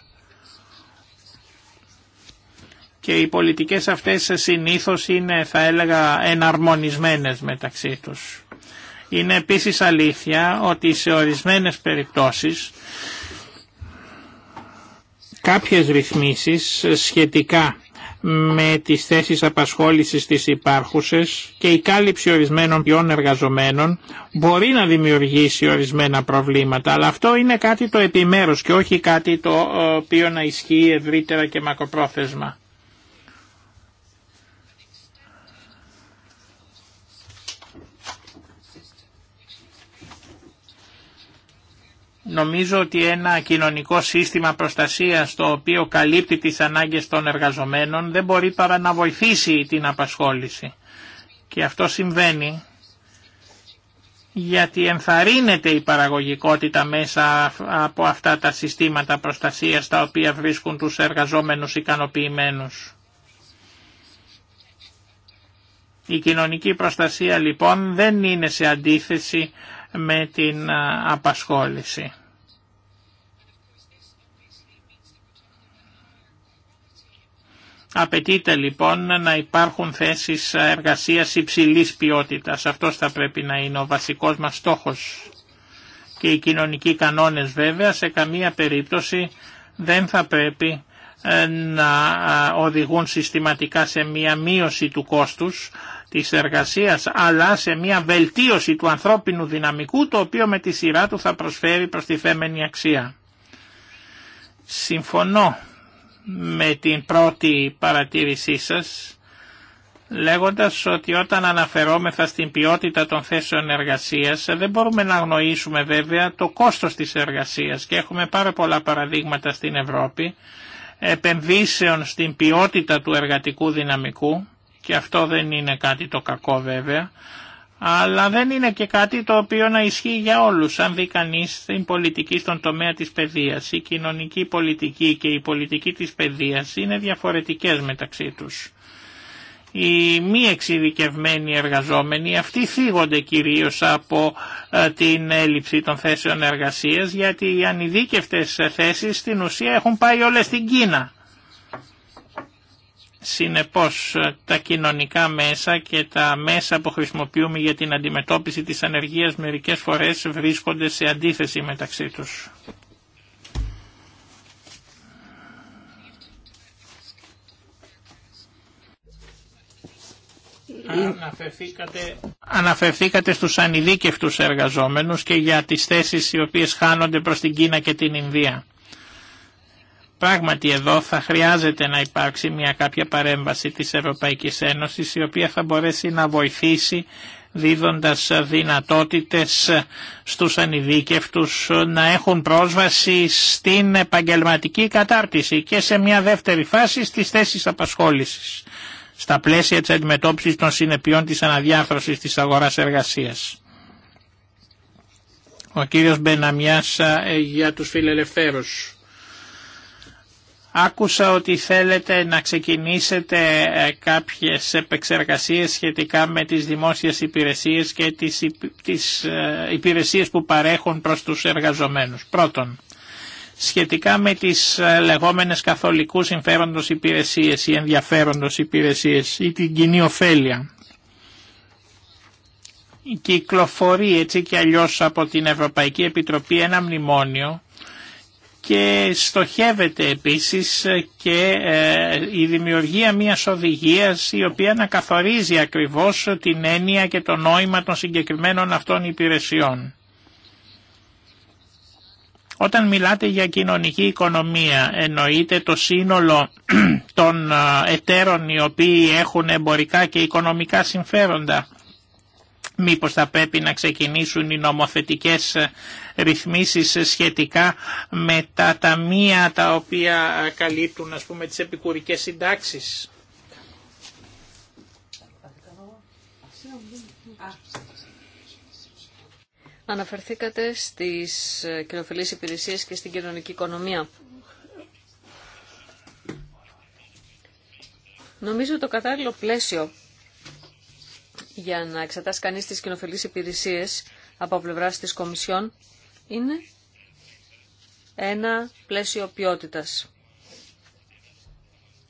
Και οι πολιτικές αυτές συνήθως είναι θα έλεγα εναρμονισμένες μεταξύ τους. Είναι επίσης αλήθεια ότι σε ορισμένες περιπτώσεις κάποιες ρυθμίσεις σχετικά με τις θέσεις απασχόλησης της υπάρχουσες και η κάλυψη ορισμένων ποιών εργαζομένων μπορεί να δημιουργήσει ορισμένα προβλήματα, αλλά αυτό είναι κάτι το επιμέρους και όχι κάτι το ε, οποίο να ισχύει ευρύτερα και μακροπρόθεσμα. Νομίζω ότι ένα κοινωνικό σύστημα προστασίας το οποίο καλύπτει τις ανάγκες των εργαζομένων δεν μπορεί παρά να βοηθήσει την απασχόληση. Και αυτό συμβαίνει γιατί ενθαρρύνεται η παραγωγικότητα μέσα από αυτά τα συστήματα προστασίας τα οποία βρίσκουν τους εργαζόμενους ικανοποιημένους. Η κοινωνική προστασία λοιπόν δεν είναι σε αντίθεση με την απασχόληση. Απαιτείται λοιπόν να υπάρχουν θέσεις εργασίας υψηλής ποιότητας. Αυτός θα πρέπει να είναι ο βασικός μας στόχος. Και οι κοινωνικοί κανόνες βέβαια σε καμία περίπτωση δεν θα πρέπει ε, να ε, οδηγούν συστηματικά σε μία μείωση του κόστους της εργασίας αλλά σε μία βελτίωση του ανθρώπινου δυναμικού το οποίο με τη σειρά του θα προσφέρει προστιθέμενη αξία. Συμφωνώ με την πρώτη παρατήρησή σας λέγοντας ότι όταν αναφερόμεθα στην ποιότητα των θέσεων εργασίας δεν μπορούμε να αγνοήσουμε βέβαια το κόστος της εργασίας και έχουμε πάρα πολλά παραδείγματα στην Ευρώπη επενδύσεων στην ποιότητα του εργατικού δυναμικού και αυτό δεν είναι κάτι το κακό βέβαια αλλά δεν είναι και κάτι το οποίο να ισχύει για όλους. Αν δει κανεί την πολιτική στον τομέα της παιδείας, η κοινωνική πολιτική και η πολιτική της παιδείας είναι διαφορετικές μεταξύ τους. Οι μη εξειδικευμένοι εργαζόμενοι αυτοί θίγονται κυρίως από ε, την έλλειψη των θέσεων εργασίας γιατί οι ανειδίκευτες θέσεις στην ουσία έχουν πάει όλες στην Κίνα. Συνεπώς ε, τα κοινωνικά μέσα και τα μέσα που χρησιμοποιούμε για την αντιμετώπιση της ανεργίας μερικές φορές βρίσκονται σε αντίθεση μεταξύ τους. Αναφερθήκατε... Αναφερθήκατε στους ανειδίκευτους εργαζόμενους και για τις θέσεις οι οποίες χάνονται προς την Κίνα και την Ινδία. Πράγματι εδώ θα χρειάζεται να υπάρξει μια κάποια παρέμβαση της Ευρωπαϊκής Ένωσης η οποία θα μπορέσει να βοηθήσει δίδοντας δυνατότητες στους ανειδίκευτους να έχουν πρόσβαση στην επαγγελματική κατάρτιση και σε μια δεύτερη φάση στις θέσεις απασχόλησης στα πλαίσια της αντιμετώπισης των συνεπειών της αναδιάρθρωσης της αγοράς εργασίας. Ο κύριος Μπεναμιάς ε, για τους φιλελευθέρους. Άκουσα ότι θέλετε να ξεκινήσετε ε, κάποιες επεξεργασίες σχετικά με τις δημόσιες υπηρεσίες και τις ε, υπηρεσίες που παρέχουν προς τους εργαζομένους. Πρώτον, σχετικά με τις ε, λεγόμενες καθολικού συμφέροντος υπηρεσίες ή ενδιαφέροντος υπηρεσίες ή την κοινή ωφέλεια. Κυκλοφορεί έτσι και αλλιώς από την Ευρωπαϊκή Επιτροπή ένα μνημόνιο και στοχεύεται επίσης και ε, η δημιουργία μιας οδηγίας η οποία να καθορίζει ακριβώς την έννοια και το νόημα των συγκεκριμένων αυτών υπηρεσιών. Όταν μιλάτε για κοινωνική οικονομία εννοείται το σύνολο των ε, εταίρων οι οποίοι έχουν εμπορικά και οικονομικά συμφέροντα Μήπως θα πρέπει να ξεκινήσουν οι νομοθετικές ρυθμίσεις σχετικά με τα ταμεία τα οποία καλύπτουν ας πούμε τις επικουρικές συντάξεις. Αναφερθήκατε στις κοινοφιλείς υπηρεσίες και στην κοινωνική οικονομία. Νομίζω το κατάλληλο πλαίσιο για να εξετάσει κανείς τις κοινοφελείς υπηρεσίες από πλευρά της Κομισιόν είναι ένα πλαίσιο ποιότητας.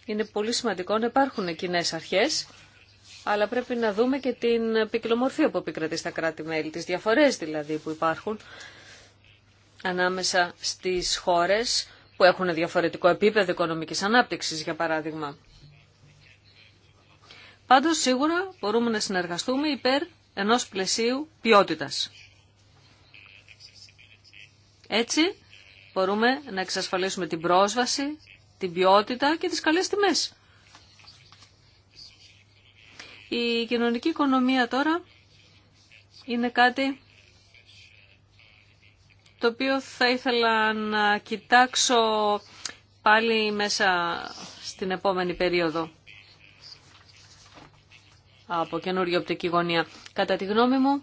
Είναι πολύ σημαντικό να υπάρχουν κοινέ αρχές, αλλά πρέπει να δούμε και την ποικιλομορφία που επικρατεί στα κράτη-μέλη, τις διαφορές δηλαδή που υπάρχουν ανάμεσα στις χώρες που έχουν διαφορετικό επίπεδο οικονομικής ανάπτυξης, για παράδειγμα. Πάντως σίγουρα μπορούμε να συνεργαστούμε υπέρ ενός πλαισίου ποιότητας. Έτσι μπορούμε να εξασφαλίσουμε την πρόσβαση, την ποιότητα και τις καλές τιμές. Η κοινωνική οικονομία τώρα είναι κάτι το οποίο θα ήθελα να κοιτάξω πάλι μέσα στην επόμενη περίοδο από καινούργια οπτική γωνία. Κατά τη γνώμη μου,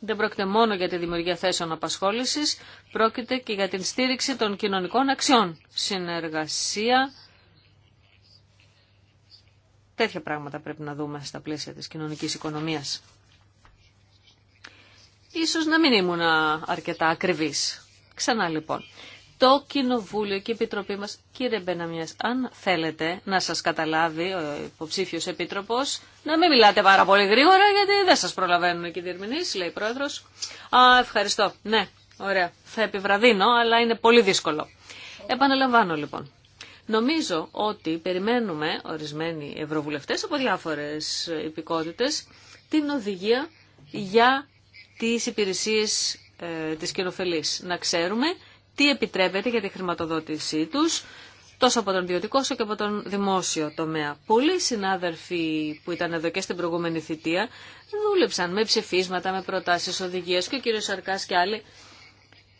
δεν πρόκειται μόνο για τη δημιουργία θέσεων απασχόλησης, πρόκειται και για την στήριξη των κοινωνικών αξιών. Συνεργασία, τέτοια πράγματα πρέπει να δούμε στα πλαίσια της κοινωνικής οικονομίας. Ίσως να μην ήμουν αρκετά ακριβής. Ξανά λοιπόν το Κοινοβούλιο και η Επιτροπή μας, κύριε Μπέναμιας, αν θέλετε να σας καταλάβει ο υποψήφιος Επίτροπος, να μην μιλάτε πάρα πολύ γρήγορα γιατί δεν σας προλαβαίνουν οι διερμηνείς, λέει η Πρόεδρος. Α, ευχαριστώ. Ναι, ωραία. Θα επιβραδύνω, αλλά είναι πολύ δύσκολο. Επαναλαμβάνω λοιπόν. Νομίζω ότι περιμένουμε ορισμένοι ευρωβουλευτές από διάφορες υπηκότητες την οδηγία για τις υπηρεσίες ε, της Να ξέρουμε τι επιτρέπεται για τη χρηματοδότησή τους, τόσο από τον ιδιωτικό όσο και από τον δημόσιο τομέα. Πολλοί συνάδελφοι που ήταν εδώ και στην προηγούμενη θητεία δούλεψαν με ψηφίσματα, με προτάσεις, οδηγίες και ο κύριος Σαρκάς και άλλοι.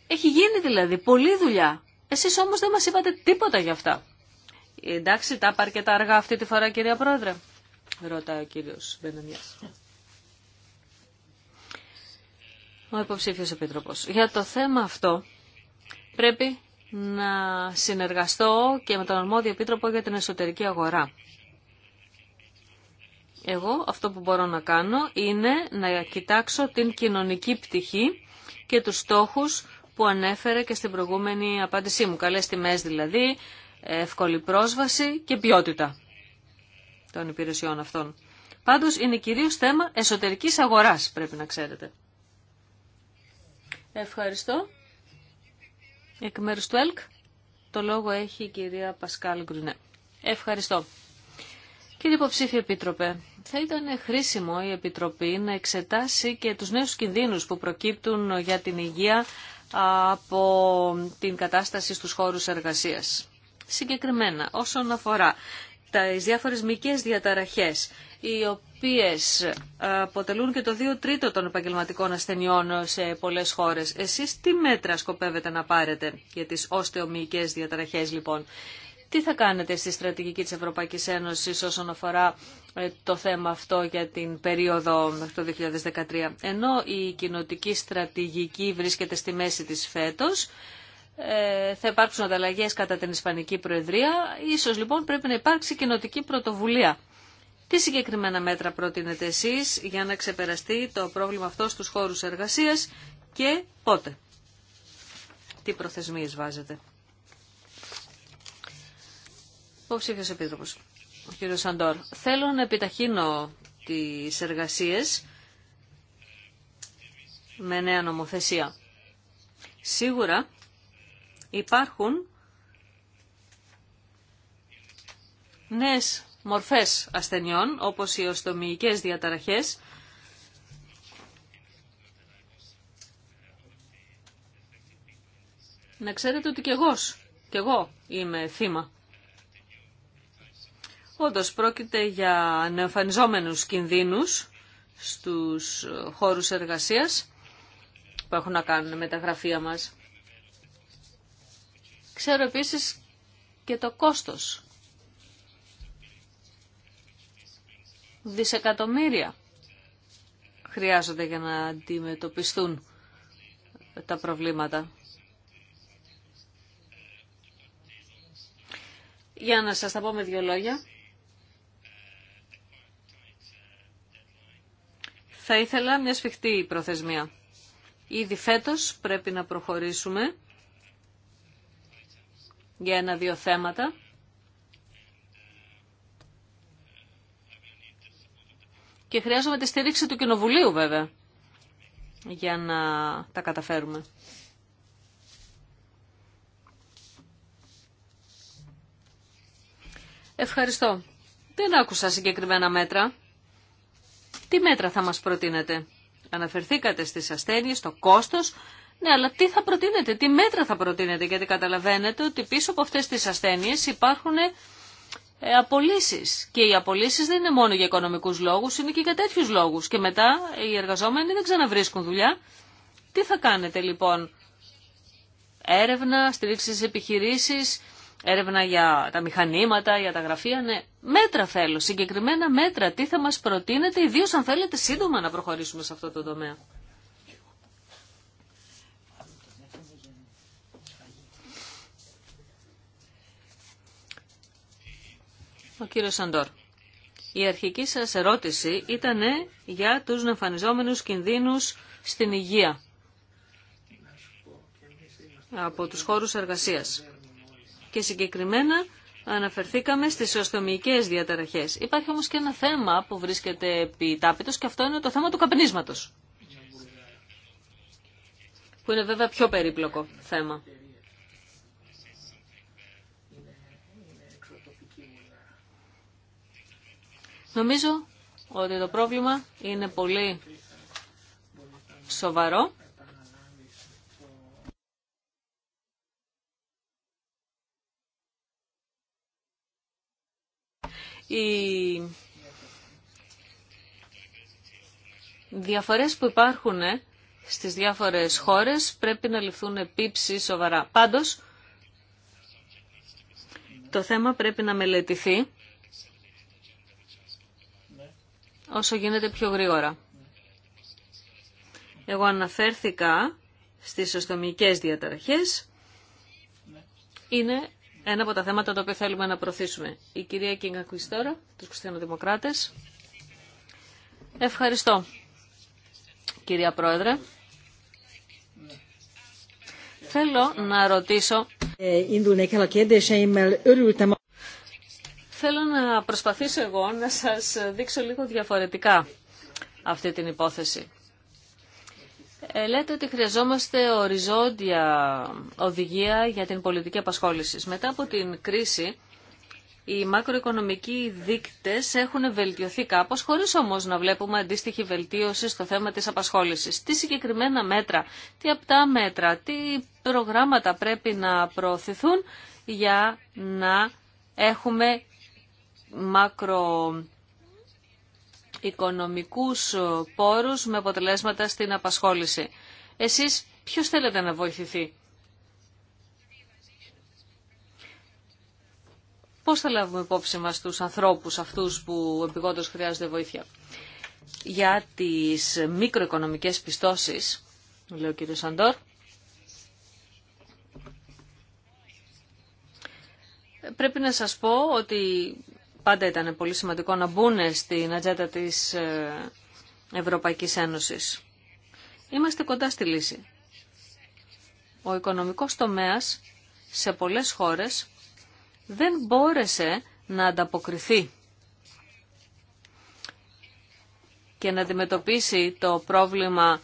Έχει γίνει δηλαδή πολλή δουλειά. Εσείς όμως δεν μας είπατε τίποτα για αυτά. Εντάξει, τα τα αργά αυτή τη φορά κυρία Πρόεδρε, ρωτάει ο κύριος Μπενεμιάς. Ο υποψήφιος επίτροπος. Για το θέμα αυτό πρέπει να συνεργαστώ και με τον Αρμόδιο Επίτροπο για την εσωτερική αγορά. Εγώ αυτό που μπορώ να κάνω είναι να κοιτάξω την κοινωνική πτυχή και τους στόχους που ανέφερε και στην προηγούμενη απάντησή μου. Καλές τιμές δηλαδή, εύκολη πρόσβαση και ποιότητα των υπηρεσιών αυτών. Πάντως είναι κυρίως θέμα εσωτερικής αγοράς, πρέπει να ξέρετε. Ευχαριστώ. Εκ μέρους του ΕΛΚ, το λόγο έχει η κυρία Πασκάλ Γκρουνέ. Ευχαριστώ. Κύριε Υποψήφιο Επίτροπε, θα ήταν χρήσιμο η Επιτροπή να εξετάσει και τους νέους κινδύνους που προκύπτουν για την υγεία από την κατάσταση στους χώρους εργασίας. Συγκεκριμένα, όσον αφορά τα διάφορες μικές διαταραχές, οι οποίες ε, αποτελούν και το 2 τρίτο των επαγγελματικών ασθενειών ε, σε πολλές χώρες. Εσείς τι μέτρα σκοπεύετε να πάρετε για τις οστεομυϊκές διαταραχές λοιπόν. Τι θα κάνετε στη στρατηγική της Ευρωπαϊκής Ένωσης όσον αφορά ε, το θέμα αυτό για την περίοδο μέχρι το 2013. Ενώ η κοινοτική στρατηγική βρίσκεται στη μέση της φέτος, ε, θα υπάρξουν ανταλλαγέ κατά την Ισπανική Προεδρία. Ίσως λοιπόν πρέπει να υπάρξει κοινοτική πρωτοβουλία. Τι συγκεκριμένα μέτρα προτείνετε εσείς για να ξεπεραστεί το πρόβλημα αυτό στους χώρους εργασίας και πότε. Τι προθεσμίες βάζετε. ψήφιο επίτροπο, ο κ. Σαντόρ. Θέλω να επιταχύνω τι εργασίε με νέα νομοθεσία. Σίγουρα Υπάρχουν νέες μορφές ασθενειών, όπως οι οστομικές διαταραχές, Να ξέρετε ότι και εγώ, και εγώ είμαι θύμα. Όντω πρόκειται για νεοφανιζόμενους κινδύνους στους χώρους εργασίας που έχουν να κάνουν με τα γραφεία μας. Ξέρω επίσης και το κόστος. Δισεκατομμύρια χρειάζονται για να αντιμετωπιστούν τα προβλήματα. Για να σας τα πω με δύο λόγια. Θα ήθελα μια σφιχτή προθεσμία. Ήδη φέτος πρέπει να προχωρήσουμε για ένα-δύο θέματα. Και χρειάζομαι τη στήριξη του Κοινοβουλίου βέβαια για να τα καταφέρουμε. Ευχαριστώ. Δεν άκουσα συγκεκριμένα μέτρα. Τι μέτρα θα μας προτείνετε. Αναφερθήκατε στις ασθένειες, το κόστος. Ναι, αλλά τι θα προτείνετε, τι μέτρα θα προτείνετε, γιατί καταλαβαίνετε ότι πίσω από αυτές τις ασθένειες υπάρχουν ε, απολύσεις. Και οι απολύσεις δεν είναι μόνο για οικονομικούς λόγους, είναι και για τέτοιου λόγους. Και μετά οι εργαζόμενοι δεν ξαναβρίσκουν δουλειά. Τι θα κάνετε λοιπόν, έρευνα, στηρίξει στις επιχειρήσεις, έρευνα για τα μηχανήματα, για τα γραφεία, ναι. Μέτρα θέλω, συγκεκριμένα μέτρα, τι θα μας προτείνετε, ιδίως αν θέλετε σύντομα να προχωρήσουμε σε αυτό το τομέα. Ο κύριος Σαντόρ. Η αρχική σας ερώτηση ήταν για τους εμφανιζόμενους κινδύνους στην υγεία από τους χώρους εργασίας. Και συγκεκριμένα αναφερθήκαμε στις οστομικές διαταραχές. Υπάρχει όμως και ένα θέμα που βρίσκεται επί και αυτό είναι το θέμα του καπνίσματος. Που είναι βέβαια πιο περίπλοκο θέμα. Νομίζω ότι το πρόβλημα είναι πολύ σοβαρό. Οι διαφορές που υπάρχουν ε, στις διάφορες χώρες πρέπει να ληφθούν επίψη σοβαρά. Πάντως, το θέμα πρέπει να μελετηθεί όσο γίνεται πιο γρήγορα. Εγώ αναφέρθηκα στις οστομικές διαταραχές. Είναι ένα από τα θέματα τα οποία θέλουμε να προωθήσουμε. Η κυρία Κίνγκα Κουιστόρα, τους Χριστιανοδημοκράτες. Ευχαριστώ, κυρία Πρόεδρε. Θέλω να ρωτήσω... Ε, Θέλω να προσπαθήσω εγώ να σας δείξω λίγο διαφορετικά αυτή την υπόθεση. Ε, λέτε ότι χρειαζόμαστε οριζόντια οδηγία για την πολιτική απασχόληση. Μετά από την κρίση, οι μακροοικονομικοί δείκτες έχουν βελτιωθεί κάπως, χωρίς όμως να βλέπουμε αντίστοιχη βελτίωση στο θέμα της απασχόλησης. Τι συγκεκριμένα μέτρα, τι απτά μέτρα, τι προγράμματα πρέπει να προωθηθούν για να έχουμε μακροοικονομικούς πόρους με αποτελέσματα στην απασχόληση. Εσείς ποιος θέλετε να βοηθηθεί. Πώς θα λάβουμε υπόψη μας τους ανθρώπους αυτούς που επιγόντως χρειάζονται βοήθεια. Για τις μικροοικονομικές πιστώσεις, λέει ο κ. Σαντόρ, πρέπει να σας πω ότι πάντα ήταν πολύ σημαντικό να μπουν στην ατζέντα της ε, Ευρωπαϊκής Ένωσης. Είμαστε κοντά στη λύση. Ο οικονομικός τομέας σε πολλές χώρες δεν μπόρεσε να ανταποκριθεί και να αντιμετωπίσει το πρόβλημα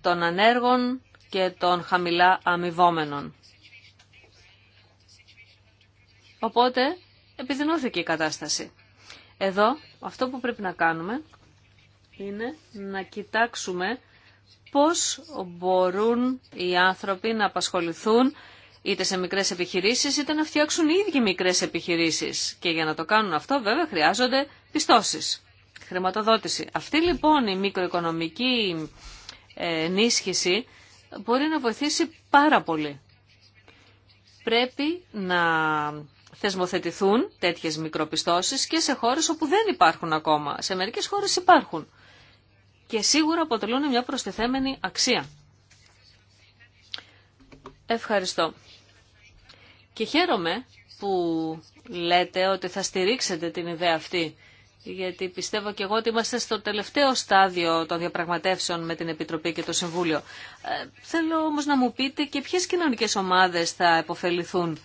των ανέργων και των χαμηλά αμοιβόμενων. Οπότε επιδεινώθηκε η κατάσταση. Εδώ αυτό που πρέπει να κάνουμε είναι να κοιτάξουμε πώς μπορούν οι άνθρωποι να απασχοληθούν είτε σε μικρές επιχειρήσεις είτε να φτιάξουν οι ίδιοι μικρές επιχειρήσεις. Και για να το κάνουν αυτό βέβαια χρειάζονται πιστώσεις, χρηματοδότηση. Αυτή λοιπόν η μικροοικονομική ε, ενίσχυση μπορεί να βοηθήσει πάρα πολύ. Πρέπει να θεσμοθετηθούν τέτοιες μικροπιστώσεις και σε χώρες όπου δεν υπάρχουν ακόμα. Σε μερικές χώρες υπάρχουν. Και σίγουρα αποτελούν μια προστιθέμενη αξία. Ευχαριστώ. Και χαίρομαι που λέτε ότι θα στηρίξετε την ιδέα αυτή. Γιατί πιστεύω και εγώ ότι είμαστε στο τελευταίο στάδιο των διαπραγματεύσεων με την Επιτροπή και το Συμβούλιο. Ε, θέλω όμως να μου πείτε και ποιες κοινωνικές ομάδες θα επωφεληθούν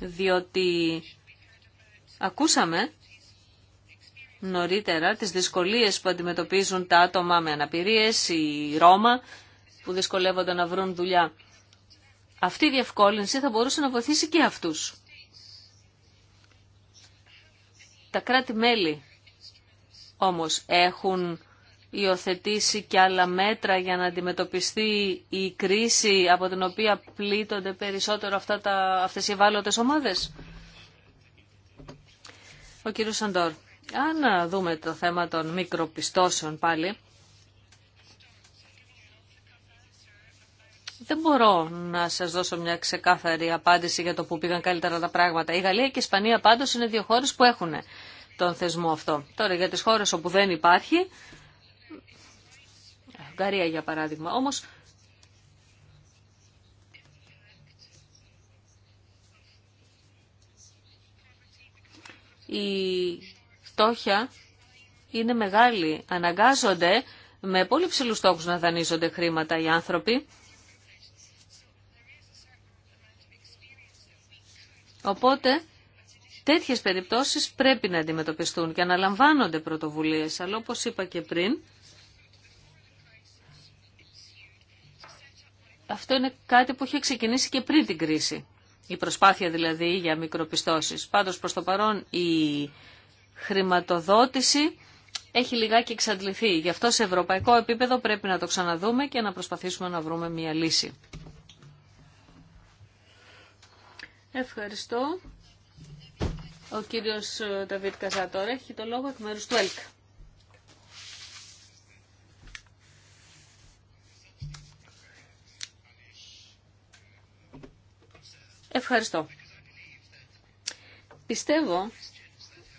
διότι ακούσαμε νωρίτερα τις δυσκολίες που αντιμετωπίζουν τα άτομα με αναπηρίες, η Ρώμα που δυσκολεύονται να βρουν δουλειά. Αυτή η διευκόλυνση θα μπορούσε να βοηθήσει και αυτούς. Τα κράτη-μέλη όμως έχουν υιοθετήσει και άλλα μέτρα για να αντιμετωπιστεί η κρίση από την οποία πλήττονται περισσότερο αυτά τα, αυτές οι ευάλωτες ομάδες. Ο κύριος Σαντόρ, αν δούμε το θέμα των μικροπιστώσεων πάλι, Δεν μπορώ να σας δώσω μια ξεκάθαρη απάντηση για το που πήγαν καλύτερα τα πράγματα. Η Γαλλία και η Ισπανία πάντως είναι δύο χώρες που έχουν τον θεσμό αυτό. Τώρα για τις χώρες όπου δεν υπάρχει, για παράδειγμα. Όμως η φτώχεια είναι μεγάλη. Αναγκάζονται με πολύ ψηλού στόχους να δανείζονται χρήματα οι άνθρωποι. Οπότε τέτοιες περιπτώσεις πρέπει να αντιμετωπιστούν και αναλαμβάνονται πρωτοβουλίες. Αλλά όπως είπα και πριν, αυτό είναι κάτι που είχε ξεκινήσει και πριν την κρίση. Η προσπάθεια δηλαδή για μικροπιστώσεις. Πάντως προς το παρόν η χρηματοδότηση έχει λιγάκι εξαντληθεί. Γι' αυτό σε ευρωπαϊκό επίπεδο πρέπει να το ξαναδούμε και να προσπαθήσουμε να βρούμε μια λύση. Ευχαριστώ. Ο κύριος ε, Ταβίτ Καζά τώρα έχει το λόγο εκ μέρους του ΕΛΚ. Ευχαριστώ. Πιστεύω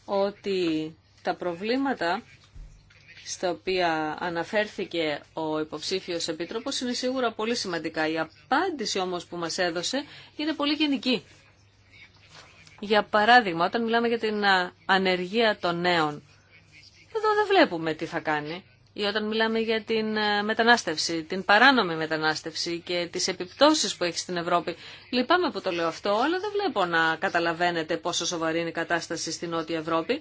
ότι τα προβλήματα στα οποία αναφέρθηκε ο υποψήφιος επίτροπος είναι σίγουρα πολύ σημαντικά. Η απάντηση όμως που μας έδωσε είναι πολύ γενική. Για παράδειγμα, όταν μιλάμε για την ανεργία των νέων, εδώ δεν βλέπουμε τι θα κάνει ή όταν μιλάμε για την ε, μετανάστευση, την παράνομη μετανάστευση και τις επιπτώσεις που έχει στην Ευρώπη. Λυπάμαι που το λέω αυτό, αλλά δεν βλέπω να καταλαβαίνετε πόσο σοβαρή είναι η κατάσταση στην Νότια Ευρώπη.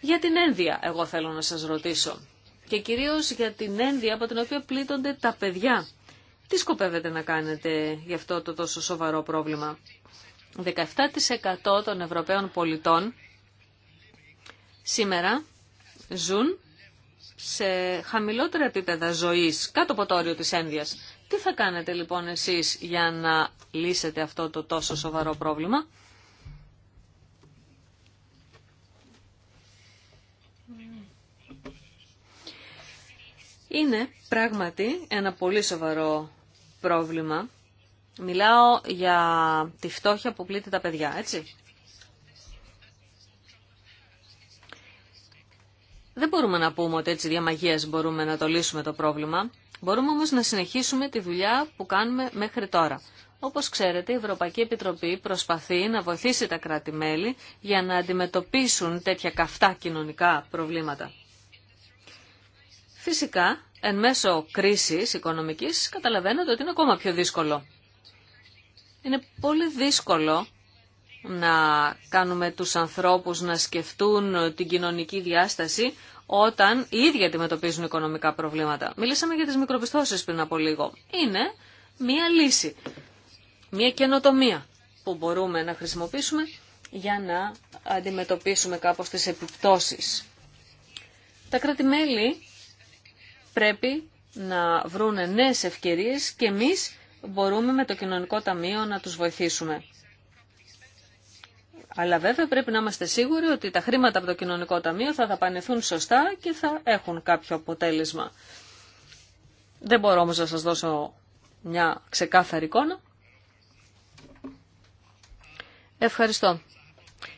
Για την ένδια, εγώ θέλω να σας ρωτήσω. Και κυρίως για την ένδια από την οποία πλήττονται τα παιδιά. Τι σκοπεύετε να κάνετε γι' αυτό το τόσο σοβαρό πρόβλημα. 17% των Ευρωπαίων πολιτών σήμερα ζουν σε χαμηλότερα επίπεδα ζωής, κάτω από το όριο της ένδυας. Τι θα κάνετε λοιπόν εσείς για να λύσετε αυτό το τόσο σοβαρό πρόβλημα. Είναι πράγματι ένα πολύ σοβαρό πρόβλημα. Μιλάω για τη φτώχεια που πλήττει τα παιδιά, έτσι. Δεν μπορούμε να πούμε ότι έτσι διαμαγείας μπορούμε να το λύσουμε το πρόβλημα. Μπορούμε όμως να συνεχίσουμε τη δουλειά που κάνουμε μέχρι τώρα. Όπως ξέρετε, η Ευρωπαϊκή Επιτροπή προσπαθεί να βοηθήσει τα κράτη-μέλη για να αντιμετωπίσουν τέτοια καυτά κοινωνικά προβλήματα. Φυσικά, εν μέσω κρίσης οικονομικής, καταλαβαίνετε ότι είναι ακόμα πιο δύσκολο. Είναι πολύ δύσκολο να κάνουμε τους ανθρώπους να σκεφτούν την κοινωνική διάσταση όταν οι ίδιοι αντιμετωπίζουν οικονομικά προβλήματα. Μιλήσαμε για τις μικροπιστώσεις πριν από λίγο. Είναι μία λύση, μία καινοτομία που μπορούμε να χρησιμοποιήσουμε για να αντιμετωπίσουμε κάπως τις επιπτώσεις. Τα κρατημέλη πρέπει να βρουν νέες ευκαιρίες και εμείς μπορούμε με το Κοινωνικό Ταμείο να τους βοηθήσουμε. Αλλά βέβαια πρέπει να είμαστε σίγουροι ότι τα χρήματα από το κοινωνικό ταμείο θα δαπανηθούν σωστά και θα έχουν κάποιο αποτέλεσμα. Δεν μπορώ όμως να σας δώσω μια ξεκάθαρη εικόνα. Ευχαριστώ.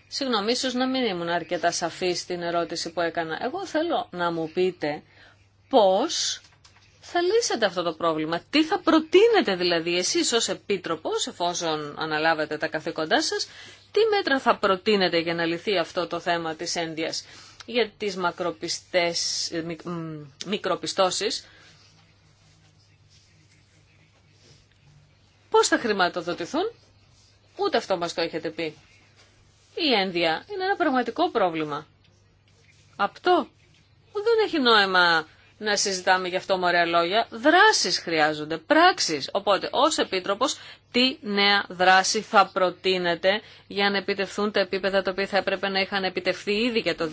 Συγγνώμη, ίσως να μην ήμουν αρκετά σαφή στην ερώτηση που έκανα. Εγώ θέλω να μου πείτε πώς θα λύσετε αυτό το πρόβλημα. Τι θα προτείνετε δηλαδή εσείς ως Επίτροπος, εφόσον αναλάβετε τα καθήκοντά σας, τι μέτρα θα προτείνετε για να λυθεί αυτό το θέμα της ένδυας για τις μακροπιστές, μικροπιστώσεις. Πώς θα χρηματοδοτηθούν, ούτε αυτό μας το έχετε πει. Η ένδια είναι ένα πραγματικό πρόβλημα. Αυτό δεν έχει νόημα να συζητάμε γι' αυτό μωρέα λόγια. Δράσεις χρειάζονται, πράξεις. Οπότε ως Επίτροπος τι νέα δράση θα προτείνετε για να επιτευθούν τα επίπεδα τα οποία θα έπρεπε να είχαν επιτευχθεί ήδη για το 2010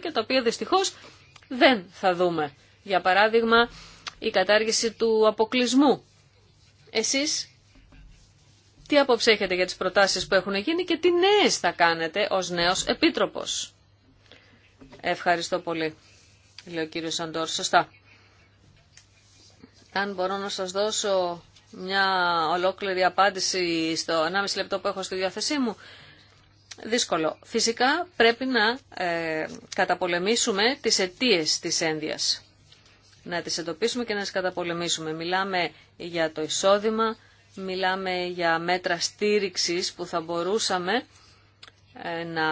και τα οποία δυστυχώς δεν θα δούμε. Για παράδειγμα, η κατάργηση του αποκλεισμού. Εσείς τι άποψη έχετε για τις προτάσεις που έχουν γίνει και τι νέες θα κάνετε ως νέος επίτροπος. Ευχαριστώ πολύ, λέει ο κύριος Σαντόρ. Σωστά. Αν μπορώ να σας δώσω μια ολόκληρη απάντηση στο 1,5 λεπτό που έχω στη διάθεσή μου. Δύσκολο. Φυσικά πρέπει να ε, καταπολεμήσουμε τις αιτίε της ένδυας. Να τις εντοπίσουμε και να τις καταπολεμήσουμε. Μιλάμε για το εισόδημα, μιλάμε για μέτρα στήριξης που θα μπορούσαμε ε, να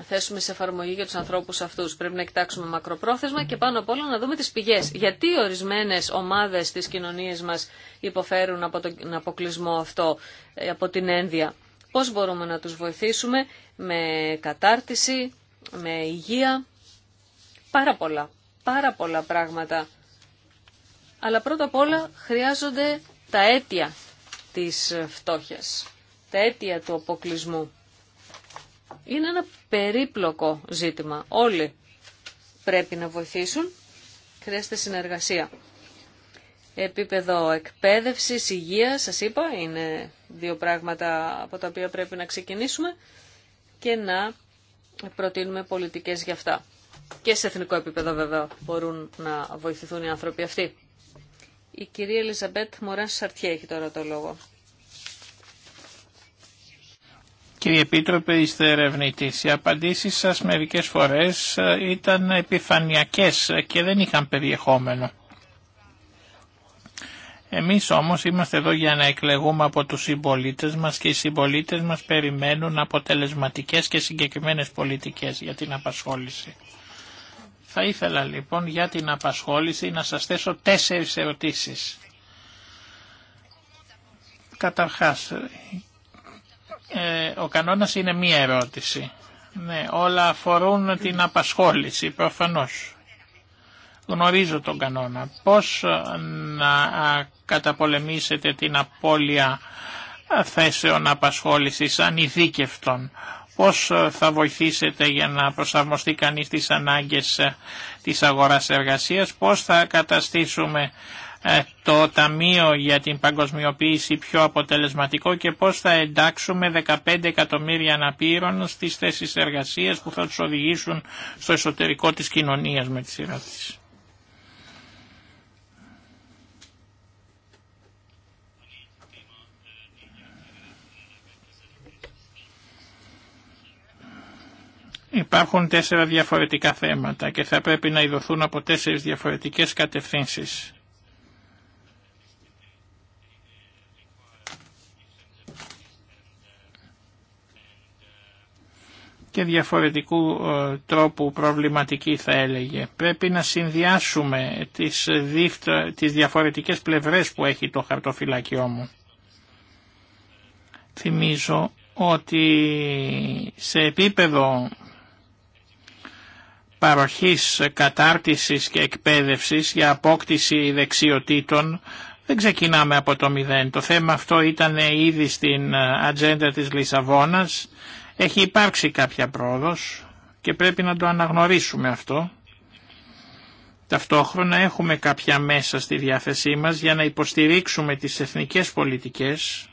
θέσουμε σε εφαρμογή για τους ανθρώπους αυτούς. Πρέπει να κοιτάξουμε μακροπρόθεσμα και πάνω απ' όλα να δούμε τις πηγές. Γιατί ορισμένες ομάδες τη κοινωνία μας υποφέρουν από τον αποκλεισμό αυτό, ε, από την ένδια. Πώς μπορούμε να τους βοηθήσουμε με κατάρτιση, με υγεία, πάρα πολλά, πάρα πολλά πράγματα. Αλλά πρώτα απ' όλα χρειάζονται τα αίτια της φτώχειας, τα αίτια του αποκλεισμού. Είναι ένα περίπλοκο ζήτημα. Όλοι πρέπει να βοηθήσουν. Χρειάζεται συνεργασία. Επίπεδο εκπαίδευση, υγεία, σα είπα, είναι δύο πράγματα από τα οποία πρέπει να ξεκινήσουμε και να προτείνουμε πολιτικές για αυτά. Και σε εθνικό επίπεδο βέβαια μπορούν να βοηθηθούν οι άνθρωποι αυτοί. Η κυρία Ελιζαμπέτ Μωράν Σαρτιέ έχει τώρα το λόγο. Κύριε Επίτροπε, είστε ερευνητή. Οι απαντήσεις σας μερικές φορές ε, ήταν επιφανειακές και δεν είχαν περιεχόμενο. Εμείς όμως είμαστε εδώ για να εκλεγούμε από τους συμπολίτε μας και οι συμπολίτε μας περιμένουν αποτελεσματικές και συγκεκριμένες πολιτικές για την απασχόληση. Θα ήθελα λοιπόν για την απασχόληση να σας θέσω τέσσερις ερωτήσεις. Καταρχάς, ε, ο κανόνας είναι μία ερώτηση. Ναι, όλα αφορούν την απασχόληση, προφανώς. Γνωρίζω τον κανόνα. Πώς ε, να καταπολεμήσετε την απώλεια θέσεων απασχόλησης ανειδίκευτων. Πώς ε, θα βοηθήσετε για να προσαρμοστεί κανείς τις ανάγκες της αγοράς εργασίας. Πώς θα καταστήσουμε ε, το Ταμείο για την Παγκοσμιοποίηση πιο αποτελεσματικό και πώς θα εντάξουμε 15 εκατομμύρια αναπήρων στις θέσεις εργασίας που θα τους οδηγήσουν στο εσωτερικό της κοινωνίας με τη σειρά της. Υπάρχουν τέσσερα διαφορετικά θέματα και θα πρέπει να ειδωθούν από τέσσερις διαφορετικές κατευθύνσεις. και διαφορετικού ε, τρόπου προβληματική θα έλεγε. Πρέπει να συνδυάσουμε τις, δίφτα, τις διαφορετικές πλευρές που έχει το χαρτοφυλακιό μου. Θυμίζω ότι σε επίπεδο παροχής κατάρτισης και εκπαίδευσης για απόκτηση δεξιοτήτων δεν ξεκινάμε από το μηδέν. Το θέμα αυτό ήταν ήδη στην ε, ατζέντα της Λισαβόνας έχει υπάρξει κάποια πρόοδος και πρέπει να το αναγνωρίσουμε αυτό. Ταυτόχρονα έχουμε κάποια μέσα στη διάθεσή μας για να υποστηρίξουμε τις εθνικές πολιτικές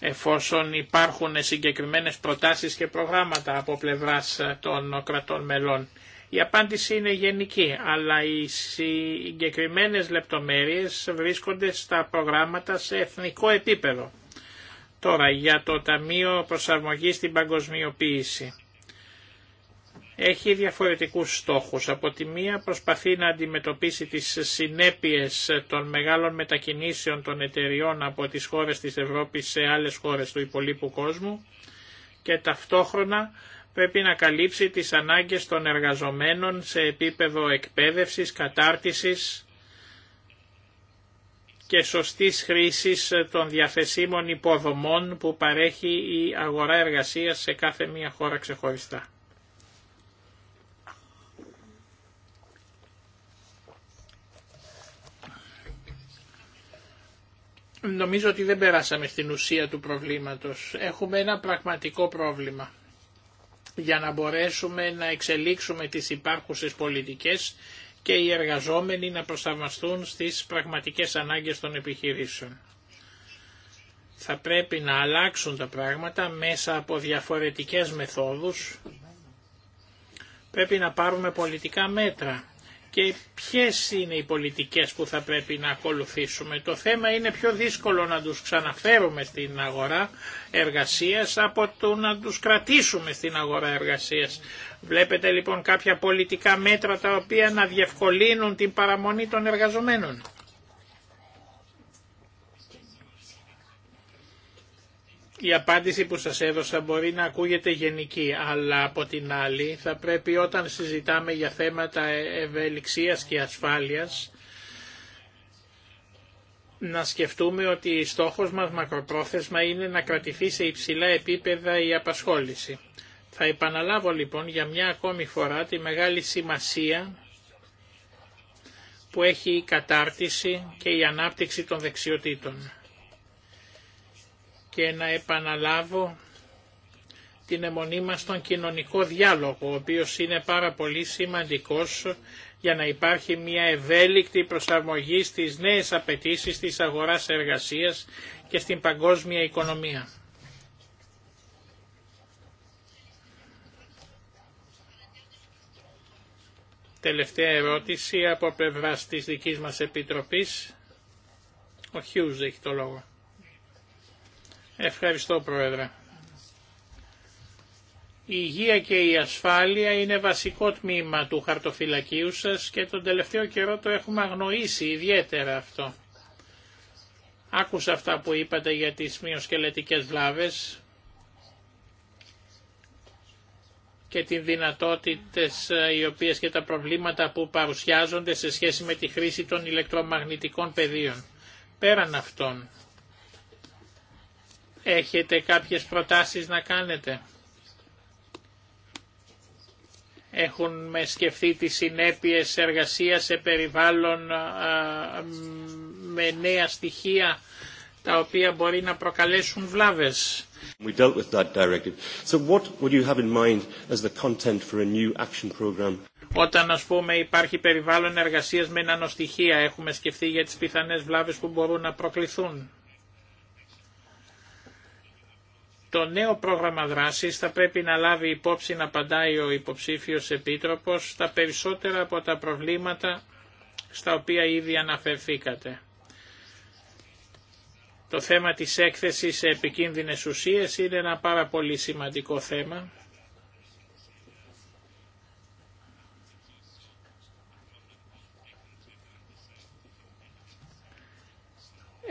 εφόσον υπάρχουν συγκεκριμένες προτάσεις και προγράμματα από πλευράς των κρατών μελών. Η απάντηση είναι γενική, αλλά οι συγκεκριμένες λεπτομέρειες βρίσκονται στα προγράμματα σε εθνικό επίπεδο. Τώρα για το Ταμείο Προσαρμογής στην Παγκοσμιοποίηση. Έχει διαφορετικούς στόχους. Από τη μία προσπαθεί να αντιμετωπίσει τις συνέπειες των μεγάλων μετακινήσεων των εταιριών από τις χώρες της Ευρώπης σε άλλες χώρες του υπολείπου κόσμου και ταυτόχρονα πρέπει να καλύψει τις ανάγκες των εργαζομένων σε επίπεδο εκπαίδευσης, κατάρτισης και σωστής χρήσης των διαθεσίμων υποδομών που παρέχει η αγορά εργασίας σε κάθε μία χώρα ξεχωριστά. Νομίζω ότι δεν περάσαμε στην ουσία του προβλήματος. Έχουμε ένα πραγματικό πρόβλημα για να μπορέσουμε να εξελίξουμε τις υπάρχουσες πολιτικές και οι εργαζόμενοι να προσαρμοστούν στις πραγματικές ανάγκες των επιχειρήσεων. Θα πρέπει να αλλάξουν τα πράγματα μέσα από διαφορετικές μεθόδους. Πρέπει να πάρουμε πολιτικά μέτρα και ποιες είναι οι πολιτικές που θα πρέπει να ακολουθήσουμε. Το θέμα είναι πιο δύσκολο να τους ξαναφέρουμε στην αγορά εργασίας από το να τους κρατήσουμε στην αγορά εργασίας. Βλέπετε λοιπόν κάποια πολιτικά μέτρα τα οποία να διευκολύνουν την παραμονή των εργαζομένων. η απάντηση που σας έδωσα μπορεί να ακούγεται γενική, αλλά από την άλλη θα πρέπει όταν συζητάμε για θέματα ε, ευελιξίας και ασφάλειας να σκεφτούμε ότι η στόχος μας μακροπρόθεσμα είναι να κρατηθεί σε υψηλά επίπεδα η απασχόληση. Θα επαναλάβω λοιπόν για μια ακόμη φορά τη μεγάλη σημασία που έχει η κατάρτιση και η ανάπτυξη των δεξιοτήτων και να επαναλάβω την αιμονή μας στον κοινωνικό διάλογο, ο οποίος είναι πάρα πολύ σημαντικός για να υπάρχει μια ευέλικτη προσαρμογή στις νέες απαιτήσεις της αγοράς εργασίας και στην παγκόσμια οικονομία. Τελευταία ερώτηση από πλευρά της δικής μας Επιτροπής. Ο Χιούς έχει το λόγο. Ευχαριστώ Πρόεδρε. Η υγεία και η ασφάλεια είναι βασικό τμήμα του χαρτοφυλακίου σας και τον τελευταίο καιρό το έχουμε αγνοήσει ιδιαίτερα αυτό. Άκουσα αυτά που είπατε για τις μειοσκελετικές βλάβες και τις δυνατότητες ε, οι οποίες και τα προβλήματα που παρουσιάζονται σε σχέση με τη χρήση των ηλεκτρομαγνητικών πεδίων. Πέραν αυτών, Έχετε κάποιες προτάσεις να κάνετε. Έχουν σκεφτεί τις συνέπειες εργασίας σε περιβάλλον με νέα στοιχεία τα οποία μπορεί να προκαλέσουν βλάβες. We dealt with that directive. So what would you have in mind as the content for a new action program? Όταν ας πούμε υπάρχει περιβάλλον εργασίας με νανοστοιχεία, έχουμε σκεφτεί για τις πιθανές βλάβες που μπορούν να προκληθούν. Το νέο πρόγραμμα δράσης θα πρέπει να λάβει υπόψη να απαντάει ο υποψήφιος επίτροπος στα περισσότερα από τα προβλήματα στα οποία ήδη αναφερθήκατε. Το θέμα της έκθεσης σε επικίνδυνες ουσίες είναι ένα πάρα πολύ σημαντικό θέμα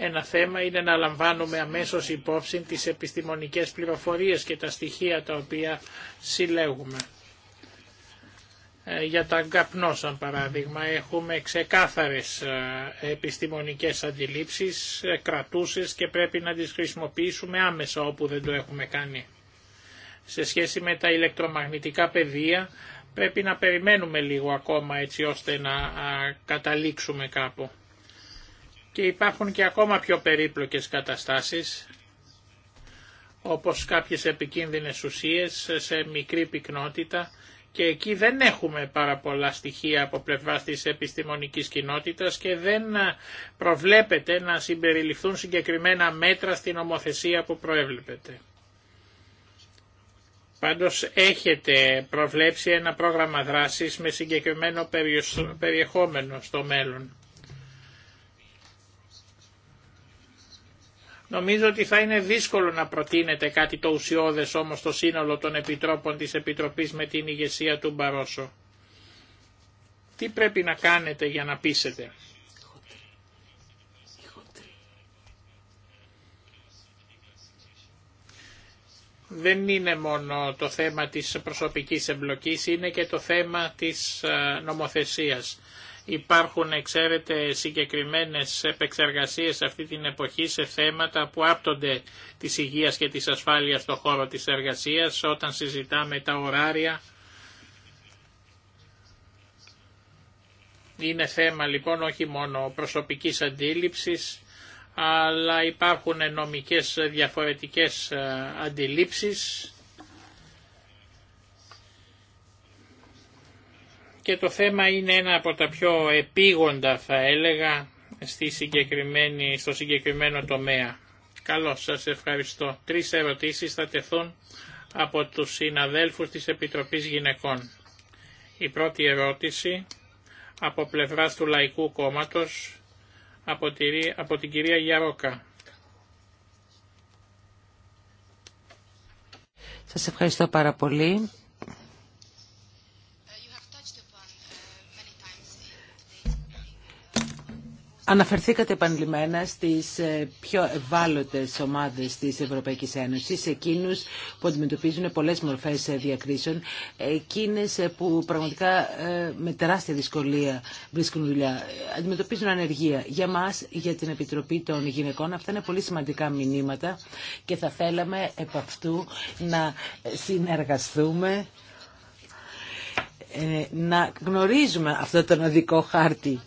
Ένα θέμα είναι να λαμβάνουμε αμέσως υπόψη τις επιστημονικές πληροφορίες και τα στοιχεία τα οποία συλλέγουμε. Ε, για τα καπνό, σαν παράδειγμα, έχουμε ξεκάθαρες ε, επιστημονικές αντιλήψεις, ε, κρατούσες και πρέπει να τις χρησιμοποιήσουμε άμεσα όπου δεν το έχουμε κάνει. Σε σχέση με τα ηλεκτρομαγνητικά πεδία πρέπει να περιμένουμε λίγο ακόμα έτσι ώστε να καταλήξουμε κάπου και υπάρχουν και ακόμα πιο περίπλοκες καταστάσεις όπως κάποιες επικίνδυνες ουσίες σε μικρή πυκνότητα και εκεί δεν έχουμε πάρα πολλά στοιχεία από πλευρά της επιστημονικής κοινότητας και δεν προβλέπεται να συμπεριληφθούν συγκεκριμένα μέτρα στην ομοθεσία που προέβλεπεται. Πάντως έχετε προβλέψει ένα πρόγραμμα δράσης με συγκεκριμένο περιεχόμενο στο μέλλον. Νομίζω ότι θα είναι δύσκολο να προτείνετε κάτι το ουσιώδες όμως το σύνολο των επιτρόπων της Επιτροπής με την ηγεσία του Μπαρόσο. Τι πρέπει να κάνετε για να πείσετε. δεν είναι μόνο το θέμα της προσωπικής εμπλοκής, είναι και το θέμα της ε, νομοθεσίας. Υπάρχουν, ξέρετε, συγκεκριμένες επεξεργασίες αυτή την εποχή σε θέματα που άπτονται της υγείας και της ασφάλειας στον χώρο της εργασίας όταν συζητάμε τα ωράρια. Είναι θέμα λοιπόν όχι μόνο προσωπικής αντίληψης, αλλά υπάρχουν νομικές διαφορετικές ε, αντιλήψεις και το θέμα είναι ένα από τα πιο επίγοντα θα έλεγα στο συγκεκριμένο τομέα. Καλώς σας ευχαριστώ. Τρεις ερωτήσεις θα τεθούν από τους συναδέλφους της Επιτροπής Γυναικών. Η πρώτη ερώτηση από πλευράς του Λαϊκού Κόμματος από, τη, από την κυρία Γιαρόκα. Σας ευχαριστώ πάρα πολύ. Αναφερθήκατε επανειλημμένα στις ε, πιο ευάλωτες ομάδες της Ευρωπαϊκής Ένωσης, εκείνους που αντιμετωπίζουν πολλές μορφές ε, διακρίσεων, εκείνες ε, που πραγματικά με τεράστια δυσκολία βρίσκουν δουλειά, αντιμετωπίζουν ανεργία. Για μας, για την Επιτροπή των Γυναικών, αυτά είναι πολύ σημαντικά μηνύματα και θα θέλαμε επ' αυτού να συνεργαστούμε να γνωρίζουμε αυτό τον οδικό χάρτη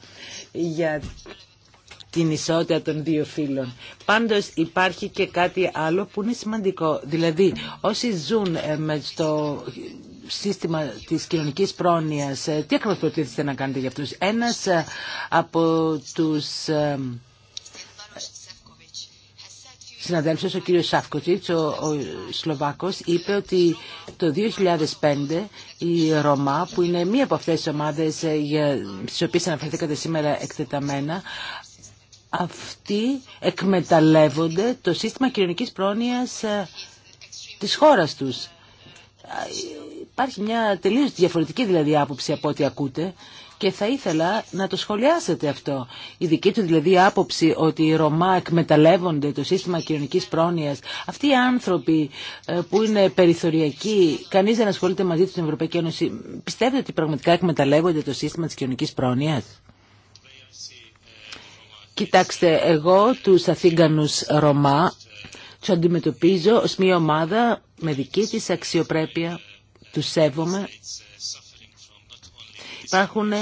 για την ισότητα των δύο φύλων. Πάντως υπάρχει και κάτι άλλο που είναι σημαντικό. Δηλαδή όσοι ζουν ε, με το σύστημα της κοινωνικής πρόνοιας, ε, τι ακριβώς προτίθεται να κάνετε για αυτούς. Ένας ε, από τους συναδέλφος, ο κύριος Σάφκοτσιτς, ο, ο Σλοβάκος, είπε ότι το 2005 η Ρωμά, που είναι μία από αυτές τις ομάδες για, στις οποίες αναφερθήκατε σήμερα εκτεταμένα, αυτοί εκμεταλλεύονται το σύστημα κοινωνικής πρόνοιας ε, της χώρας τους. Υπάρχει μια τελείως διαφορετική δηλαδή άποψη από ό,τι ακούτε και θα ήθελα να το σχολιάσετε αυτό. Η δική του δηλαδή άποψη ότι οι Ρωμά εκμεταλλεύονται το σύστημα κοινωνικής πρόνοιας, αυτοί οι άνθρωποι ε, που είναι περιθωριακοί, κανείς δεν ασχολείται μαζί τους στην Ευρωπαϊκή Ένωση, πιστεύετε ότι πραγματικά εκμεταλλεύονται το σύστημα της κοινωνικής πρόνοιας. Κοιτάξτε, εγώ τους Αθήγανους Ρωμά τους αντιμετωπίζω ως μια ομάδα με δική της αξιοπρέπεια, τους σέβομαι. Υπάρχουν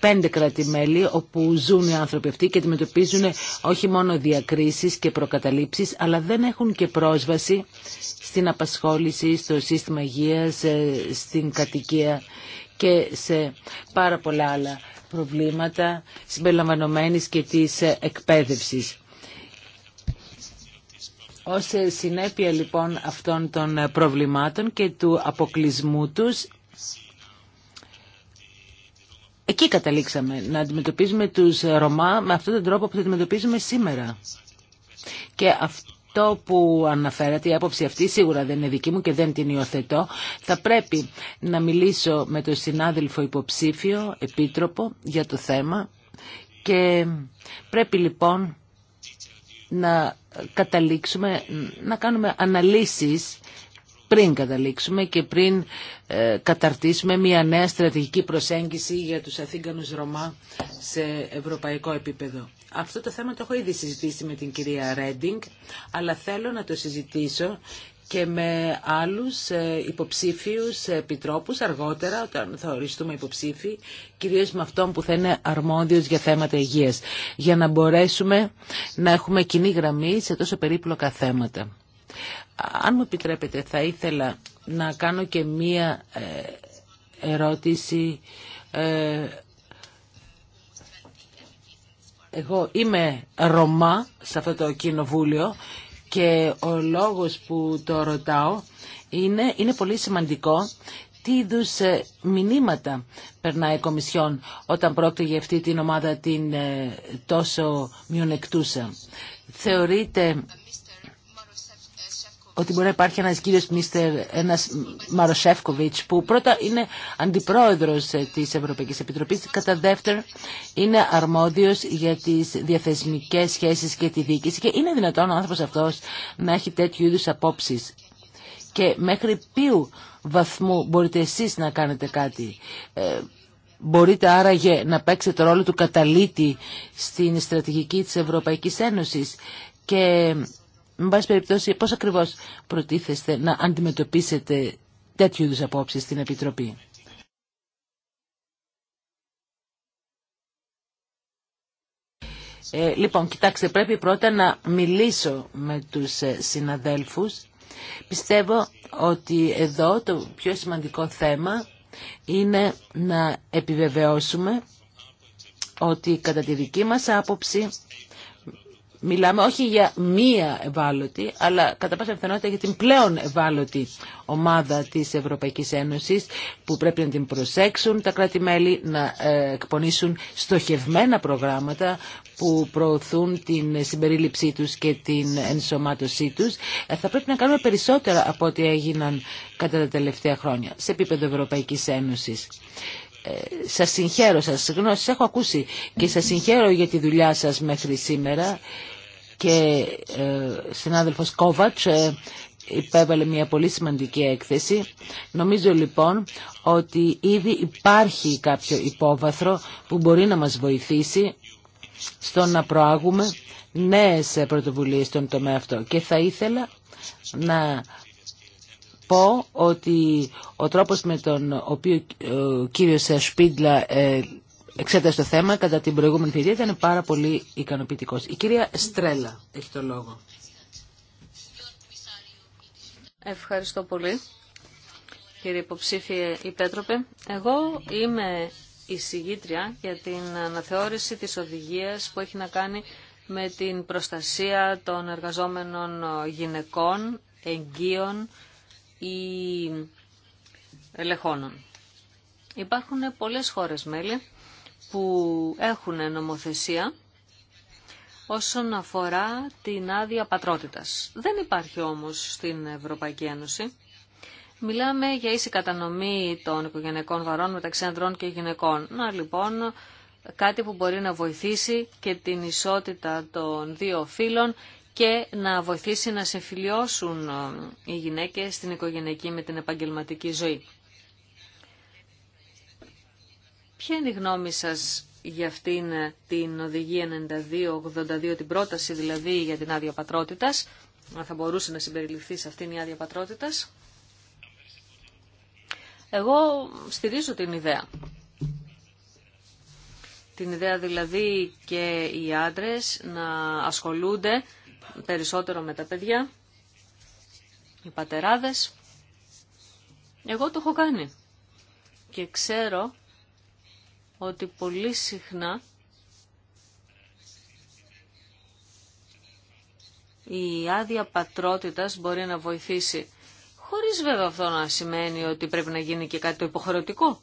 πέντε κράτη-μέλη όπου ζουν οι άνθρωποι αυτοί και αντιμετωπίζουν όχι μόνο διακρίσεις και προκαταλήψεις, αλλά δεν έχουν και πρόσβαση στην απασχόληση, στο σύστημα υγείας, ε, στην κατοικία και σε πάρα πολλά άλλα προβλήματα συμπεριλαμβανομένης και της ε, εκπαίδευσης. Ως ε, συνέπεια λοιπόν αυτών των ε, προβλημάτων και του αποκλεισμού τους, εκεί καταλήξαμε να αντιμετωπίζουμε τους Ρωμά με αυτόν τον τρόπο που θα αντιμετωπίζουμε σήμερα. Και αυτό το που αναφέρατε, η άποψη αυτή σίγουρα δεν είναι δική μου και δεν την υιοθετώ. Θα πρέπει να μιλήσω με τον συνάδελφο υποψήφιο, επίτροπο, για το θέμα και πρέπει λοιπόν να καταλήξουμε, να κάνουμε αναλύσεις πριν καταλήξουμε και πριν ε, καταρτήσουμε μια νέα στρατηγική προσέγγιση για τους Αθήγανους Ρωμά σε ευρωπαϊκό επίπεδο. Αυτό το θέμα το έχω ήδη συζητήσει με την κυρία Ρέντινγκ, αλλά θέλω να το συζητήσω και με άλλους ε, υποψήφιους επιτρόπους αργότερα όταν θα οριστούμε υποψήφοι κυρίως με αυτόν που θα είναι αρμόδιος για θέματα υγείας για να μπορέσουμε να έχουμε κοινή γραμμή σε τόσο περίπλοκα θέματα. Αν μου επιτρέπετε θα ήθελα να κάνω και μία ε, ερώτηση ε, εγώ είμαι Ρωμά σε αυτό το κοινοβούλιο και ο λόγος που το ρωτάω είναι, είναι πολύ σημαντικό τι είδου ε, μηνύματα περνάει η Κομισιόν όταν πρόκειται για αυτή την ομάδα την ε, τόσο μειονεκτούσα. Θεωρείται ότι μπορεί να υπάρχει ένας κύριος Μίστερ, ένας Μαροσεύκοβιτς, που πρώτα είναι αντιπρόεδρος ε, της Ευρωπαϊκής Επιτροπής, κατά δεύτερον είναι αρμόδιος για τις διαθεσμικές σχέσεις και τη διοίκηση και είναι δυνατόν ο άνθρωπος αυτός να έχει τέτοιου είδους απόψεις. Και μέχρι ποιου βαθμού μπορείτε εσείς να κάνετε κάτι. Ε, μπορείτε άραγε να παίξετε ρόλο του καταλήτη στην στρατηγική της Ευρωπαϊκής Ένωσης. Και με πάση περιπτώσει, πώς ακριβώς προτίθεστε να αντιμετωπίσετε τέτοιου είδους απόψεις στην Επιτροπή. Ε, λοιπόν, κοιτάξτε, πρέπει πρώτα να μιλήσω με τους ε, συναδέλφους. Πιστεύω ότι εδώ το πιο σημαντικό θέμα είναι να επιβεβαιώσουμε ότι κατά τη δική μας άποψη Μιλάμε όχι για μία ευάλωτη, αλλά κατά πάσα πιθανότητα για την πλέον ευάλωτη ομάδα της Ευρωπαϊκής Ένωσης που πρέπει να την προσέξουν τα κράτη-μέλη να ε, εκπονήσουν στοχευμένα προγράμματα που προωθούν την συμπερίληψή τους και την ενσωμάτωσή τους. Ε, θα πρέπει να κάνουμε περισσότερα από ό,τι έγιναν κατά τα τελευταία χρόνια σε επίπεδο Ευρωπαϊκής Ένωσης ε, Σα συγχαίρω, σας έχω ακούσει και σας συγχαίρω για τη δουλειά σας μέχρι σήμερα και ε, συνάδελφος Κόβατς ε, υπέβαλε μια πολύ σημαντική έκθεση. Νομίζω λοιπόν ότι ήδη υπάρχει κάποιο υπόβαθρο που μπορεί να μας βοηθήσει στο να προάγουμε νέες πρωτοβουλίες στον τομέα αυτό. Και θα ήθελα να πω ότι ο τρόπος με τον οποίο ο κύριος Σπίτλα ε, εξέτασε το θέμα κατά την προηγούμενη θητεία ήταν πάρα πολύ ικανοποιητικός. Η κυρία Στρέλα έχει το λόγο. Ευχαριστώ πολύ. Κύριε υποψήφιε Υπέτροπε, εγώ είμαι η συγγήτρια για την αναθεώρηση της οδηγίας που έχει να κάνει με την προστασία των εργαζόμενων γυναικών, εγγύων ή ελεχώνων. Υπάρχουν πολλές χώρες μέλη που έχουν νομοθεσία όσον αφορά την άδεια πατρότητας. Δεν υπάρχει όμως στην Ευρωπαϊκή Ένωση. Μιλάμε για ίση κατανομή των οικογενειακών βαρών μεταξύ ανδρών και γυναικών. Να λοιπόν, κάτι που μπορεί να βοηθήσει και την ισότητα των δύο φύλων και να βοηθήσει να συμφιλιώσουν ε, οι γυναίκες στην οικογενειακή με την επαγγελματική ζωή. Ποια είναι η γνώμη σας για αυτήν την οδηγία 92-82, την πρόταση δηλαδή για την άδεια πατρότητας, αν θα μπορούσε να συμπεριληφθεί σε αυτήν η άδεια πατρότητας. Εγώ στηρίζω την ιδέα. Την ιδέα δηλαδή και οι άντρες να ασχολούνται περισσότερο με τα παιδιά, οι πατεράδες. Εγώ το έχω κάνει και ξέρω ότι πολύ συχνά η άδεια πατρότητας μπορεί να βοηθήσει. Χωρίς βέβαια αυτό να σημαίνει ότι πρέπει να γίνει και κάτι το υποχρεωτικό.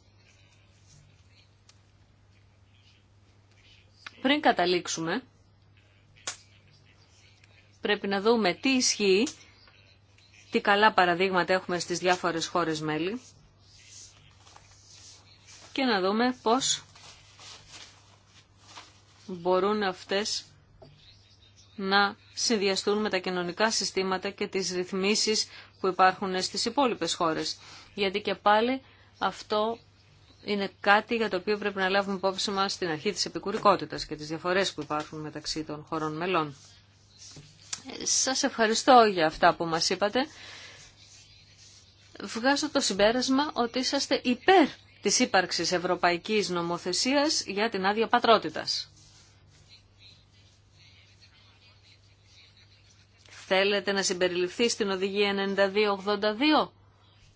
Πριν καταλήξουμε, πρέπει να δούμε τι ισχύει, τι καλά παραδείγματα έχουμε στις διάφορες χώρες μέλη και να δούμε πώς μπορούν αυτές να συνδυαστούν με τα κοινωνικά συστήματα και τις ρυθμίσεις που υπάρχουν στις υπόλοιπες χώρες. Γιατί και πάλι αυτό είναι κάτι για το οποίο πρέπει να λάβουμε υπόψη μας στην αρχή της επικουρικότητας και τις διαφορές που υπάρχουν μεταξύ των χωρών μελών. Σας ευχαριστώ για αυτά που μας είπατε. Βγάζω το συμπέρασμα ότι είσαστε υπέρ της ύπαρξης ευρωπαϊκής νομοθεσίας για την άδεια πατρότητας. Θέλετε να συμπεριληφθεί στην οδηγία 9282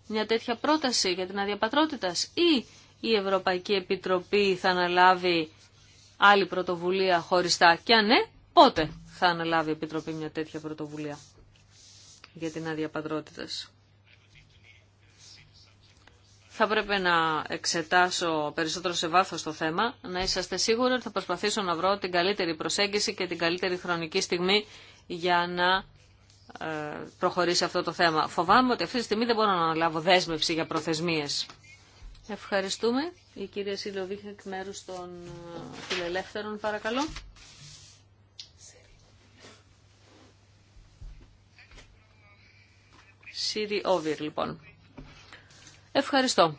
μια τέτοια πρόταση για την άδεια πατρότητας ή η Ευρωπαϊκή Επιτροπή θα αναλάβει άλλη πρωτοβουλία χωριστά και αν ναι, πότε θα αναλάβει η Επιτροπή μια τέτοια πρωτοβουλία για την άδεια πατρότητας θα πρέπει να εξετάσω περισσότερο σε βάθος το θέμα, να είσαστε σίγουροι ότι θα προσπαθήσω να βρω την καλύτερη προσέγγιση και την καλύτερη χρονική στιγμή για να ε, προχωρήσει αυτό το θέμα. Φοβάμαι ότι αυτή τη στιγμή δεν μπορώ να αναλάβω δέσμευση για προθεσμίες. Ευχαριστούμε. Η κυρία Σιλοβίχη εκ μέρου των ε, φιλελεύθερων, παρακαλώ. Σίρι Όβιρ, λοιπόν. Ευχαριστώ.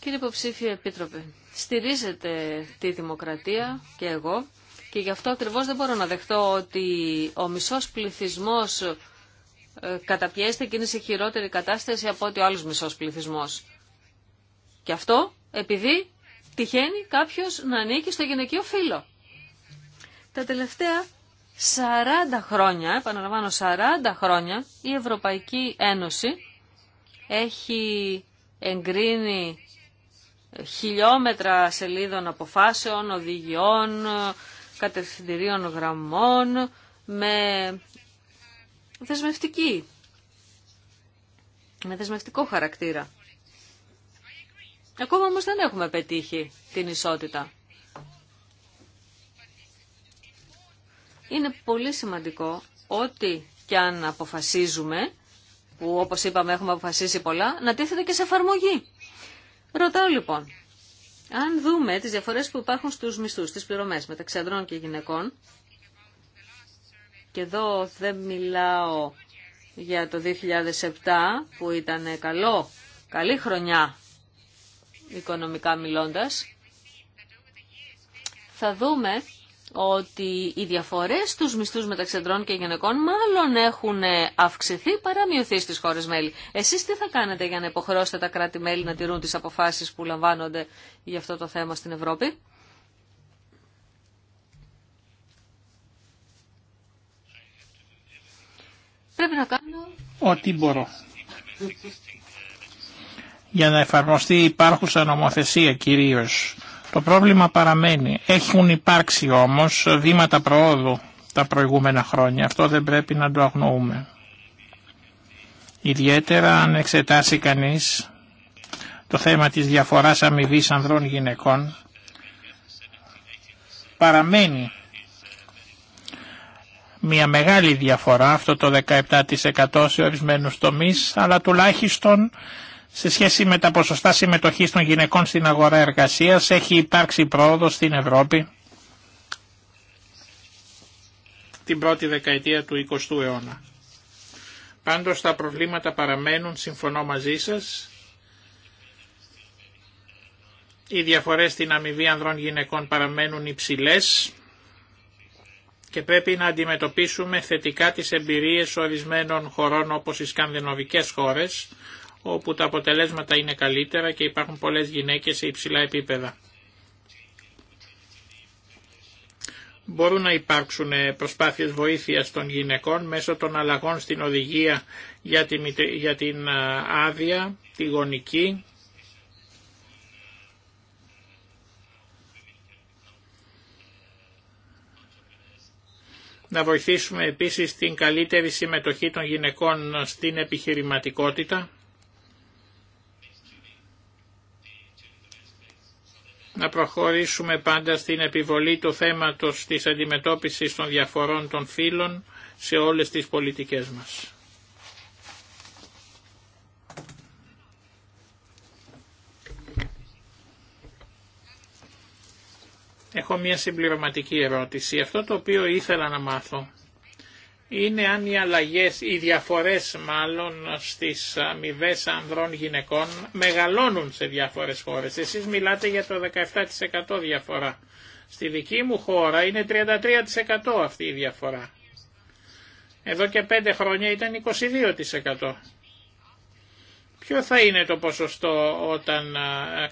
Κύριε υποψήφιο επίτροπε, στηρίζετε τη δημοκρατία και εγώ και γι' αυτό ακριβώς δεν μπορώ να δεχτώ ότι ο μισός πληθυσμός ε, καταπιέζεται και είναι σε χειρότερη κατάσταση από ότι ο άλλος μισός πληθυσμός. Και αυτό επειδή τυχαίνει κάποιος να ανήκει στο γυναικείο φύλλο. Τα τελευταία 40 χρόνια, επαναλαμβάνω 40 χρόνια, η Ευρωπαϊκή Ένωση έχει εγκρίνει χιλιόμετρα σελίδων αποφάσεων, οδηγιών, κατευθυντηρίων γραμμών, με δεσμευτική, με δεσμευτικό χαρακτήρα. Ακόμα όμως δεν έχουμε πετύχει την ισότητα. Είναι πολύ σημαντικό ότι και αν αποφασίζουμε, που όπως είπαμε έχουμε αποφασίσει πολλά, να τίθεται και σε εφαρμογή. Ρωτάω λοιπόν, αν δούμε τις διαφορές που υπάρχουν στους μισθούς, στις πληρωμές μεταξύ ανδρών και γυναικών, και εδώ δεν μιλάω για το 2007 που ήταν καλό, καλή χρονιά οικονομικά μιλώντας, θα δούμε ότι οι διαφορές στους μισθούς μεταξύ αντρών και γυναικών μάλλον έχουν αυξηθεί παρά μειωθεί στις χώρες μέλη. Εσείς τι θα κάνετε για να υποχρεώσετε τα κράτη-μέλη να τηρούν τις αποφάσεις που λαμβάνονται για αυτό το θέμα στην Ευρώπη. Πρέπει να κάνω... Ό,τι μπορώ. για να εφαρμοστεί υπάρχουσα νομοθεσία κυρίως το πρόβλημα παραμένει. Έχουν υπάρξει όμως βήματα προόδου τα προηγούμενα χρόνια. Αυτό δεν πρέπει να το αγνοούμε. Ιδιαίτερα αν εξετάσει κανείς το θέμα της διαφοράς αμοιβή ανδρών γυναικών παραμένει μια μεγάλη διαφορά αυτό το 17% σε ορισμένους τομείς αλλά τουλάχιστον σε σχέση με τα ποσοστά συμμετοχής των γυναικών στην αγορά εργασίας έχει υπάρξει πρόοδο στην Ευρώπη την πρώτη δεκαετία του 20ου αιώνα. Πάντως τα προβλήματα παραμένουν, συμφωνώ μαζί σας. Οι διαφορές στην αμοιβή ανδρών γυναικών παραμένουν υψηλές και πρέπει να αντιμετωπίσουμε θετικά τις εμπειρίες ορισμένων χωρών όπως οι σκανδιναβικές χώρες όπου τα αποτελέσματα είναι καλύτερα και υπάρχουν πολλές γυναίκες σε υψηλά επίπεδα. μπορούν να υπάρξουν ε, προσπάθειες βοήθειας των γυναικών μέσω των αλλαγών στην οδηγία για την, για την ε, άδεια, τη γονική. Να βοηθήσουμε επίσης την καλύτερη συμμετοχή των γυναικών στην επιχειρηματικότητα. να προχωρήσουμε πάντα στην επιβολή του θέματος της αντιμετώπισης των διαφορών των φύλων σε όλες τις πολιτικές μας. Έχω μια συμπληρωματική ερώτηση. Αυτό το οποίο ήθελα να μάθω είναι αν οι αλλαγές, οι διαφορές μάλλον στις αμοιβέ ανδρών γυναικών μεγαλώνουν σε διάφορες χώρες. Εσείς μιλάτε για το 17% διαφορά. Στη δική μου χώρα είναι 33% αυτή η διαφορά. Εδώ και πέντε χρόνια ήταν 22%. Ποιο θα είναι το ποσοστό όταν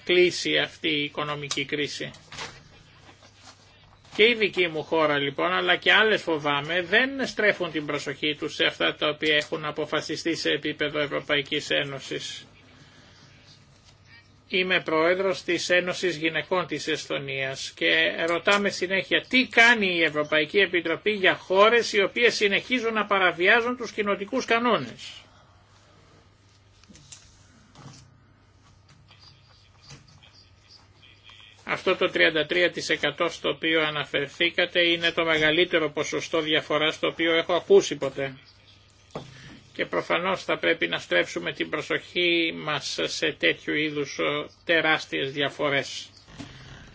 κλείσει αυτή η οικονομική κρίση. Και η δική μου χώρα λοιπόν, αλλά και άλλες φοβάμαι, δεν στρέφουν την προσοχή τους σε αυτά τα οποία έχουν αποφασιστεί σε επίπεδο Ευρωπαϊκής Ένωσης. Είμαι πρόεδρος της Ένωσης Γυναικών της Εσθονίας και ρωτάμε συνέχεια τι κάνει η Ευρωπαϊκή Επιτροπή για χώρες οι οποίες συνεχίζουν να παραβιάζουν τους κοινοτικού κανόνες. Αυτό το 33% στο οποίο αναφερθήκατε είναι το μεγαλύτερο ποσοστό διαφοράς το οποίο έχω ακούσει ποτέ. Και προφανώς θα πρέπει να στρέψουμε την προσοχή μας σε τέτοιου είδους ε, τεράστιες διαφορές.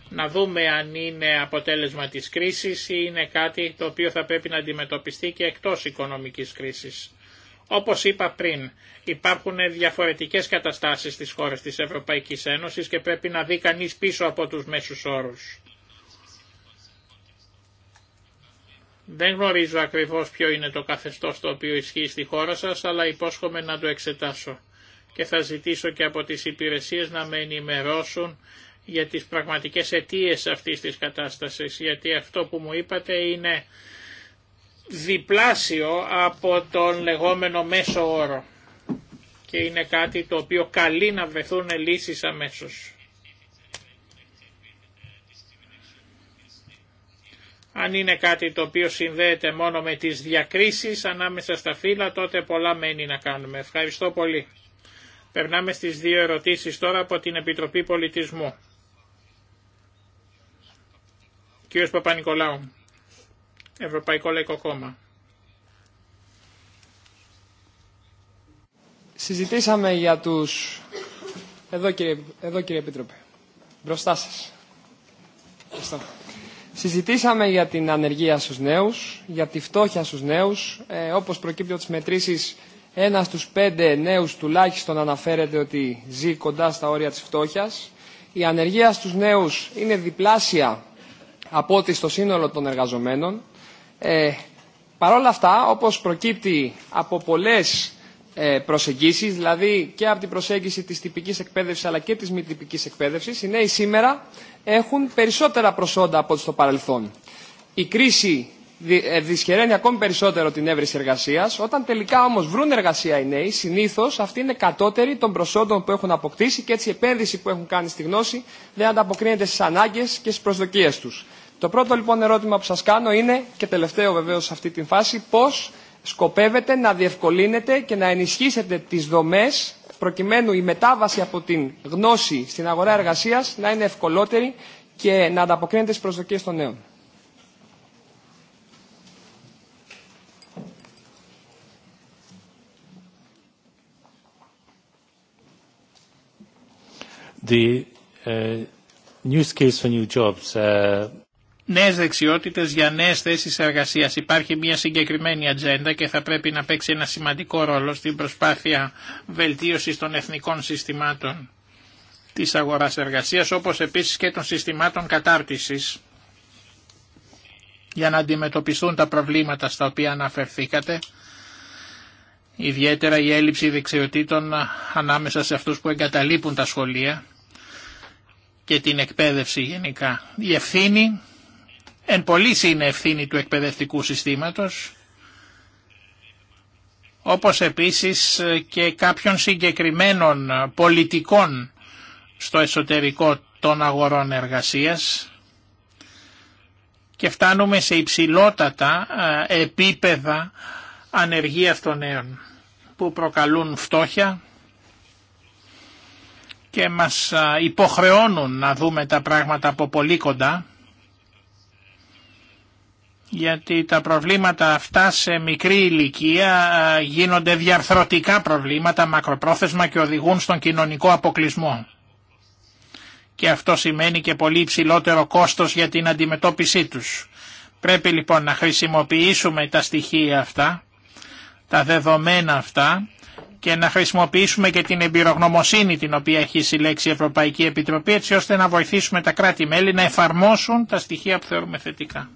Να δούμε αν είναι αποτέλεσμα της κρίσης ή είναι κάτι το οποίο θα πρέπει να αντιμετωπιστεί και εκτός οικονομικής κρίσης. Όπως είπα πριν, υπάρχουν διαφορετικές καταστάσεις στις χώρες της Ευρωπαϊκής Ένωσης και πρέπει να δει κανείς πίσω από τους μέσους όρους. Δεν γνωρίζω ακριβώς ποιο είναι το καθεστώς το οποίο ισχύει στη χώρα σας, αλλά υπόσχομαι να το εξετάσω και θα ζητήσω και από τις υπηρεσίες να με ενημερώσουν για τις πραγματικές αιτίες αυτής της κατάστασης, γιατί αυτό που μου είπατε είναι διπλάσιο από τον λεγόμενο μέσο όρο και είναι κάτι το οποίο καλεί να βρεθούν λύσεις αμέσως. Αν είναι κάτι το οποίο συνδέεται μόνο με τις διακρίσεις ανάμεσα στα φύλλα, τότε πολλά μένει να κάνουμε. Ευχαριστώ πολύ. Περνάμε στις δύο ερωτήσεις τώρα από την Επιτροπή Πολιτισμού. Κύριος Παπα-Νικολάου. Ευρωπαϊκό Λαϊκό Κόμμα. Συζητήσαμε για τους... Εδώ κύριε, εδώ Επίτροπε. Μπροστά σας. Συζητήσαμε για την ανεργία στους νέους, για τη φτώχεια στους νέους. Ε, όπως προκύπτει από τις μετρήσεις, ένας στους πέντε νέους τουλάχιστον αναφέρεται ότι ζει κοντά στα όρια της φτώχειας. Η ανεργία στους νέους είναι διπλάσια από ό,τι στο σύνολο των εργαζομένων. Ε, Παρ' όλα αυτά, όπως προκύπτει από πολλές ε, προσεγγίσεις, δηλαδή και από την προσέγγιση της τυπικής εκπαίδευσης αλλά και της μη τυπικής εκπαίδευσης, οι νέοι σήμερα έχουν περισσότερα προσόντα από ό,τι στο παρελθόν. Η κρίση ε, δυσχεραίνει ακόμη περισσότερο την έβριση εργασία. Όταν τελικά όμω βρουν εργασία οι νέοι, συνήθω αυτή είναι κατώτερη των προσόντων που έχουν αποκτήσει και έτσι η επένδυση που έχουν κάνει στη γνώση δεν ανταποκρίνεται στι ανάγκε και στι προσδοκίε του. Το πρώτο λοιπόν ερώτημα που σας κάνω είναι, και τελευταίο βεβαίως σε αυτή τη φάση, πώς σκοπεύετε να διευκολύνετε και να ενισχύσετε τις δομές προκειμένου η μετάβαση από την γνώση στην αγορά εργασίας να είναι ευκολότερη και να ανταποκρίνεται στις προσδοκίες των νέων. The uh, new skills for new jobs uh, νέες δεξιότητες για νέες θέσεις εργασίας. Υπάρχει μια συγκεκριμένη ατζέντα και θα πρέπει να παίξει ένα σημαντικό ρόλο στην προσπάθεια βελτίωσης των εθνικών συστημάτων της αγοράς εργασία, όπως επίσης και των συστημάτων κατάρτισης για να αντιμετωπιστούν τα προβλήματα στα οποία αναφερθήκατε, ιδιαίτερα η έλλειψη δεξιοτήτων ανάμεσα σε αυτούς που εγκαταλείπουν τα σχολεία και την εκπαίδευση γενικά. Η Εν πολλής είναι ευθύνη του εκπαιδευτικού συστήματος, όπως επίσης και κάποιων συγκεκριμένων πολιτικών στο εσωτερικό των αγορών εργασίας και φτάνουμε σε υψηλότατα επίπεδα ανεργία των νέων που προκαλούν φτώχεια και μας υποχρεώνουν να δούμε τα πράγματα από πολύ κοντά γιατί τα προβλήματα αυτά σε μικρή ηλικία γίνονται διαρθρωτικά προβλήματα μακροπρόθεσμα και οδηγούν στον κοινωνικό αποκλεισμό. Και αυτό σημαίνει και πολύ υψηλότερο κόστος για την αντιμετώπιση τους. Πρέπει λοιπόν να χρησιμοποιήσουμε τα στοιχεία αυτά, τα δεδομένα αυτά και να χρησιμοποιήσουμε και την εμπειρογνωμοσύνη την οποία έχει συλλέξει η Ευρωπαϊκή Επιτροπή έτσι ώστε να βοηθήσουμε τα κράτη-μέλη να εφαρμόσουν τα στοιχεία που θεωρούμε θετικά.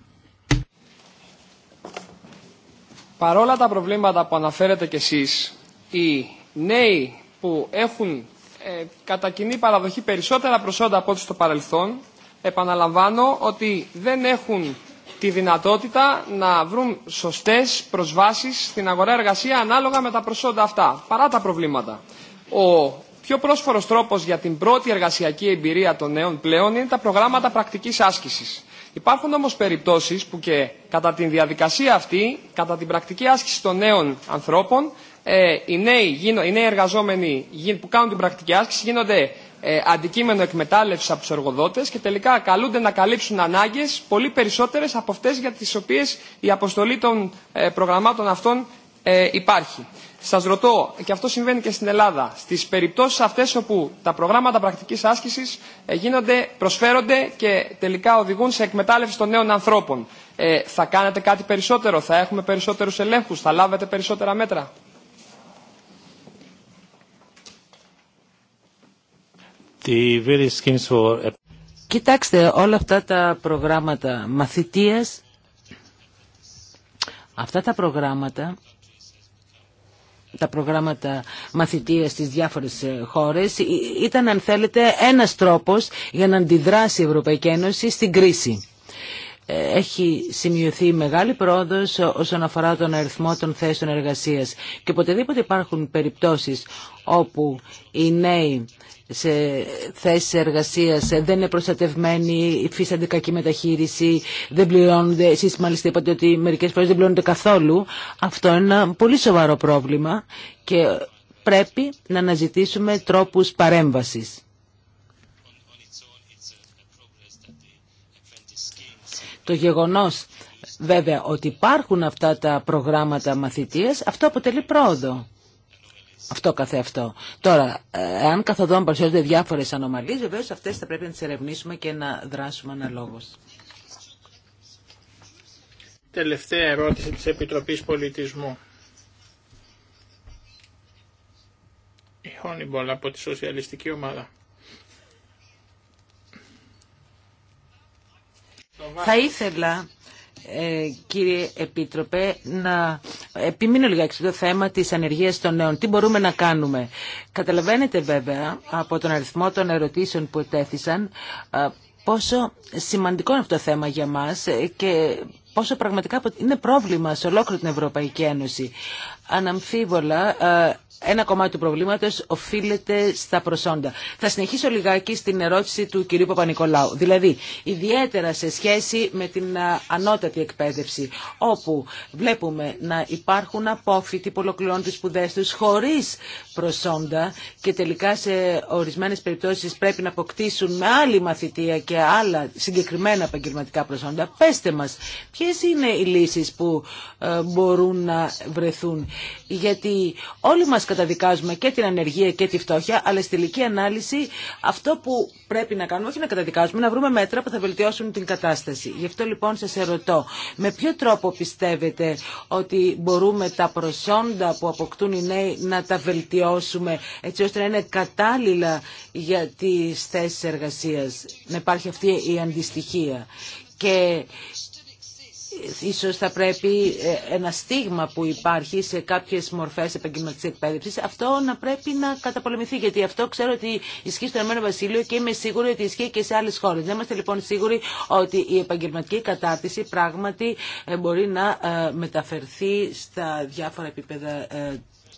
παρόλα τα προβλήματα που αναφέρετε κι εσείς, οι νέοι που έχουν ε, κατά κοινή παραδοχή περισσότερα προσόντα από ό,τι στο παρελθόν, επαναλαμβάνω ότι δεν έχουν τη δυνατότητα να βρουν σωστές προσβάσεις στην αγορά εργασία ανάλογα με τα προσόντα αυτά, παρά τα προβλήματα. Ο πιο πρόσφορος τρόπος για την πρώτη εργασιακή εμπειρία των νέων πλέον είναι τα προγράμματα πρακτικής άσκησης. Υπάρχουν όμως περιπτώσεις που και κατά τη διαδικασία αυτή, κατά την πρακτική άσκηση των νέων ανθρώπων, ε, οι νέοι, οι νέοι εργαζόμενοι που κάνουν την πρακτική άσκηση γίνονται ε, αντικείμενο εκμετάλλευση από του εργοδότε και τελικά καλούνται να καλύψουν ανάγκες πολύ περισσότερες από αυτές για τις οποίες η αποστολή των ε, προγραμμάτων αυτών υπάρχει. Σα ρωτώ, και αυτό συμβαίνει και στην Ελλάδα, στις περιπτώσεις αυτές όπου τα προγράμματα πρακτικής άσκησης ε, προσφέρονται και τελικά οδηγούν σε εκμετάλλευση των νέων ανθρώπων. Ε, θα κάνετε κάτι περισσότερο, θα έχουμε περισσότερους ελέγχους, θα λάβετε περισσότερα μέτρα. Κοιτάξτε, όλα αυτά τα προγράμματα μαθητείας, αυτά τα προγράμματα τα προγράμματα μαθητείας στις διάφορες ε, χώρες ε, ήταν αν θέλετε ένας τρόπος για να αντιδράσει η Ευρωπαϊκή Ένωση στην κρίση. Ε, έχει σημειωθεί μεγάλη πρόοδος όσον αφορά τον αριθμό των θέσεων εργασίας και οποτεδήποτε υπάρχουν περιπτώσεις όπου οι νέοι σε θέσεις εργασίας, ε, δεν είναι προστατευμένοι, υφίστανται κακή μεταχείριση, δεν πληρώνονται, εσείς μάλιστα είπατε ότι μερικές φορές δεν πληρώνονται καθόλου. Αυτό είναι ένα πολύ σοβαρό πρόβλημα και πρέπει να αναζητήσουμε τρόπους παρέμβασης. Το γεγονός βέβαια ότι υπάρχουν αυτά τα προγράμματα μαθητία, αυτό αποτελεί πρόοδο. Αυτό καθεαυτό. Τώρα, αν ε, καθοδόν παρουσιάζονται διάφορε ανομαλίε, βεβαίω αυτέ θα πρέπει να τι ερευνήσουμε και να δράσουμε αναλόγω. Τελευταία ερώτηση της Επιτροπής Πολιτισμού. Η Χόνιμπολ από τη Σοσιαλιστική Ομάδα. Θα ήθελα ε, κύριε Επίτροπε, να επιμείνω λιγάκι στο θέμα της ανεργίας των νέων. Τι μπορούμε να κάνουμε. Καταλαβαίνετε βέβαια από τον αριθμό των ερωτήσεων που ετέθησαν πόσο σημαντικό είναι αυτό το θέμα για μας ε, και πόσο πραγματικά είναι πρόβλημα σε ολόκληρη την Ευρωπαϊκή Ένωση αναμφίβολα ε, ένα κομμάτι του προβλήματος οφείλεται στα προσόντα. Θα συνεχίσω λιγάκι στην ερώτηση του κυρίου Παπα-Νικολάου. Δηλαδή, ιδιαίτερα σε σχέση με την ε, ανώτατη εκπαίδευση, όπου βλέπουμε να υπάρχουν απόφοιτοι που ολοκληρώνουν τις σπουδές τους χωρίς προσόντα και τελικά σε ορισμένες περιπτώσεις πρέπει να αποκτήσουν με άλλη μαθητεία και άλλα συγκεκριμένα επαγγελματικά προσόντα. Πέστε μας, ποιες είναι οι λύσεις που ε, μπορούν να βρεθούν γιατί όλοι μας καταδικάζουμε και την ανεργία και τη φτώχεια, αλλά στη τελική ανάλυση αυτό που πρέπει να κάνουμε, όχι να καταδικάζουμε, να βρούμε μέτρα που θα βελτιώσουν την κατάσταση. Γι' αυτό λοιπόν σας ερωτώ, με ποιο τρόπο πιστεύετε ότι μπορούμε τα προσόντα που αποκτούν οι νέοι να τα βελτιώσουμε, έτσι ώστε να είναι κατάλληλα για τις θέσεις εργασίας, να υπάρχει αυτή η αντιστοιχία. Και Ίσως θα πρέπει ε, ένα στίγμα που υπάρχει σε κάποιες μορφές επαγγελματική εκπαίδευση. αυτό να πρέπει να καταπολεμηθεί, γιατί αυτό ξέρω ότι ισχύει στο Ηνωμένο Βασίλειο και είμαι σίγουρη ότι ισχύει και σε άλλες χώρες. Δεν είμαστε λοιπόν σίγουροι ότι η επαγγελματική κατάρτιση πράγματι ε, μπορεί να ε, μεταφερθεί στα διάφορα επίπεδα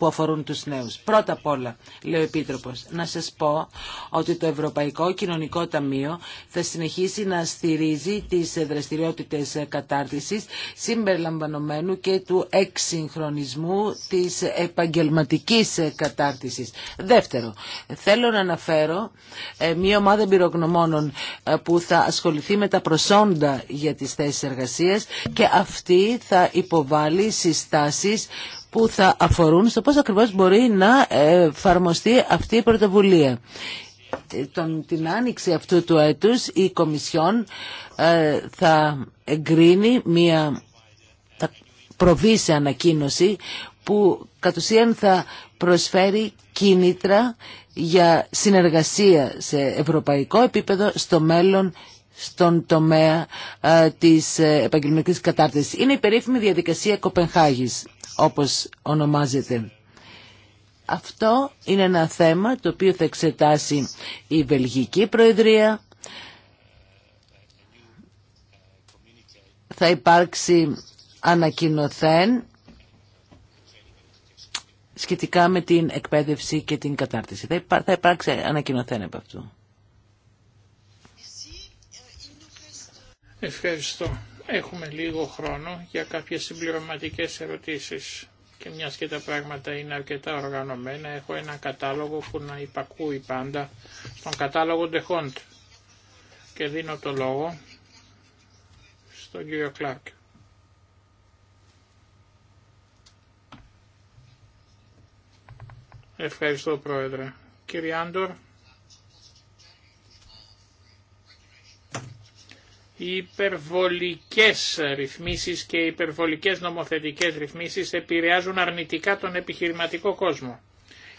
που αφορούν τους νέους. Πρώτα απ' όλα, λέει ο Επίτροπος, να σας πω ότι το Ευρωπαϊκό Κοινωνικό Ταμείο θα συνεχίσει να στηρίζει τις δραστηριότητες κατάρτισης συμπεριλαμβανομένου και του εξυγχρονισμού της επαγγελματικής κατάρτισης. Δεύτερο, θέλω να αναφέρω ε, μια ομάδα εμπειρογνωμόνων ε, που θα ασχοληθεί με τα προσόντα για τις θέσεις εργασίας και αυτή θα υποβάλει συστάσεις που θα αφορούν στο πώς ακριβώς μπορεί να εφαρμοστεί αυτή η πρωτοβουλία. Τον, την άνοιξη αυτού του έτους η Κομισιόν ε, θα εγκρίνει μία θα ανακοίνωση που κατ' ουσίαν θα προσφέρει κίνητρα για συνεργασία σε ευρωπαϊκό επίπεδο στο μέλλον στον τομέα ε, της ε, επαγγελματικής κατάρτισης. Είναι η περίφημη διαδικασία Κοπενχάγης όπως ονομάζεται. Αυτό είναι ένα θέμα το οποίο θα εξετάσει η Βελγική Προεδρία. Θα υπάρξει ανακοινοθέν σχετικά με την εκπαίδευση και την κατάρτιση. Θα, υπάρξει ανακοινοθέν από αυτού. Ευχαριστώ. Έχουμε λίγο χρόνο για κάποιες συμπληρωματικές ερωτήσεις και μια και τα πράγματα είναι αρκετά οργανωμένα, έχω ένα κατάλογο που να υπακούει πάντα στον κατάλογο Ντεχόντ και δίνω το λόγο στον κύριο Κλάρκ. Ευχαριστώ Πρόεδρε. Κύριε Άντορ. οι υπερβολικές ρυθμίσεις και οι υπερβολικές νομοθετικές ρυθμίσεις επηρεάζουν αρνητικά τον επιχειρηματικό κόσμο.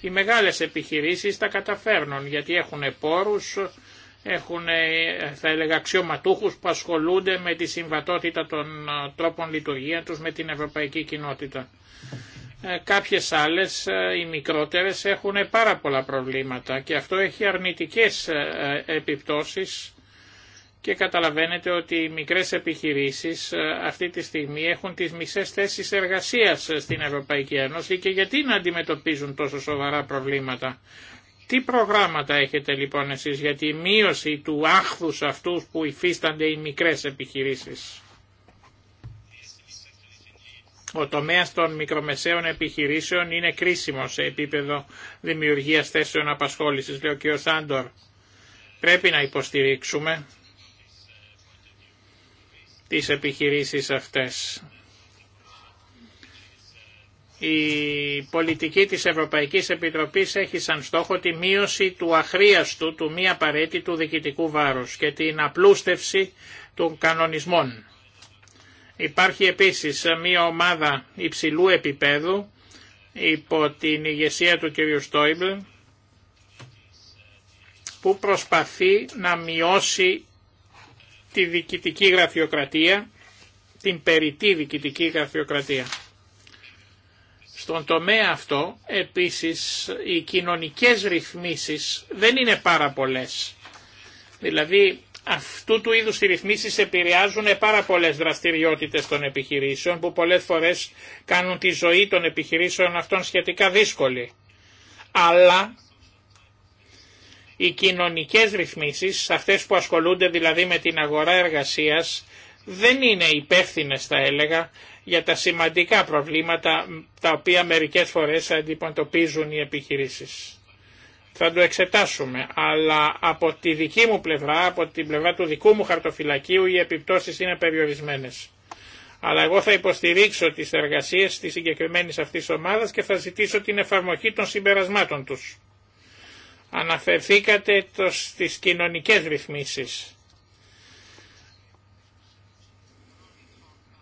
Οι μεγάλες επιχειρήσεις τα καταφέρνουν γιατί έχουν πόρους, έχουν θα έλεγα αξιωματούχους που ασχολούνται με τη συμβατότητα των ε, τρόπων λειτουργία τους με την ευρωπαϊκή κοινότητα. Ε, κάποιες άλλες, ε, οι μικρότερες, έχουν πάρα πολλά προβλήματα και αυτό έχει αρνητικές επιπτώσεις και καταλαβαίνετε ότι οι μικρές επιχειρήσεις ε, αυτή τη στιγμή έχουν τις μισές θέσεις εργασίας ε, στην Ευρωπαϊκή Ένωση και γιατί να αντιμετωπίζουν τόσο σοβαρά προβλήματα. Τι προγράμματα έχετε λοιπόν εσείς για τη μείωση του άχθους αυτούς που υφίστανται οι μικρές επιχειρήσεις. Ο τομέας των μικρομεσαίων επιχειρήσεων είναι κρίσιμο σε επίπεδο δημιουργίας θέσεων απασχόλησης, λέει ο κ. Σάντορ. Πρέπει να υποστηρίξουμε τις επιχειρήσεις αυτές. Η πολιτική της Ευρωπαϊκής Επιτροπής έχει σαν στόχο τη μείωση του αχρίαστου, του μη απαραίτητου διοικητικού βάρους και την απλούστευση των κανονισμών. Υπάρχει επίσης μια ομάδα υψηλού επίπεδου υπό την ηγεσία του κ. Στόιμπλ που προσπαθεί να μειώσει τη διοικητική γραφειοκρατία, την περιττή διοικητική γραφειοκρατία. Στον τομέα αυτό, επίσης, οι κοινωνικές ρυθμίσεις δεν είναι πάρα πολλές. Δηλαδή, αυτού του είδους οι ρυθμίσεις επηρεάζουν πάρα πολλές δραστηριότητες των επιχειρήσεων, που πολλές φορές κάνουν τη ζωή των επιχειρήσεων αυτών σχετικά δύσκολη. Αλλά οι κοινωνικές ρυθμίσεις, αυτές που ασχολούνται δηλαδή με την αγορά εργασίας, δεν είναι υπεύθυνε θα έλεγα για τα σημαντικά προβλήματα τα οποία μερικές φορές αντιποντοπίζουν οι επιχειρήσεις. Θα το εξετάσουμε, αλλά από τη δική μου πλευρά, από την πλευρά του δικού μου χαρτοφυλακίου οι επιπτώσεις είναι περιορισμένες. Αλλά εγώ θα υποστηρίξω τις εργασίες της συγκεκριμένης αυτής ομάδας και θα ζητήσω την εφαρμογή των συμπερασμάτων τους. Αναφερθήκατε το, στις κοινωνικές ρυθμίσεις.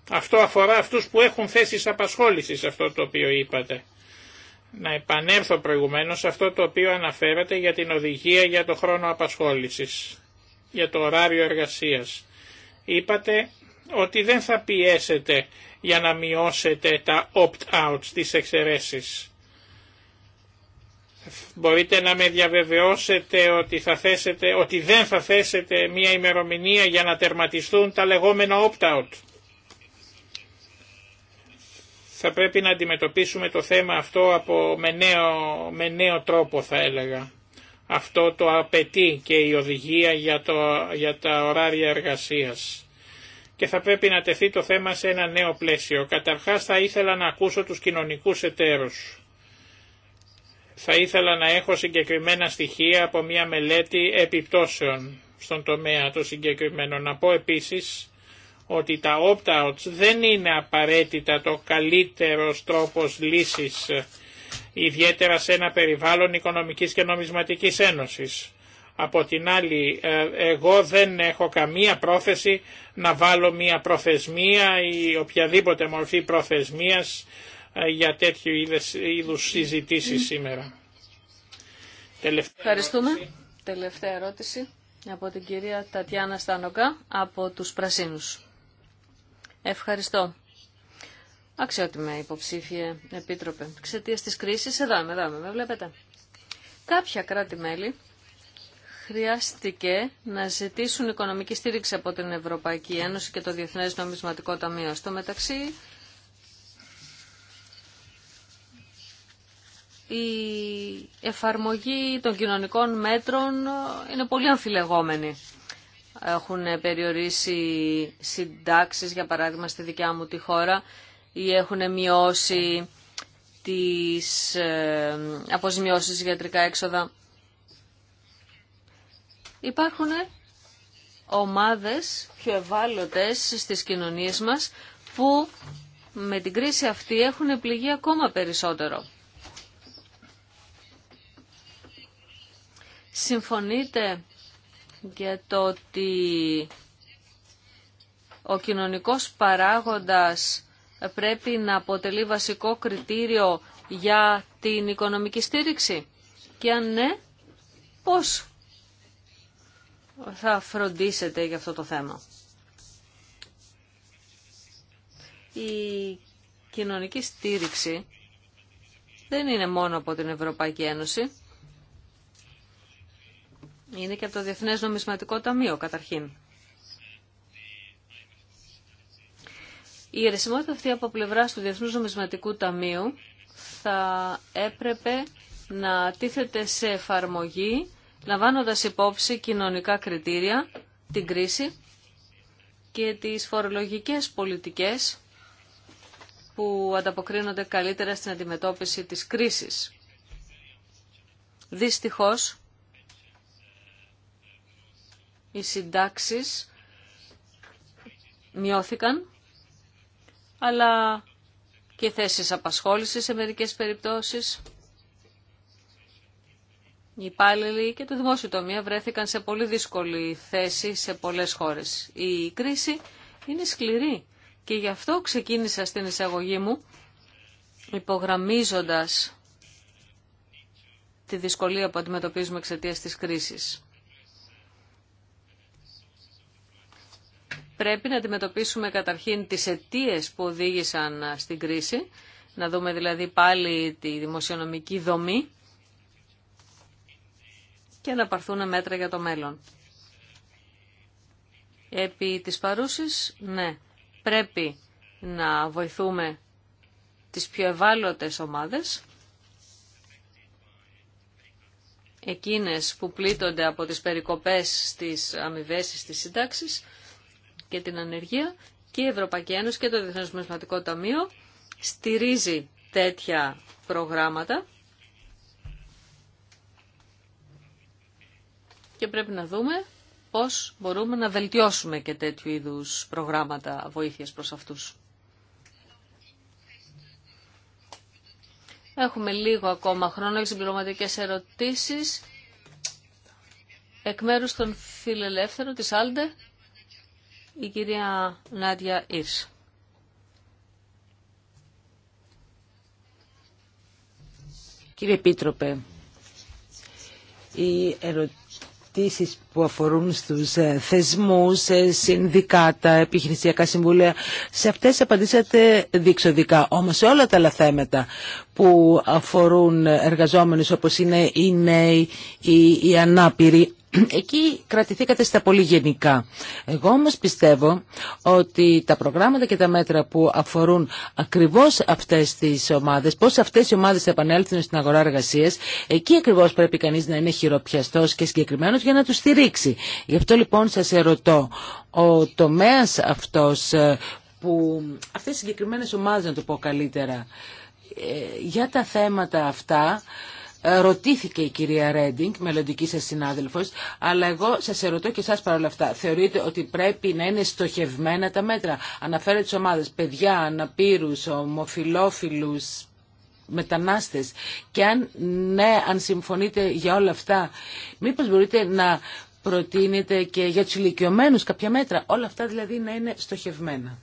Αυτό αφορά αυτούς που έχουν θέσεις απασχόλησης, αυτό το οποίο είπατε. Να επανέλθω προηγουμένως σε αυτό το οποίο αναφέρατε για την οδηγία για το χρόνο απασχόλησης, για το ωράριο εργασίας. Είπατε ότι δεν θα πιέσετε για να μειώσετε τα opt-out, τις εξαιρέσεις μπορείτε να με διαβεβαιώσετε ότι, θα θέσετε, ότι δεν θα θέσετε μια ημερομηνία για να τερματιστούν τα λεγόμενα opt-out. Θα πρέπει να αντιμετωπίσουμε το θέμα αυτό από, με, νέο, τρόπο θα έλεγα. Αυτό το απαιτεί και η οδηγία για, το, για τα ωράρια εργασίας. Και θα πρέπει να τεθεί το θέμα σε ένα νέο πλαίσιο. Καταρχάς θα ήθελα να ακούσω τους κοινωνικούς εταίρους θα ήθελα να έχω συγκεκριμένα στοιχεία από μια μελέτη επιπτώσεων στον τομέα το συγκεκριμένο. Να πω επίσης ότι τα opt-outs δεν είναι απαραίτητα το καλύτερος τρόπος λύσης, ιδιαίτερα σε ένα περιβάλλον οικονομικής και νομισματικής ένωσης. Από την άλλη, ε, εγώ δεν έχω καμία πρόθεση να βάλω μία προθεσμία ή οποιαδήποτε μορφή προθεσμίας ε, για τέτοιου είδου συζητήσει σήμερα. Τελευταία Ευχαριστούμε. Τελευταία ερώτηση από την κυρία Τατιάνα Στάνοκα από τους Πρασίνους. Ευχαριστώ. Αξιότιμα υποψήφια επίτροπε. Εξαιτία τη κρίση, εδώ είμαι, εδώ είμαι, με βλέπετε. Κάποια κράτη-μέλη χρειάστηκε να ζητήσουν οικονομική στήριξη από την Ευρωπαϊκή Ένωση και το Διεθνές Νομισματικό Ταμείο. Στο μεταξύ η εφαρμογή των κοινωνικών μέτρων είναι πολύ αμφιλεγόμενη. Έχουν περιορίσει συντάξεις, για παράδειγμα, στη δικιά μου τη χώρα ή έχουν μειώσει τις ε, αποζημιώσεις ιατρικά έξοδα. Υπάρχουν ομάδες πιο ευάλωτες στις κοινωνίες μας που με την κρίση αυτή έχουν πληγεί ακόμα περισσότερο. Συμφωνείτε για το ότι ο κοινωνικός παράγοντας πρέπει να αποτελεί βασικό κριτήριο για την οικονομική στήριξη. Και αν ναι, πώς θα φροντίσετε για αυτό το θέμα. Η κοινωνική στήριξη δεν είναι μόνο από την Ευρωπαϊκή Ένωση. Είναι και από το Διεθνές Νομισματικό Ταμείο καταρχήν. Η αιρεσιμότητα αυτή από πλευρά του Διεθνούς Νομισματικού Ταμείου θα έπρεπε να τίθεται σε εφαρμογή λαμβάνοντας υπόψη κοινωνικά κριτήρια, την κρίση και τις φορολογικές πολιτικές που ανταποκρίνονται καλύτερα στην αντιμετώπιση της κρίσης. Δυστυχώς, οι συντάξεις μειώθηκαν, αλλά και θέσεις απασχόλησης σε μερικές περιπτώσεις. Οι υπάλληλοι και το δημόσιο τομέα βρέθηκαν σε πολύ δύσκολη θέση σε πολλές χώρες. Η κρίση είναι σκληρή και γι' αυτό ξεκίνησα στην εισαγωγή μου υπογραμμίζοντας τη δυσκολία που αντιμετωπίζουμε εξαιτία της κρίσης. πρέπει να αντιμετωπίσουμε καταρχήν τις αιτίε που οδήγησαν στην κρίση, να δούμε δηλαδή πάλι τη δημοσιονομική δομή και να παρθούν μέτρα για το μέλλον. Επί της παρούσης, ναι, πρέπει να βοηθούμε τις πιο ευάλωτες ομάδες, εκείνες που πλήττονται από τις περικοπές στις αμοιβές στις συντάξεις, και την ανεργία και η Ευρωπαϊκή Ένωση και το Διεθνές Μεσματικό Ταμείο στηρίζει τέτοια προγράμματα και πρέπει να δούμε πώς μπορούμε να βελτιώσουμε και τέτοιου είδους προγράμματα βοήθειας προς αυτούς. Έχουμε λίγο ακόμα χρόνο για συμπληρωματικές ερωτήσεις. Εκ μέρους των φιλελεύθερων της Άλντε, η κυρία Νάντια Ήρς. Κύριε Επίτροπε, οι ερωτήσεις που αφορούν στους ε, θεσμούς, ε, συνδικάτα, επιχειρησιακά συμβούλια, σε αυτές απαντήσατε διεξοδικά. Όμως σε όλα τα άλλα θέματα που αφορούν εργαζόμενους όπως είναι οι νέοι ή οι ανάπηροι, Εκεί κρατηθήκατε στα πολύ γενικά. Εγώ όμως πιστεύω ότι τα προγράμματα και τα μέτρα που αφορούν ακριβώς αυτές τις ομάδες, πώς αυτές οι ομάδες θα επανέλθουν στην αγορά εργασίας, εκεί ακριβώς πρέπει κανείς να είναι χειροπιαστός και συγκεκριμένος για να τους στηρίξει. Γι' αυτό λοιπόν σας ερωτώ, ο τομέας αυτός ε, που αυτές οι συγκεκριμένες ομάδες να το πω καλύτερα, ε, για τα θέματα αυτά ε, ρωτήθηκε η κυρία Ρέντινγκ, μελλοντική σας συνάδελφος, αλλά εγώ σας ερωτώ και εσάς παρόλα αυτά. Θεωρείτε ότι πρέπει να είναι στοχευμένα τα μέτρα. Αναφέρετε τις ομάδες, παιδιά, αναπήρους, ομοφιλόφιλους, μετανάστες. Και αν ναι, αν συμφωνείτε για όλα αυτά, μήπως μπορείτε να προτείνετε και για τους ηλικιωμένους κάποια μέτρα. Όλα αυτά δηλαδή να είναι στοχευμένα.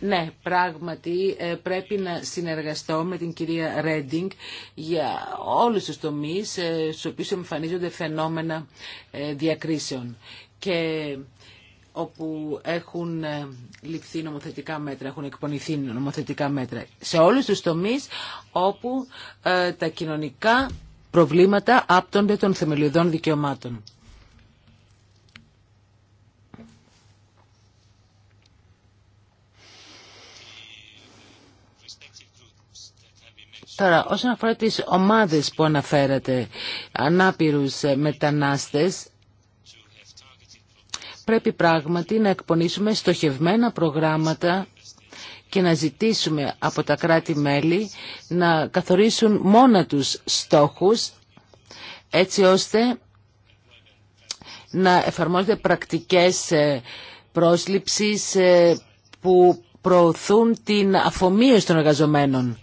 Ναι, πράγματι ε, πρέπει να συνεργαστώ με την κυρία Ρέντινγκ για όλους τους τομείς ε, στους οποίους εμφανίζονται φαινόμενα ε, διακρίσεων και όπου έχουν ληφθεί νομοθετικά μέτρα, έχουν εκπονηθεί νομοθετικά μέτρα. Σε όλους τους τομείς όπου τα κοινωνικά προβλήματα άπτονται των θεμελιωδών δικαιωμάτων. Τώρα, όσον αφορά τις ομάδες που αναφέρατε, ανάπηρους ε, μετανάστες, πρέπει πράγματι να εκπονήσουμε στοχευμένα προγράμματα και να ζητήσουμε από τα κράτη-μέλη να καθορίσουν μόνα τους στόχους, έτσι ώστε να εφαρμόζονται πρακτικές ε, πρόσληψης ε, που προωθούν την αφομοίωση των εργαζομένων.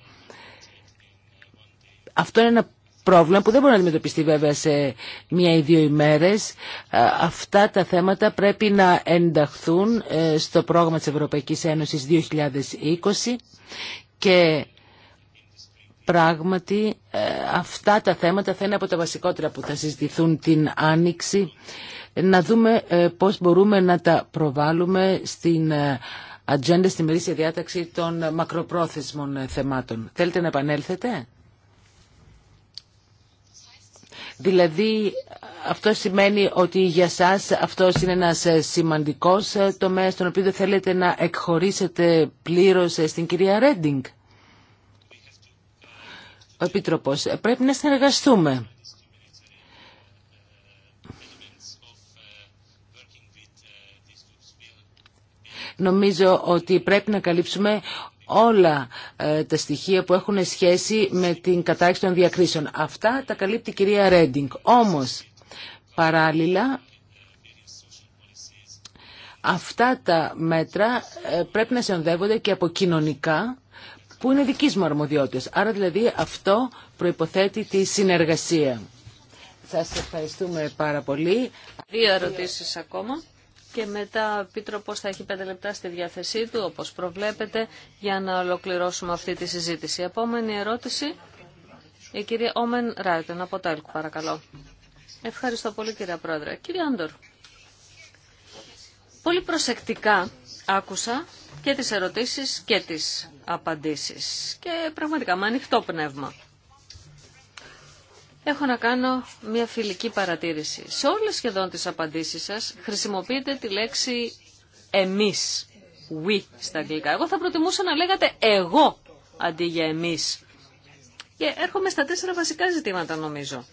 Αυτό είναι ένα πρόβλημα που δεν μπορεί να αντιμετωπιστεί βέβαια σε μία ή δύο ημέρες. Ε, αυτά τα θέματα πρέπει να ενταχθούν ε, στο πρόγραμμα της Ευρωπαϊκής Ένωσης 2020 και πράγματι ε, αυτά τα θέματα θα είναι από τα βασικότερα που θα συζητηθούν την Άνοιξη. Να δούμε πώς μπορούμε να τα προβάλλουμε στην ατζέντα, στη μερίσια διάταξη των μακροπρόθεσμων θεμάτων. Θέλετε να επανέλθετε? Δηλαδή αυτό σημαίνει ότι για σας αυτό είναι ένας ε, σημαντικός ε, τομέας στον οποίο θέλετε να εκχωρήσετε πλήρως ε, στην κυρία Ρέντινγκ. Ο Επίτροπος, πρέπει να συνεργαστούμε. Νομίζω ότι πρέπει να καλύψουμε όλα ε, τα στοιχεία που έχουν σχέση με την κατάρριξη των διακρίσεων. Αυτά τα καλύπτει η κυρία Ρέντινγκ. Όμως, παράλληλα, αυτά τα μέτρα ε, πρέπει να συνδεύονται και από κοινωνικά που είναι δικής μου αρμοδιότητας. Άρα δηλαδή αυτό προϋποθέτει τη συνεργασία. Σας ευχαριστούμε πάρα πολύ. Δύο ερωτήσεις ακόμα και μετά ο Επίτροπος θα έχει πέντε λεπτά στη διάθεσή του, όπως προβλέπετε, για να ολοκληρώσουμε αυτή τη συζήτηση. Επόμενη ερώτηση, η κυρία Όμεν Ράιτεν από το παρακαλώ. Ευχαριστώ πολύ κυρία Πρόεδρε. Κύριε Άντορ, πολύ προσεκτικά άκουσα και τις ερωτήσεις και τις απαντήσεις και πραγματικά με ανοιχτό πνεύμα έχω να κάνω μια φιλική παρατήρηση. Σε όλες σχεδόν τις απαντήσεις σας χρησιμοποιείτε τη λέξη «εμείς», «we» στα αγγλικά. Εγώ θα προτιμούσα να λέγατε «εγώ» αντί για «εμείς». Και έρχομαι στα τέσσερα βασικά ζητήματα νομίζω.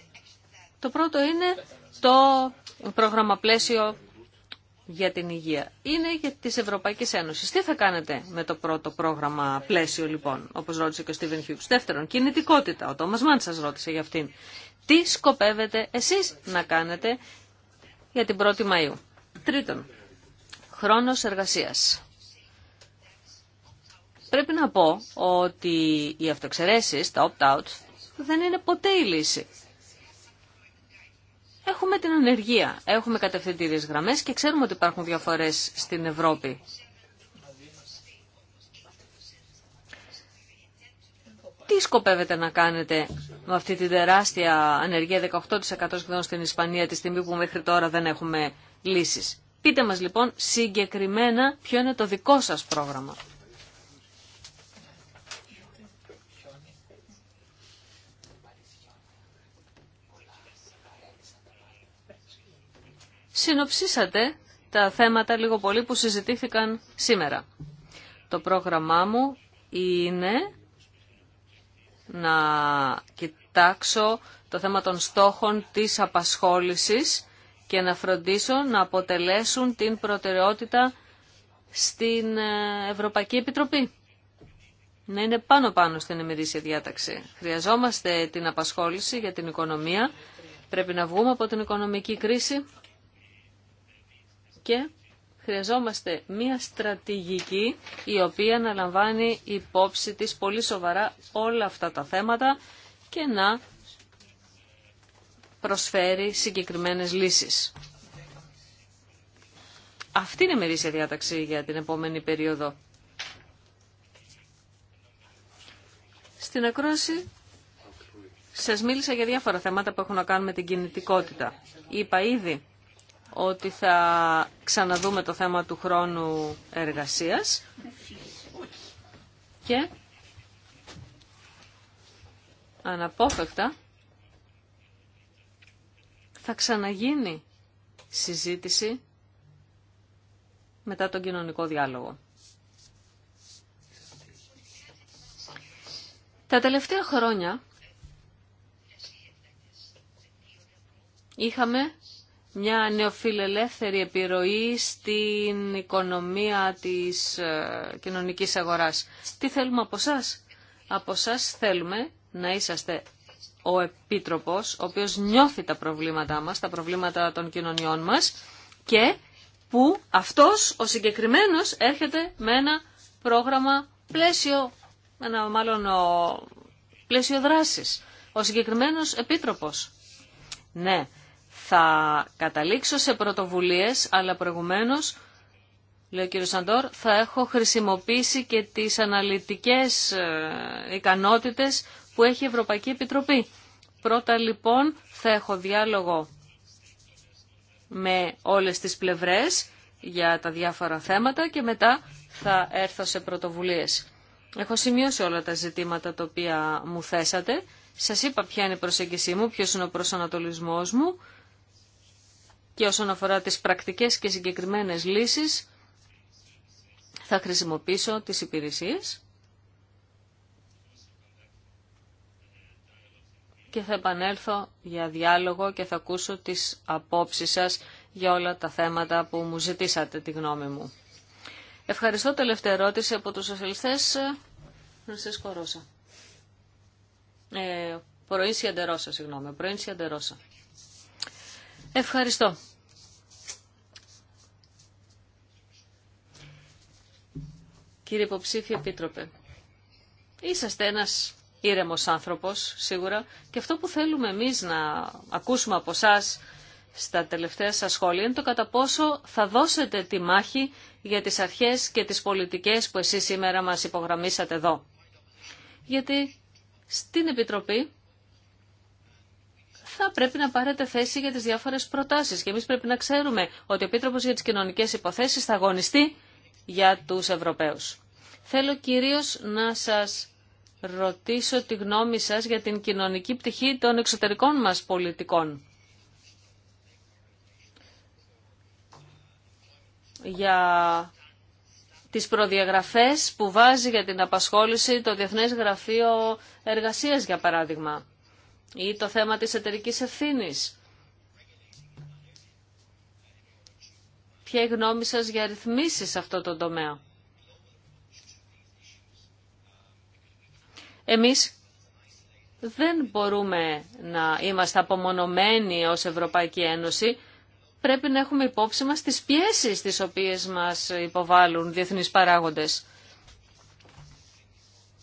Το πρώτο είναι το πρόγραμμα πλαίσιο για την υγεία είναι για τις Ευρωπαϊκές Ένωσης. Τι θα κάνετε με το πρώτο πρόγραμμα πλαίσιο λοιπόν, όπως ρώτησε και ο Στίβεν Χιούξ. Δεύτερον, κινητικότητα. Ο Τόμας Μάντ σας ρώτησε για αυτήν. Τι σκοπεύετε εσείς να κάνετε για την 1η Μαΐου. Τρίτον, χρόνος εργασίας. Πρέπει να πω ότι οι αυτοξαιρέσεις, τα opt-out, δεν είναι ποτέ η λύση. Έχουμε την ανεργία, έχουμε κατευθυντήριες γραμμές και ξέρουμε ότι υπάρχουν διαφορές στην Ευρώπη. Τι σκοπεύετε να κάνετε με αυτή την τεράστια ανεργία 18% σχεδόν στην Ισπανία τη στιγμή που μέχρι τώρα δεν έχουμε λύσεις. Πείτε μας λοιπόν συγκεκριμένα ποιο είναι το δικό σας πρόγραμμα. συνοψίσατε τα θέματα λίγο πολύ που συζητήθηκαν σήμερα. Το πρόγραμμά μου είναι να κοιτάξω το θέμα των στόχων της απασχόλησης και να φροντίσω να αποτελέσουν την προτεραιότητα στην ε, Ευρωπαϊκή Επιτροπή. Να είναι πάνω-πάνω στην ημερήσια διάταξη. Χρειαζόμαστε την απασχόληση για την οικονομία. Πρέπει να βγούμε από την οικονομική κρίση και χρειαζόμαστε μία στρατηγική η οποία να λαμβάνει υπόψη της πολύ σοβαρά όλα αυτά τα θέματα και να προσφέρει συγκεκριμένες λύσεις. Αυτή είναι η μερίσια διάταξη για την επόμενη περίοδο. Στην ακρόση σας μίλησα για διάφορα θέματα που έχουν να κάνουν με την κινητικότητα. Είπα ήδη ότι θα ξαναδούμε το θέμα του χρόνου εργασίας και αναπόφευκτα θα ξαναγίνει συζήτηση μετά τον κοινωνικό διάλογο. Τα τελευταία χρόνια είχαμε μια νεοφιλελεύθερη επιρροή στην οικονομία της ε, κοινωνικής αγοράς. Τι θέλουμε από εσά. Από εσά θέλουμε να είσαστε ο Επίτροπος, ο οποίος νιώθει τα προβλήματά μας, τα προβλήματα των κοινωνιών μας και που αυτός ο συγκεκριμένος έρχεται με ένα πρόγραμμα πλαίσιο, ένα μάλλον πλαίσιο δράσης. Ο συγκεκριμένος Επίτροπος. Ναι, θα καταλήξω σε πρωτοβουλίες, αλλά προηγουμένως, λέει ο κύριος Σαντόρ, θα έχω χρησιμοποιήσει και τις αναλυτικές ε, ικανότητες που έχει η Ευρωπαϊκή Επιτροπή. Πρώτα λοιπόν θα έχω διάλογο με όλες τις πλευρές για τα διάφορα θέματα και μετά θα έρθω σε πρωτοβουλίες. Έχω σημειώσει όλα τα ζητήματα τα οποία μου θέσατε. Σας είπα ποια είναι η προσέγγιση μου, ποιος είναι ο προσανατολισμός μου και όσον αφορά τις πρακτικές και συγκεκριμένες λύσεις θα χρησιμοποιήσω τις υπηρεσίες και θα επανέλθω για διάλογο και θα ακούσω τις απόψεις σας για όλα τα θέματα που μου ζητήσατε τη γνώμη μου. Ευχαριστώ τελευταία ερώτηση από τους σοσιαλιστές Φρανσίσκο Ρώσα. Ε, Προήνση Αντερώσα, συγγνώμη. Προήνση Ευχαριστώ. Κύριε υποψήφιε επίτροπε, είσαστε ένας ήρεμος άνθρωπος σίγουρα και αυτό που θέλουμε εμείς να ακούσουμε από εσά στα τελευταία σας σχόλια είναι το κατά πόσο θα δώσετε τη μάχη για τις αρχές και τις πολιτικές που εσείς σήμερα μας υπογραμμίσατε εδώ. Γιατί στην Επιτροπή θα πρέπει να πάρετε θέση για τις διάφορες προτάσεις. Και εμείς πρέπει να ξέρουμε ότι ο επίτροπο για τις Κοινωνικές Υποθέσεις θα αγωνιστεί για τους Ευρωπαίους. Θέλω κυρίω να σας ρωτήσω τη γνώμη σας για την κοινωνική πτυχή των εξωτερικών μας πολιτικών. Για τις προδιαγραφές που βάζει για την απασχόληση το Διεθνές Γραφείο Εργασίας, για παράδειγμα ή το θέμα της εταιρικής ευθύνης. Ποια είναι η γνώμη σας για ρυθμίσεις σε αυτό το τομέα. Εμείς δεν μπορούμε να είμαστε απομονωμένοι ως Ευρωπαϊκή Ένωση. Πρέπει να έχουμε υπόψη μας τις πιέσεις τις οποίες μας υποβάλλουν διεθνείς παράγοντες.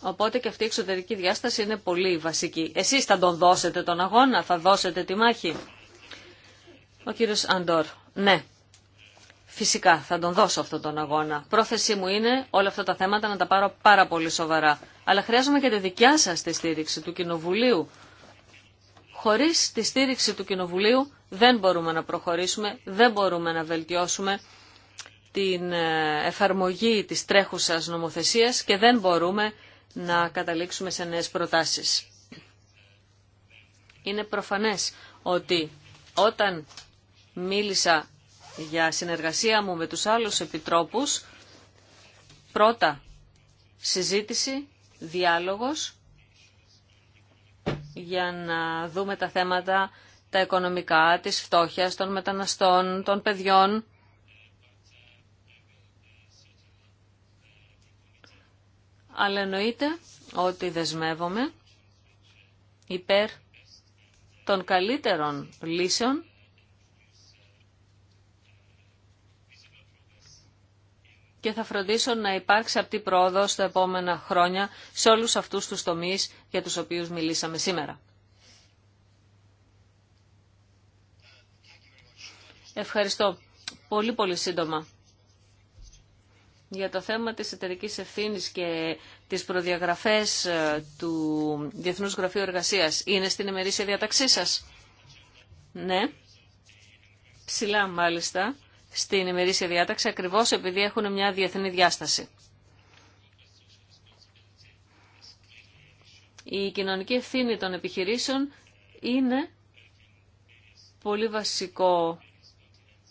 Οπότε και αυτή η εξωτερική διάσταση είναι πολύ βασική. Εσείς θα τον δώσετε τον αγώνα, θα δώσετε τη μάχη. Ο κύριος Αντόρ, ναι, φυσικά θα τον δώσω αυτόν τον αγώνα. Πρόθεσή μου είναι όλα αυτά τα θέματα να τα πάρω πάρα πολύ σοβαρά. Αλλά χρειάζομαι και τη δικιά σας τη στήριξη του Κοινοβουλίου. Χωρίς τη στήριξη του Κοινοβουλίου δεν μπορούμε να προχωρήσουμε, δεν μπορούμε να βελτιώσουμε την ε, εφαρμογή της τρέχουσας νομοθεσίας και δεν μπορούμε να καταλήξουμε σε νέες προτάσεις. Είναι προφανές ότι όταν μίλησα για συνεργασία μου με τους άλλους επιτρόπους, πρώτα συζήτηση, διάλογος, για να δούμε τα θέματα τα οικονομικά, της φτώχειας, των μεταναστών, των παιδιών, αλλά εννοείται ότι δεσμεύομαι υπέρ των καλύτερων λύσεων και θα φροντίσω να υπάρξει αυτή πρόοδο στα επόμενα χρόνια σε όλους αυτούς τους τομείς για τους οποίους μιλήσαμε σήμερα. Ευχαριστώ. Πολύ πολύ σύντομα για το θέμα της εταιρικής ευθύνης και τις προδιαγραφές ε, του Διεθνούς Γραφείου Εργασίας είναι στην ημερήσια διαταξή σας. Ναι, ψηλά μάλιστα στην ημερήσια διάταξη ακριβώς επειδή έχουν μια διεθνή διάσταση. Η κοινωνική ευθύνη των επιχειρήσεων είναι πολύ βασικό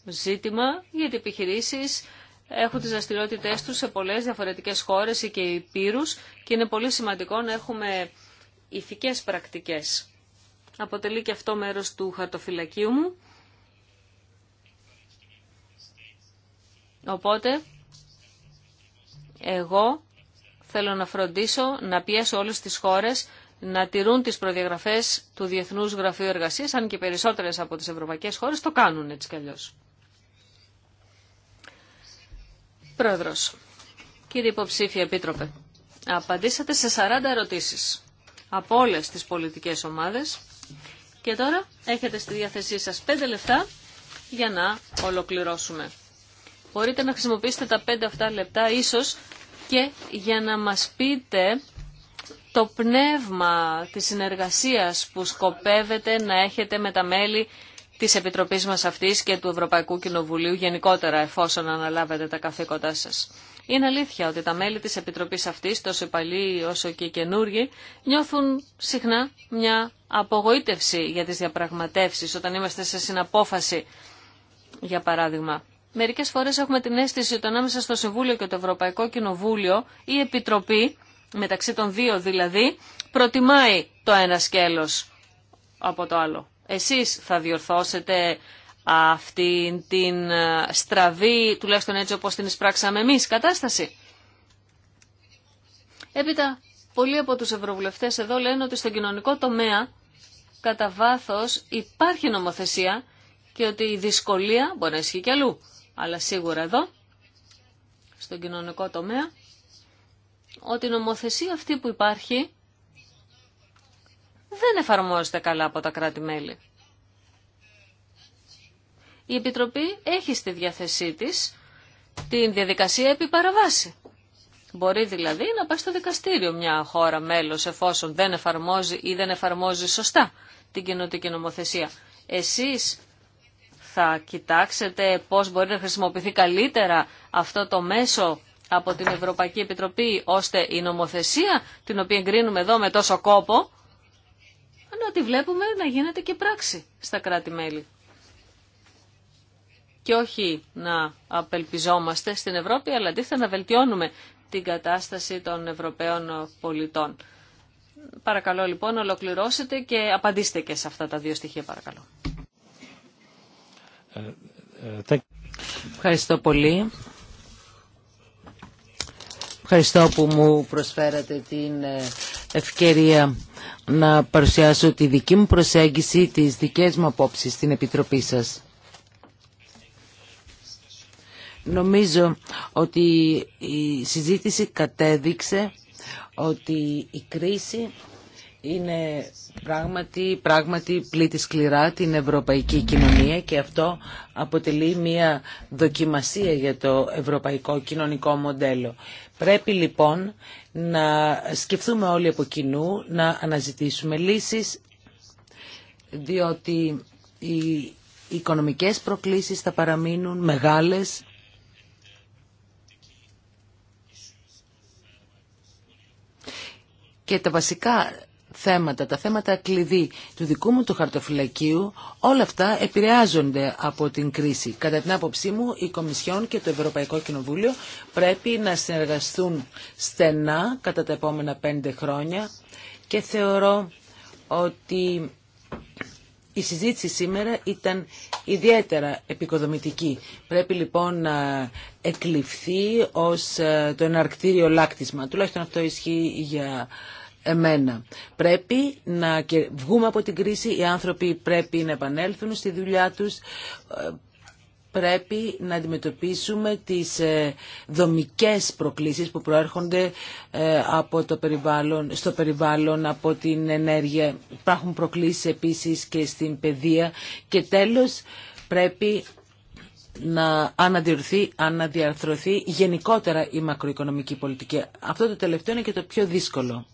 ζήτημα για τις επιχειρήσεις έχουν τις δραστηριότητε τους σε πολλές διαφορετικές χώρες ή και υπήρους και είναι πολύ σημαντικό να έχουμε ηθικές πρακτικές. Αποτελεί και αυτό μέρος του χαρτοφυλακίου μου. Οπότε, εγώ θέλω να φροντίσω να πιέσω όλες τις χώρες να τηρούν τις προδιαγραφές του Διεθνούς Γραφείου Εργασίας, αν και περισσότερες από τις ευρωπαϊκές χώρες το κάνουν έτσι κι αλλιώς. Πρόεδρος, κύριε υποψήφια επίτροπε, απαντήσατε σε 40 ερωτήσεις από όλες τις πολιτικές ομάδες και τώρα έχετε στη διάθεσή σας 5 λεπτά για να ολοκληρώσουμε. Μπορείτε να χρησιμοποιήσετε τα 5 αυτά λεπτά ίσως και για να μας πείτε το πνεύμα της συνεργασίας που σκοπεύετε να έχετε με τα μέλη της Επιτροπής μας αυτής και του Ευρωπαϊκού Κοινοβουλίου γενικότερα εφόσον αναλάβετε τα καθήκοντά σας. Είναι αλήθεια ότι τα μέλη της Επιτροπής αυτής, τόσο παλιοί όσο και καινούργοι, νιώθουν συχνά μια απογοήτευση για τις διαπραγματεύσεις όταν είμαστε σε συναπόφαση, για παράδειγμα. Μερικές φορές έχουμε την αίσθηση ότι ανάμεσα στο Συμβούλιο και το Ευρωπαϊκό Κοινοβούλιο η Επιτροπή, μεταξύ των δύο δηλαδή, προτιμάει το ένα σκέλος από το άλλο. Εσείς θα διορθώσετε αυτή την ε, στραβή, τουλάχιστον έτσι όπως την εισπράξαμε εμείς, κατάσταση. Έπειτα, πολλοί από τους ευρωβουλευτές εδώ λένε ότι στον κοινωνικό τομέα κατά βάθο υπάρχει νομοθεσία και ότι η δυσκολία μπορεί να ισχύει και αλλού. Αλλά σίγουρα εδώ, στον κοινωνικό τομέα, ότι η νομοθεσία αυτή που υπάρχει δεν εφαρμόζεται καλά από τα κράτη-μέλη. Η Επιτροπή έχει στη διάθεσή της την διαδικασία επί παραβάση. Μπορεί δηλαδή να πάει στο δικαστήριο μια χώρα μέλος εφόσον δεν εφαρμόζει ή δεν εφαρμόζει σωστά την κοινωτική νομοθεσία. Εσείς θα κοιτάξετε πώς μπορεί να χρησιμοποιηθεί καλύτερα αυτό το μέσο από την Ευρωπαϊκή Επιτροπή ώστε η νομοθεσία την οποία εγκρίνουμε εδώ με τόσο κόπο να τη βλέπουμε να γίνεται και πράξη στα κράτη-μέλη. Και όχι να απελπιζόμαστε στην Ευρώπη, αλλά αντίθετα να βελτιώνουμε την κατάσταση των Ευρωπαίων πολιτών. Παρακαλώ λοιπόν ολοκληρώσετε και απαντήστε και σε αυτά τα δύο στοιχεία παρακαλώ. Ε, ε, Ευχαριστώ πολύ. Ευχαριστώ που μου προσφέρατε την ε, ευκαιρία να παρουσιάσω τη δική μου προσέγγιση, τις δικές μου απόψεις στην Επιτροπή σας. Νομίζω ότι η συζήτηση κατέδειξε ότι η κρίση είναι πράγματι, πράγματι πλήττει σκληρά την ευρωπαϊκή κοινωνία και αυτό αποτελεί μια δοκιμασία για το ευρωπαϊκό κοινωνικό μοντέλο. Πρέπει λοιπόν να σκεφτούμε όλοι από κοινού, να αναζητήσουμε λύσεις, διότι οι οικονομικές προκλήσεις θα παραμείνουν μεγάλες και τα βασικά θέματα, τα θέματα κλειδί του δικού μου του χαρτοφυλακίου, όλα αυτά επηρεάζονται από την κρίση. Κατά την άποψή μου, η Κομισιόν και το Ευρωπαϊκό Κοινοβούλιο πρέπει να συνεργαστούν στενά κατά τα επόμενα πέντε χρόνια και θεωρώ ότι η συζήτηση σήμερα ήταν ιδιαίτερα επικοδομητική. Πρέπει λοιπόν να εκλειφθεί ως ε, το εναρκτήριο λάκτισμα. Τουλάχιστον αυτό ισχύει για εμένα. Πρέπει να βγούμε από την κρίση, οι άνθρωποι πρέπει να επανέλθουν στη δουλειά τους, ε, πρέπει να αντιμετωπίσουμε τις ε, δομικές προκλήσεις που προέρχονται ε, από το περιβάλλον, στο περιβάλλον, από την ενέργεια. Υπάρχουν προκλήσεις επίσης και στην παιδεία και τέλος πρέπει να αναδιορθεί, αναδιαρθρωθεί γενικότερα η μακροοικονομική πολιτική. Αυτό το τελευταίο είναι και το πιο δύσκολο.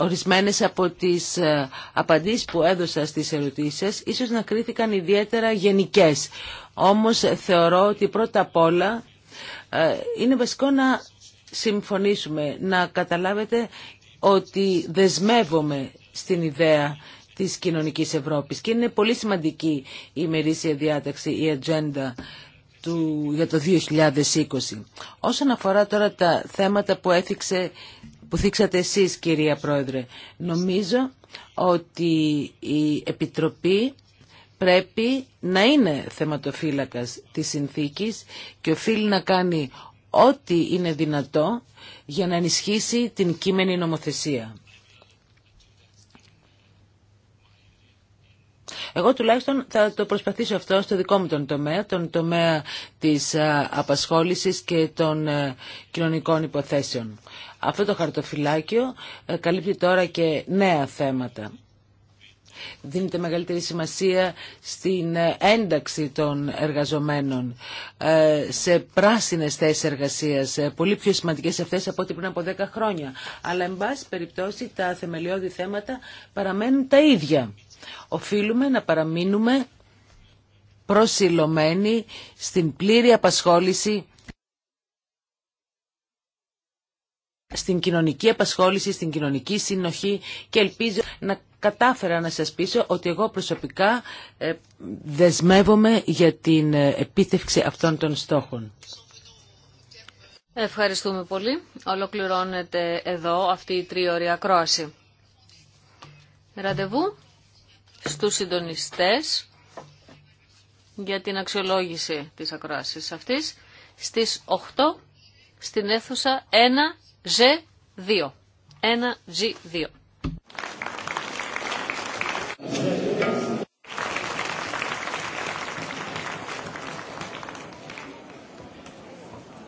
Ορισμένες από τις ε, απαντήσεις που έδωσα στις ερωτήσεις ίσως να κρίθηκαν ιδιαίτερα γενικές. Όμως ε, θεωρώ ότι πρώτα απ' όλα ε, είναι βασικό να συμφωνήσουμε, να καταλάβετε ότι δεσμεύομαι στην ιδέα της κοινωνικής Ευρώπης και είναι πολύ σημαντική η ημερήσια διάταξη, η ατζέντα του, για το 2020. Όσον αφορά τώρα τα θέματα που έθιξε που θίξατε εσείς κυρία Πρόεδρε. Νομίζω ότι η Επιτροπή πρέπει να είναι θεματοφύλακας της συνθήκης και οφείλει να κάνει ό,τι είναι δυνατό για να ενισχύσει την κείμενη νομοθεσία. Εγώ τουλάχιστον θα το προσπαθήσω αυτό στο δικό μου τον τομέα, τον τομέα της απασχόλησης και των ε, κοινωνικών υποθέσεων. Αυτό το χαρτοφυλάκιο ε, καλύπτει τώρα και νέα θέματα. Δίνεται μεγαλύτερη σημασία στην ε, ένταξη των εργαζομένων ε, σε πράσινες θέσεις εργασίας, πολύ πιο σημαντικές αυτές από ό,τι πριν από 10 χρόνια. Αλλά, εν πάση περιπτώσει, τα θεμελιώδη θέματα παραμένουν τα ίδια. Οφείλουμε να παραμείνουμε προσιλωμένοι στην πλήρη απασχόληση στην κοινωνική απασχόληση, στην κοινωνική συνοχή και ελπίζω να κατάφερα να σας πείσω ότι εγώ προσωπικά ε, δεσμεύομαι για την ε, επίτευξη αυτών των στόχων. Ευχαριστούμε πολύ. Ολοκληρώνεται εδώ αυτή η τρίωρη ακρόαση. Ραντεβού στους συντονιστές για την αξιολόγηση της ακρόασης αυτής στις 8 στην αίθουσα 1 G2. 1G2.